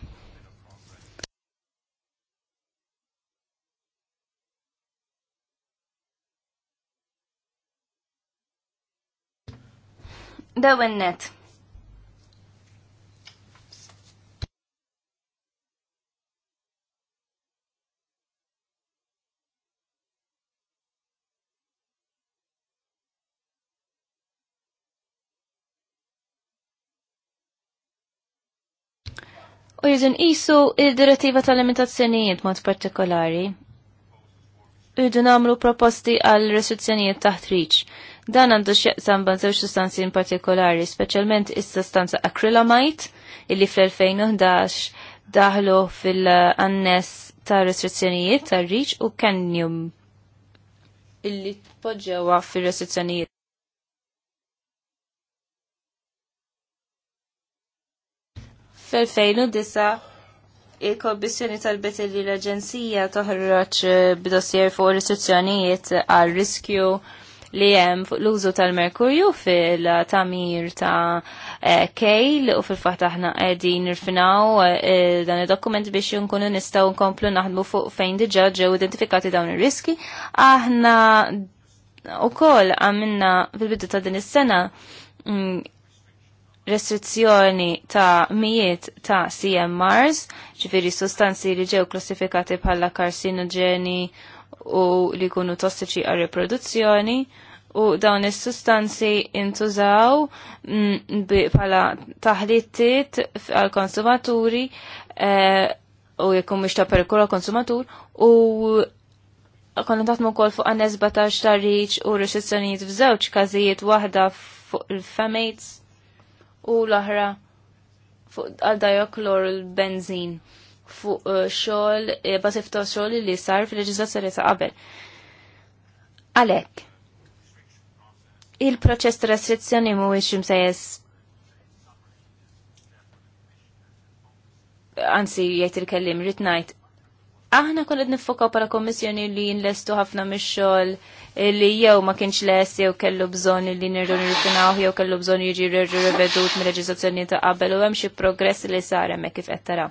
[SPEAKER 3] Dawennet. net u jizun isu il-direttiva tal-limitazzjonijiet mod partikolari. jidun għamlu proposti għal restrizzjonijiet taħt riċ. Dan għandu xieqsam ban sustanzi in partikolari, specialment is-sustanza acrylamide, illi fl-2011 daħlu fil-annes ta' restrizzjonijiet ta' riċ u kenjum illi tpoġġewa fil-restrizzjonijiet. Fl-2009 il-Kommissjoni talbet li l-Aġenzija toħroġ b'dossier fuq restrizzjonijiet għal riskju li hemm fuq l-użu tal-merkurju fil-tamir ta' eh, kejl u fil-fatt aħna qegħdin nirfinaw eh, dan id-dokument biex jinkunu nistgħu nkomplu naħdmu fuq fejn diġà ġew identifikati dawn ir-riski. Aħna wkoll għamilna fil-bidu ta' din is-sena mm, restrizzjoni ta' mijiet ta' CMRs, ġifiri sostanzi li ġew klassifikati bħala karsinogeni u li kunu tossiċi għal riproduzzjoni u dawn is-sustanzi intużaw mm, bħala taħlittiet għal konsumaturi eh, u jekk mhux ta' perikolo konsumatur u konna taħdmu wkoll fuq għan 17 ta' riċ u restrizzjonijiet f'żewġ każijiet waħda fuq il-femates u l-oħra fuq għal-dajoklor l benzin fuq xogħol uh, bażif xol eh, xogħol li sar fil-leġiżlazzjoni ta' qabel. Għalhekk il-proċess ta' restrizzjoni mhuwiex imsejjes anzi jgħid il-kellim rid ngħid aħna kollet nifokaw bħala kommissjoni li nlestu ħafna mix-xogħol li jew ma kienx les jew kellu bżonn li nirdu nirrifinaw jew kellu bżonn jiġi rivedut mill-leġiżlazzjoni ta' qabel u hemm xi progress li sar hemmhekk kif qed taraw.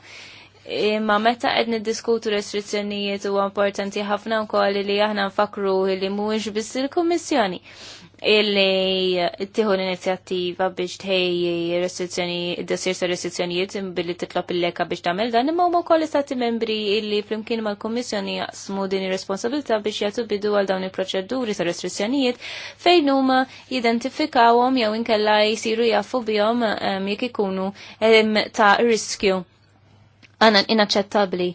[SPEAKER 3] Imma meta qed niddiskutu restrizzjonijiet huwa importanti ħafna wkoll li aħna nfakru li mhuwiex biss il-Kummissjoni illi tiħu l-inizjattiva biex tħejji restrizzjoni, d-dessir sa' restrizzjonijiet billi titlob il-leka biex tamel dan, imma huma wkoll stati membri illi flimkien mal-Kummissjoni jaqsmu din ir-responsabilità biex jagħtu bidu għal dawn il-proċeduri sa' restrizzjonijiet fejn huma jidentifikawhom jew inkella jsiru jafu bihom ehm, jekk ikunu ehm, ta' riskju inaċċettabbli.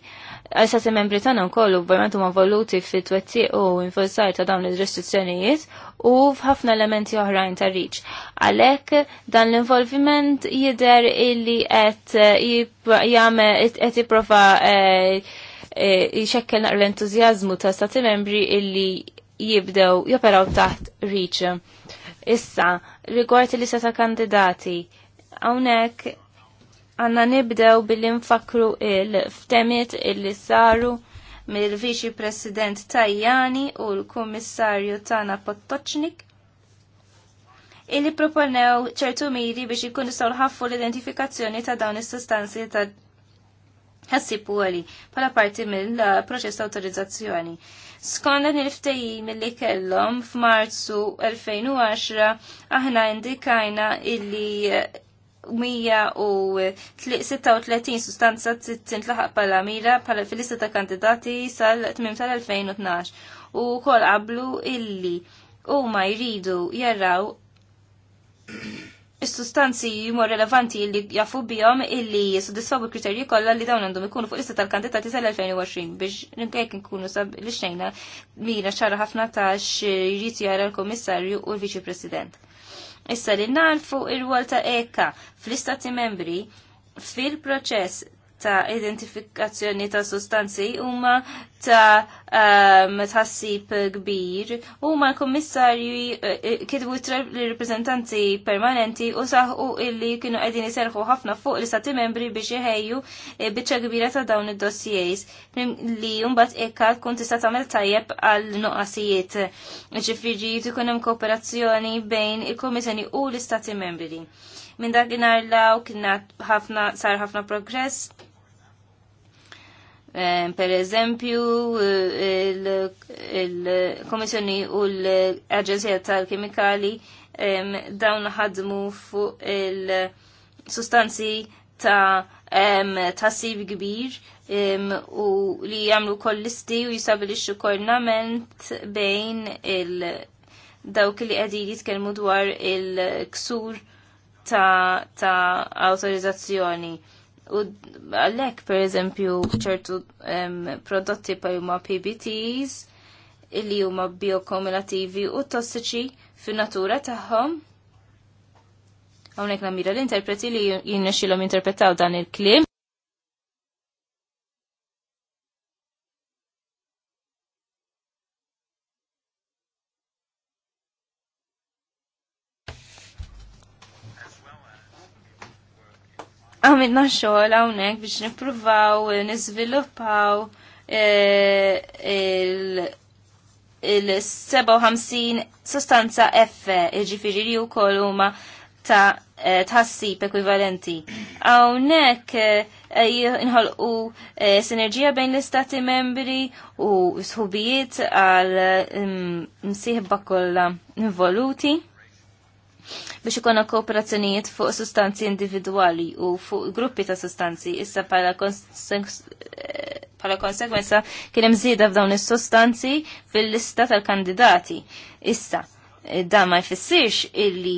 [SPEAKER 3] Għal-sati membri tagħna nkollu ovvjament huma voluti fit twetti u infurzar ta' dawn ir-restrizzjonijiet u f'ħafna elementi oħrajn ta' riċ. Għalhekk dan l-involviment jidher illi qed jagħmel għet jipprova jxekkel eh, eh, naqra l-entużjażmu ta' stati membri illi jibdew joperaw taħt riċ. Issa, rigward li seta' kandidati, hawnhekk għanna nibdew bil-infakru il-ftemiet illi saru mill-Viċi President Tajjani u l-Kummissarju Tana Pottoċnik illi proponew ċertu miri biex ikun nistgħu nħaffu l-identifikazzjoni ta' dawn is-sustanzi ta' ħassibu għali pala parti mill-proċess autorizzazzjoni. Skonda nil il-ftehim li kellhom f'Marzu 2010 aħna indikajna illi 136 sustanza tintlaħaq pala mira pala fil-lista ta' kandidati sal-tmim tal-2012 u kol qablu illi u ma jridu jarraw Is-sustanzi jimur relevanti li jafu bihom illi jisodisfaw kriterji kollha li dawn għandhom ikunu fuq lista tal-kandidati tal-2020 biex nkejk nkunu sab li xejna mira ċara ħafna ta' xirrit jara l-Komissarju u l-Viċi President. Issa li narfu il wol ta' eka fl-istati membri fil-proċess ta' identifikazzjoni ta' sostanzi huma ta' ehm, tħassib kbir huma l-kummissarju eh, eh, kitbu l-reprezentanti permanenti u saħu illi kienu qegħdin iserħu ħafna fuq l-istati membri biex iħejju eh, biċċa kbira ta' dawn id-dossiers li mbagħad ekka tkun tista' tagħmel tajjeb għal nuqqasijiet. ġifiri tkun hemm kooperazzjoni bejn il-Kummissjoni u l-istati membri minn dakinhar law kienna ħafna sar ħafna progress Per eżempju, il-Komissjoni u l-Aġenzija tal-Kimikali dawn ħadmu fuq il-sustanzi ta' tassiv kbir u li jamlu kollisti u jistabilixxu koordinament bejn il- dawk li qegħdin jitkellmu dwar il-ksur ta', ta autorizzazzjoni. U għalek, per eżempju, ċertu prodotti pa juma PBTs, illi huma biokomulativi u tossiċi fin-natura tagħhom. Hawnhekk namira l-interpreti li jinnexxilhom interpretaw dan il-kliem għamilna xogħol hawnhekk biex nippruvaw niżviluppaw e, il-57 sostanza F, ġifiri li wkoll huma ta' e, tħassib ekwivalenti. Hawnhekk e, inħolqu sinerġija bejn l-istati membri u sħubijiet għal mm, msieħba kollha involuti biex ikonna kooperazzjonijiet fuq sustanzi individwali u fuq gruppi ta' sustanzi issa pala eh, pala konsekwenza kien hemm żieda f'dawn is-sustanzi fil-lista tal-kandidati. Issa, eh, dan ma jfissirx illi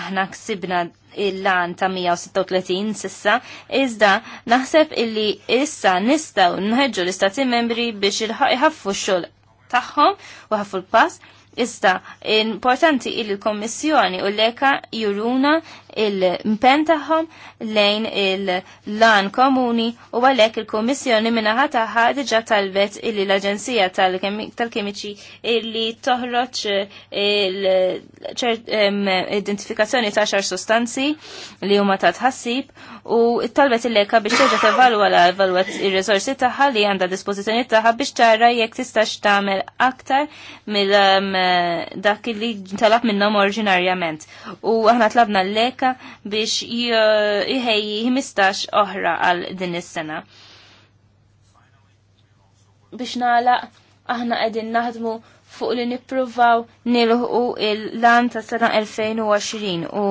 [SPEAKER 3] aħna ksibna il-lan ta' 136 sissa, iżda naħseb illi issa nistaw nħedġu l-istati membri biex x xol taħħom u ħaffu l-pass Iżda, importanti il kommissjoni u l-leka juruna il-mpen tagħhom lejn il-lan komuni u għalhekk il-Kummissjoni minaħa tagħha diġà talbet illi l-Aġenzija tal-Kemiċi illi toħroġ eh, l-identifikazzjoni ta' xar sostanzi li huma ta' tħassib u talbet il-leka biex terġa' tevalwa l-evalwat ir-riżorsi tagħha li għandha dispożizzjoni tagħha biex tara jekk tistax tagħmel aktar mill dak li talab minnhom oriġinarjament. U aħna tlabna l-lek Amerika biex jħejji eh, 15 oħra għal din is-sena. Biex nagħlaq aħna qegħdin naħdmu fuq li nippruvaw nilħu il-lan ta' sena 2020 u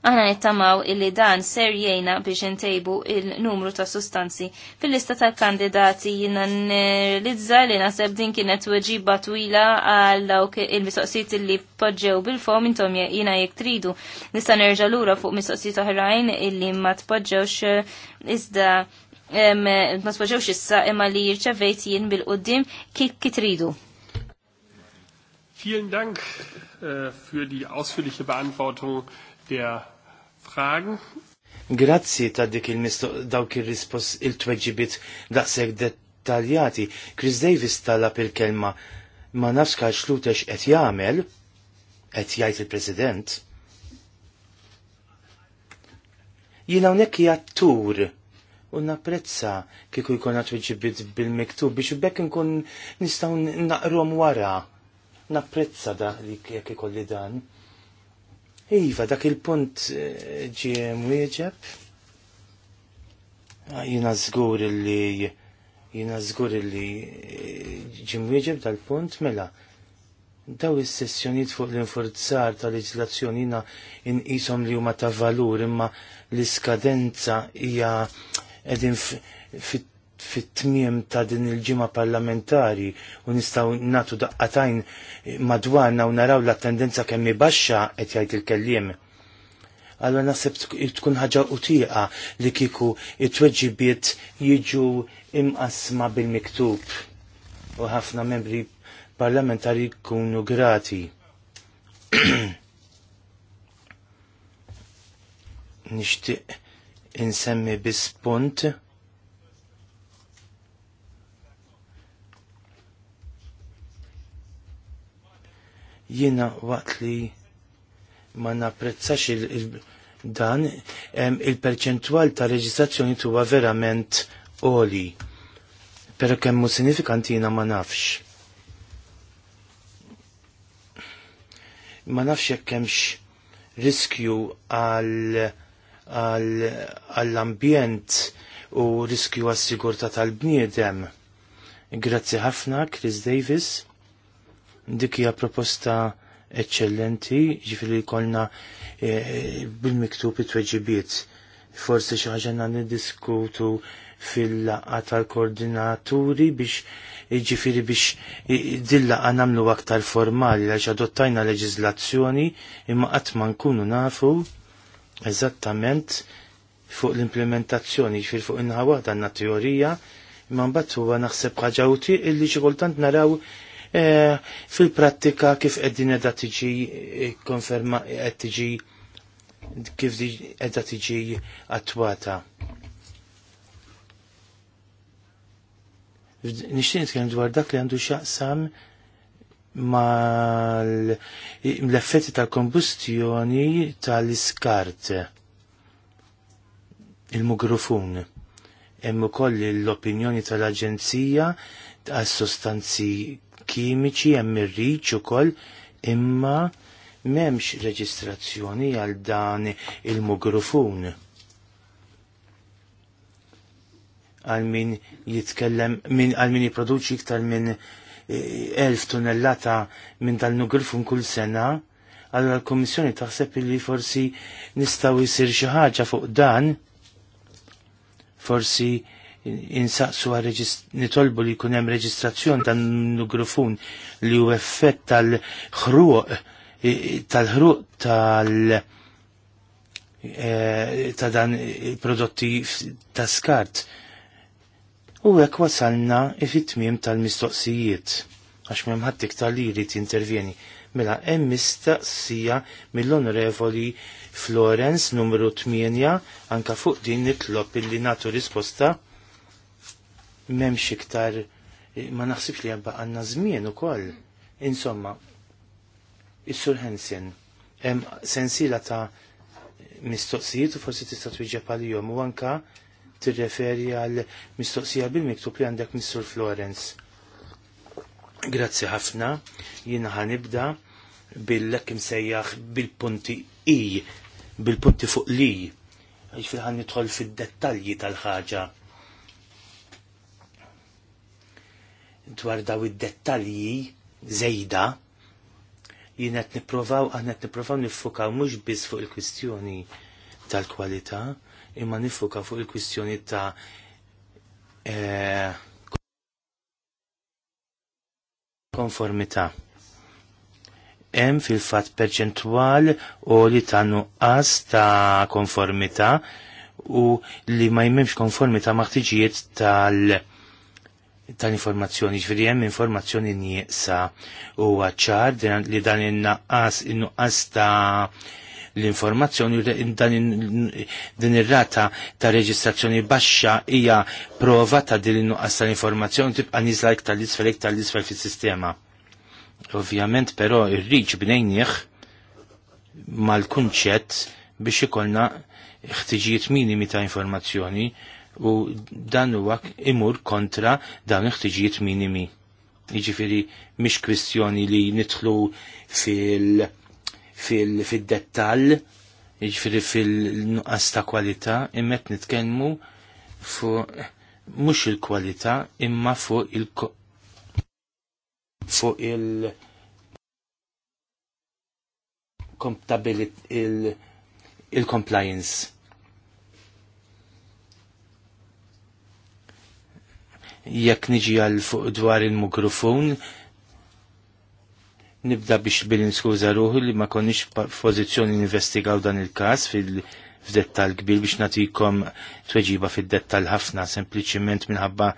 [SPEAKER 3] Aħna nittamaw illi dan ser jgħina biex intejbu il-numru ta' sustanzi. Fil-lista ta' kandidati jina n-lizza li nasab din kienet weġiba twila għal dawk il misoqsit illi podġew bil-fom intom jina jek tridu. Nista' nerġa' lura fuq mistoqsijiet oħrajn illi ma tpoġġewx iżda ma tpoġġewx issa imma li jirċevejt jien bil-qoddim kif kitridu.
[SPEAKER 1] Vielen Dank äh, für die ausführliche Beantwortung der Fragen.
[SPEAKER 4] Grazzi ta' dik il misto dawk il-rispos il-tweġibit seg dettaljati. Chris Davis talab il-kelma ma nafx Karl Schlutex qed jagħmel qed jgħid il-President. Jina unek jattur u napprezza kieku jkun tweġibit bil-miktub biex bekk nkun nistgħu naqrom wara. Napprezza da li jekk ikolli dan. Iva, dak il-punt eh, ġiem wieġeb. Ah, jina zgur li jina zgur li eh, ġim wieġeb dal-punt mela. Daw is-sessjonijiet fuq l inforzar ta' leġislazzjoni jina inqishom li huma ta' valur imma l-iskadenza hija edin fit fit-tmiem ta' din il-ġimgħa parlamentari u nistgħu nagħtu daqqatajn madwarna u naraw la tendenza kemm baxxa qed jgħid il-kelliem. Allora naħseb tkun ħaġa utiqa li kieku it-tweġibiet jiġu imqasma bil-miktub u ħafna membri parlamentari jkunu grati. Nixtieq insemmi bis punt Jiena waqt li ma napprezzax il dan il-perċentwal ta' reġistrazzjoni tuwa verament oli. Pero kemmu sinifikanti jina ma nafx. Ma nafx jekk kemx riskju għall-ambjent u riskju għas-sigurta tal-bniedem. Grazzi ħafna, Chris Davis. Dik hija proposta eccellenti, ġifiri kolna eh, eh, bil-miktub it-tweġibiet. Forse xaħġana niddiskutu fil laqqa tal-koordinaturi biex eh, ġifiri biex dillaqa namlu aktar formali għax adottajna leġizlazzjoni imma għatman nkunu nafu eżattament fuq l-implementazzjoni ġifiri fuq inħawa għanna teorija imma mbatt huwa naħseb ħaġa uti illi xikultant naraw Eh, fil-prattika kif qegħdin qiegħda tiġi eh, konferma qed tiġi kif edda tiġi attwata. Nixtieq nitkellem dwar dak li għandu x'aqsam ma l-effetti tal-kombustjoni tal-iskart il-mugrufun. Hemm ukoll l-opinjoni tal-Aġenzija għas sostanzi kimiċi hemm ir-riċ ukoll imma m'hemmx reġistrazzjoni għal dan il-mugrufun. Għal min jitkellem, min għal min jipproduċi iktar minn e, elf tonnellata minn tal mugrufun kull sena, allora l-Kommissjoni taħseb li forsi nistaw jisir xi ħaġa fuq dan, forsi insaqsu nitolbu li jkun hemm reġistrazzjoni tan nugrufun li hu effett tal-ħruq tal-ħruq tal- eh, ta' dan il-prodotti ta' skart. U hekk wasalna fit tal-mistoqsijiet għax m'hemm ħadd iktar li jrid jintervjeni. Mela hemm mistaqsija mill-Onorevoli Florence numru 8 anka fuq din il illi nagħtu risposta memx iktar ma naħsibx li jabba għanna żmien ukoll. Insomma, is-Sur Hansen, hemm sensila ta' mistoqsijiet u forsi tista' twieġeb għalihom u anka tirreferi għal mistoqsija bil-miktub li għandek mis-Sur Florence. Grazzi ħafna, jiena ħanibda bil-lekk imsejjaħ bil-punti i, bil-punti fuq li, għax fil-ħan nidħol fil-dettalji tal-ħaġa dwar daw id-dettalji zejda jien qed nipprovaw aħna qed nipprovaw niffukaw mhux biss fuq il-kwistjoni tal-kwalità imma nifukaw fuq il-kwistjoni ta' e, konformità. Hemm fil-fatt perċentwal u li ta' nuqqas ta' konformità u li ma jmemx konformità maħtiġijiet tal- tal informazzjoni ġveri hemm informazzjoni nieqsa u ċar li dan in-naqqas il nuqqas ta' l-informazzjoni dan din ir-rata ta' reġistrazzjoni baxxa hija prova ta' din il nuqqas tal-informazzjoni tibqa' niżla iktar l-isfel iktar l-isfel fis-sistema. Ovvjament però ir riġ bnejnieh mal-kunċett biex ikollna ħtiġijiet minimi ta' informazzjoni u dan huwa imur kontra dawn il-ħtiġijiet minimi. Jiġifieri mhix kwistjoni li nidħlu fil fil fid-dettall, jiġifieri fil-nuqqas ta' kwalità, imma qed nitkellmu fuq mhux il-kwalità imma fuq il fuq il comptability il, il compliance jekk niġi għal fuq dwar il-mikrofon nibda biex bilin niskuża ruħu li ma konniex pożizzjoni investigaw dan il-każ fil-dettal kbir biex natikom tweġiba fil-dettal ħafna sempliciment minħabba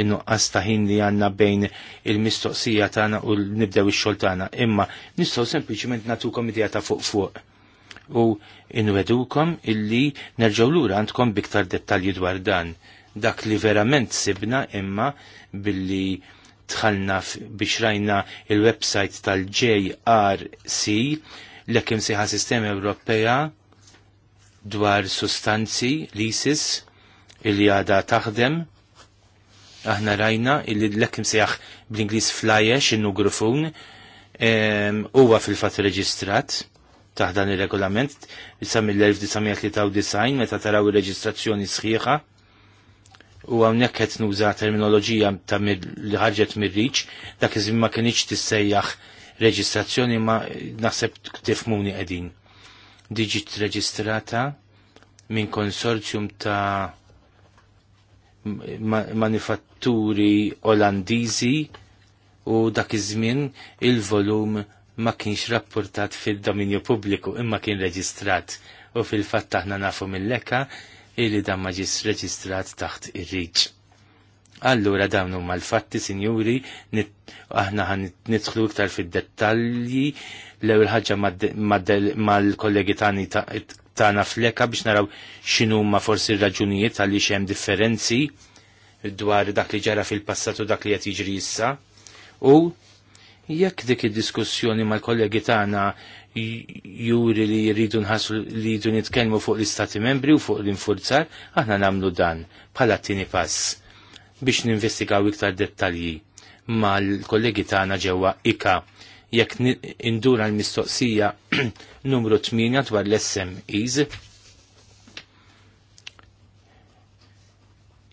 [SPEAKER 4] in-nuqqas li għanna bejn il-mistoqsija tagħna u nibdew ix-xogħol tagħna. Imma nistgħu sempliciment natukom idea ta' fuq fuq u inwedukom illi nerġgħu lura għandkom biktar dettalji dwar dan dak li verament sibna imma billi tħalna biex rajna il-website tal-JRC l-ekim siħa Sistema Ewropea dwar sustanzi l-ISIS il-li għada taħdem aħna rajna il-li l-ekim sejaħ bl-Inglis flyesh innu grufun huwa fil-fat reġistrat taħdan il-regolament sam mill-1993 meta taraw il-reġistrazzjoni sħiħa u għawnek qed nuża terminoloġija ta' li ħarġet mir-riċ, dak iżmin ma kienx tissejjaħ reġistrazzjoni ma naħseb tifmuni qegħdin. Digit reġistrata minn konsorzjum ta' manifatturi Olandiżi u dak iż-żmien il-volum ma kienx rapportat fil-dominju pubbliku imma kien reġistrat u fil-fatt aħna nafu mill-leka illi dan ma ġis reġistrat taħt ir-riċ. Allura dawn huma l-fatti, sinjuri, aħna ħan nidħlu iktar fid-dettalji l-ewwel ħaġa mal-kollegi tani tagħna fleka biex naraw x'inhuma forsi r-raġunijiet għaliex hemm differenzi dwar dak li ġara fil-passat u dak li qed jiġri issa. U Jekk dik id-diskussjoni mal-kollegi tagħna juri li jridu nħassu li jridu nitkellmu fuq l-Istati membri u fuq l-infurzar, aħna nagħmlu dan bħala t-tieni pass biex ninvestigaw iktar dettalji mal-kollegi tagħna ġewwa IKA jekk indura l-mistoqsija numru 8 dwar l-SMEs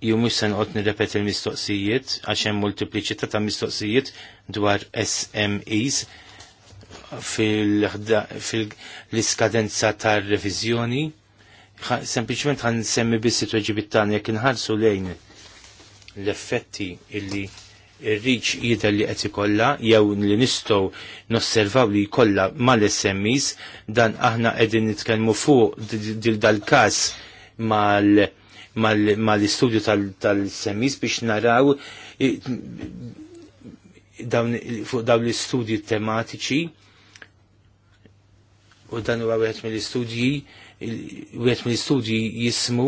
[SPEAKER 4] Ju mhux se noqgħod nirrepet il-mistoqsijiet għax hemm multipliċità ta' mistoqsijiet dwar SMEs fil-iskadenza fil tar-reviżjoni. Sempliċement ħan semmi biss it-tweġibit tagħna jekk inħarsu lejn l-effetti illi ir-riċ jidher li qed ikollha jew li nistgħu nosservaw li jkollha mal-SMEs dan aħna qegħdin nitkellmu fuq dil dal-każ mal- mal-istudju tal-semis biex naraw fuq dawn l-istudji tematiċi u dan huwa l mill-istudji wieħed mill-istudji jismu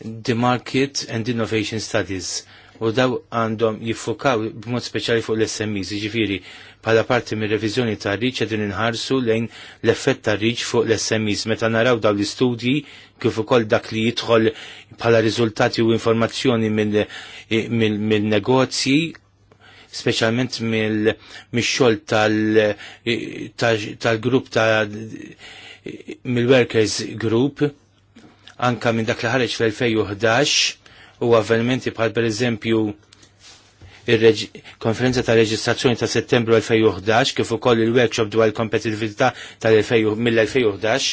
[SPEAKER 4] The Market and Innovation Studies u daw għandhom jiffukaw b'mod speċjali fuq l-SMEs, ġifiri, bħala parti mir revizjoni ta' riċ għedin inħarsu lejn l-effett ta' riċ fuq l-SMEs. Meta naraw daw l-istudji kif ukoll dak li jidħol bħala riżultati u informazzjoni mill-negozji eh, specialment mill-xol eh, tal-grupp tal eh, mill-workers group anka minn dak li ħareġ fl-2011 u avvenimenti bħal per eżempju konferenza ta' reġistrazzjoni ta' settembru 2011 kif ukoll il-workshop dwar il-kompetitività mill-2011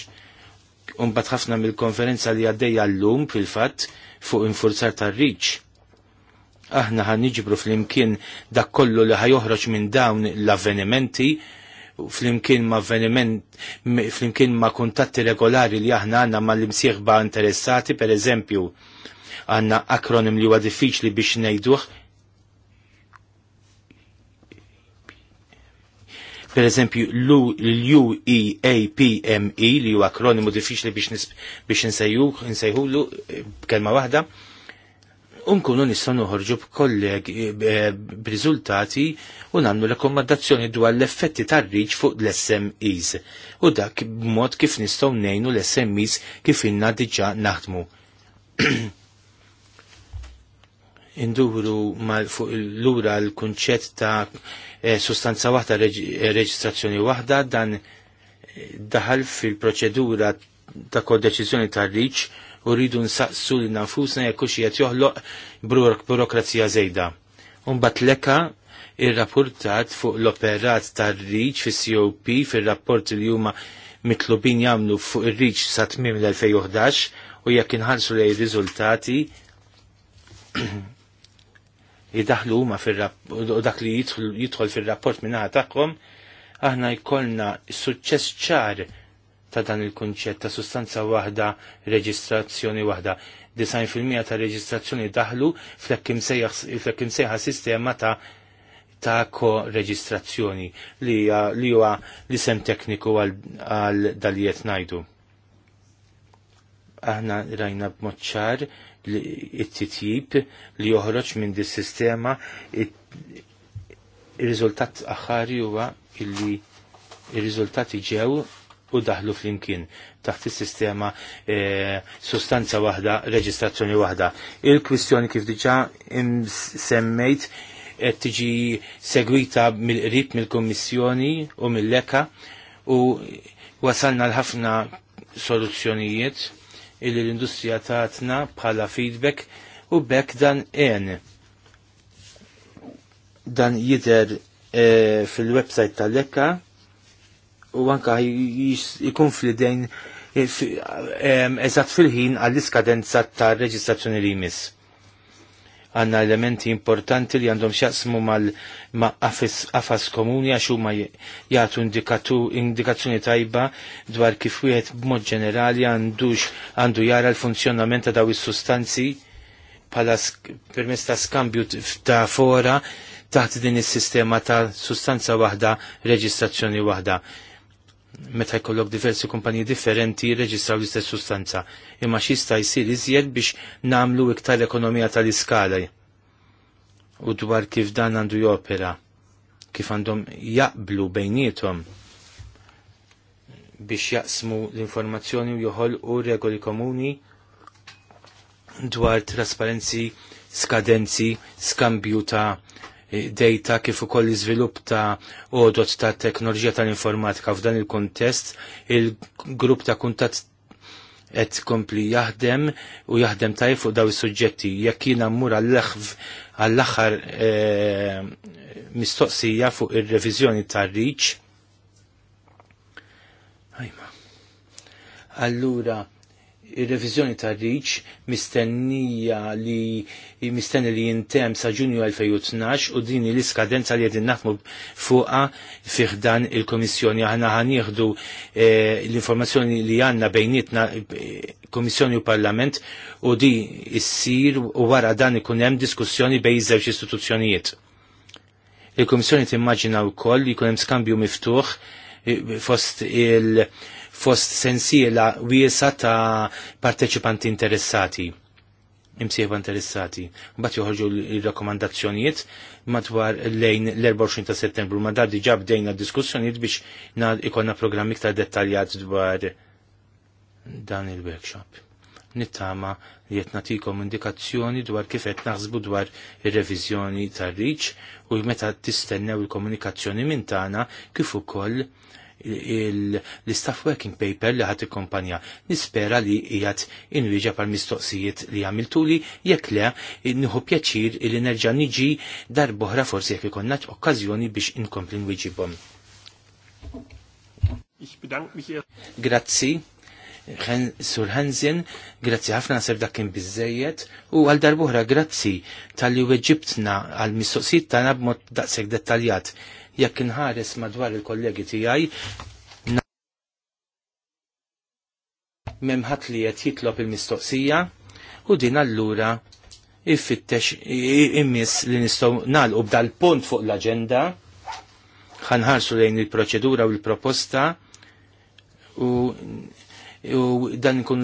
[SPEAKER 4] un ħafna mill-konferenza li għaddejja llum fil-fatt fuq infurzar tar-riċ. Aħna ħan niġbru fl-imkien dak kollu li ħajoħroġ minn dawn l-avvenimenti fl-imkien ma' avveniment, fl-imkien ma' kuntatti regolari li aħna għanna ma' l-imsieħba interessati, per eżempju, għanna akronim li huwa diffiċli biex ngħiduh. Per eżempju, l-UEAPME e li huwa akronimu diffiċli biex biex nsejħulu eh, b'kelma waħda, unkunu nistgħu noħorġu b'kolleg eh, b'riżultati u nagħmlu rekomandazzjoni dwar l-effetti tar-riċ fuq l-SMEs u dak b'mod kif nistgħu ngħinu l-SMEs kif inna diġà naħdmu. induru mal fuq l-lura l-kunċett ta' eh, sustanza waħda eh, reġistrazzjoni waħda dan eh, daħal fil-proċedura ta' kodeċizjoni ta' riċ u rridu nsaqsu li nafusna jekk xi qed joħloq burokrazija żejda. Umbat leka ir-rapportat fuq l-operat ta' riċ fis cop fir-rapport li huma mitlubin jagħmlu fuq ir-riċ sa tmiem l-2011 u jekk inħarsu lej riżultati jidaħlu huma dak li jidħol fil-rapport minna tagħhom, aħna jkollna suċċess ċar ta' dan il-kunċett ta' sustanza waħda, reġistrazzjoni waħda. 90% ta' reġistrazzjoni daħlu fl ekkim sejħa sistema ta' ta' ko-reġistrazzjoni li huwa li sem tekniku għal dalijiet najdu. Aħna rajna b'moċċar ċar it-titjib li joħroġ minn dis sistema il-riżultat aħħari huwa illi il-riżultati ġew u daħlu flimkien taħt is-sistema eh, sustanza waħda, reġistrazzjoni waħda. Il-kwistjoni kif diġà semmejt qed tiġi segwita mill-qrib mill-Kummissjoni u mill-Leka u wasalna l-ħafna soluzzjonijiet illi l-industrija tatna bħala feedback u bekk dan en. Dan jider e, fil-website tal-lekka u anka jikun fl-idejn eh, eh, eżat fil-ħin għall-iskadenza tal reġistrazzjoni li jmiss għanna elementi importanti li għandhom xaqsmu mal ma għafas komuni għax huma jagħtu indikazzjoni tajba dwar kif wieħed b'mod ġenerali għandux għandu jara l-funzjonament ta' daw is-sustanzi bħala permess ta' skambju ta' fora taħt din is-sistema ta' sustanza waħda, reġistrazzjoni waħda meta jkollok diversi kumpaniji differenti jirreġistraw l-istess sustanza, imma xista jsir iżjed biex namlu iktar ekonomija tal-iskala u dwar kif dan għandu jopera, kif għandhom jaqblu bejnietom biex jaqsmu l-informazzjoni u joħol u regoli komuni dwar trasparenzi, skadenzi, skambju ta' data kif ukoll iżvilupp ta' għodot ta' teknoloġija tal-informatika f'dan il-kontest, il-grupp ta' kuntat qed kompli jaħdem u jaħdem tajf fuq daw is-suġġetti. Jekk jiena mmur għall-aħħ għall-aħħar e, mistoqsija fuq ir-reviżjoni tar-riċ. Allura, il-revizjoni ta' riċ mistennija li mistenni li jintem sa' ġunju 2012 u din l-iskadenza li għedin naħmu fuqa fiħdan il-Komissjoni. Aħna ħanieħdu eh, l-informazzjoni li għanna bejnietna eh, Komissjoni u Parlament u di issir u wara dan ikun hemm diskussjoni bej żewġ istituzzjonijiet. Il-Komissjoni timmaġina wkoll li jkun hemm skambju miftuħ eh, fost il- fost sensiela wiesa ta' parteċipanti interessati imsieħba interessati. Mbagħad joħorġu l-rakkomandazzjonijiet madwar lejn l-24 ta' settembru. Ma dar diġà bdejna diskussjonijiet biex ikonna programmi iktar dettaljat dwar dan il-workshop. Nittama li qed nagħtikom indikazzjoni dwar kif qed naħsbu dwar ir-reviżjoni tar-riċ u meta tistennew il-komunikazzjoni minn tagħna kif ukoll l-staff working paper li ħat il il-kompanja Nispera li jgħat inwiġa par mistoqsijiet li li jekk le, nħu pjaċir li nerġa' niġi darboħra forsi jekk ikonnaċ okkażjoni biex inkompli nwiġibhom. Grazzi. Sur Hansen, grazzi ħafna nasib dak kien bizzejiet, u għal darbuħra grazzi tal-li weġibtna għal mistoqsijiet tagħna b'mod daqshekk dettaljat jekk inħares madwar il-kollegi tiegħi memħat li qed jitlob il-mistoqsija u din allura iffittex immis li nistgħu nagħlqu b'dal-punt fuq l-aġenda ħanħarsu lejn il-proċedura u l-proposta u u dan nkun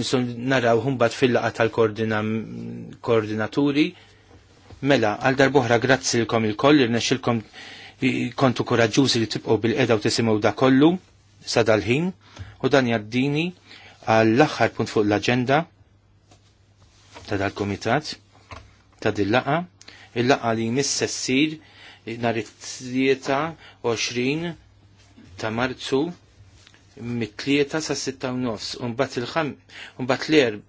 [SPEAKER 4] naraw humbat fil-laqa tal-koordinaturi. Mela, għal darbohra grazzi l-kom il-koll, irnexilkom kontu koraġġużi li tibqgħu bil-qeda u tisimgħu da kollu sa dal-ħin u dan jaddini għall-aħħar punt fuq l-aġenda ta' dal-komitat ta' dil-laqa il-laqa li jmiss ssir nhar it-tlieta ta' Marzu mit-tlieta sa' sitta u nofs u mbagħad il-ħam u mbagħad l-erb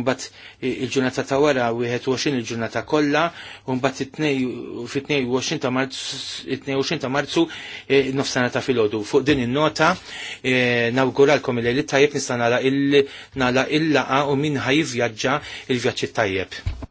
[SPEAKER 4] mbagħad il-ġurnata ta' wara 21 il-ġurnata kollha, u mbagħad fit-22 ta' Marzu ta' Marzu e, nofsana ta' filgħodu. Fuq din in-nota e, nawguralkom il-lejlit tajjeb nista' nara il-laqa u min ħajvjaġġa il-vjaġġi tajjeb.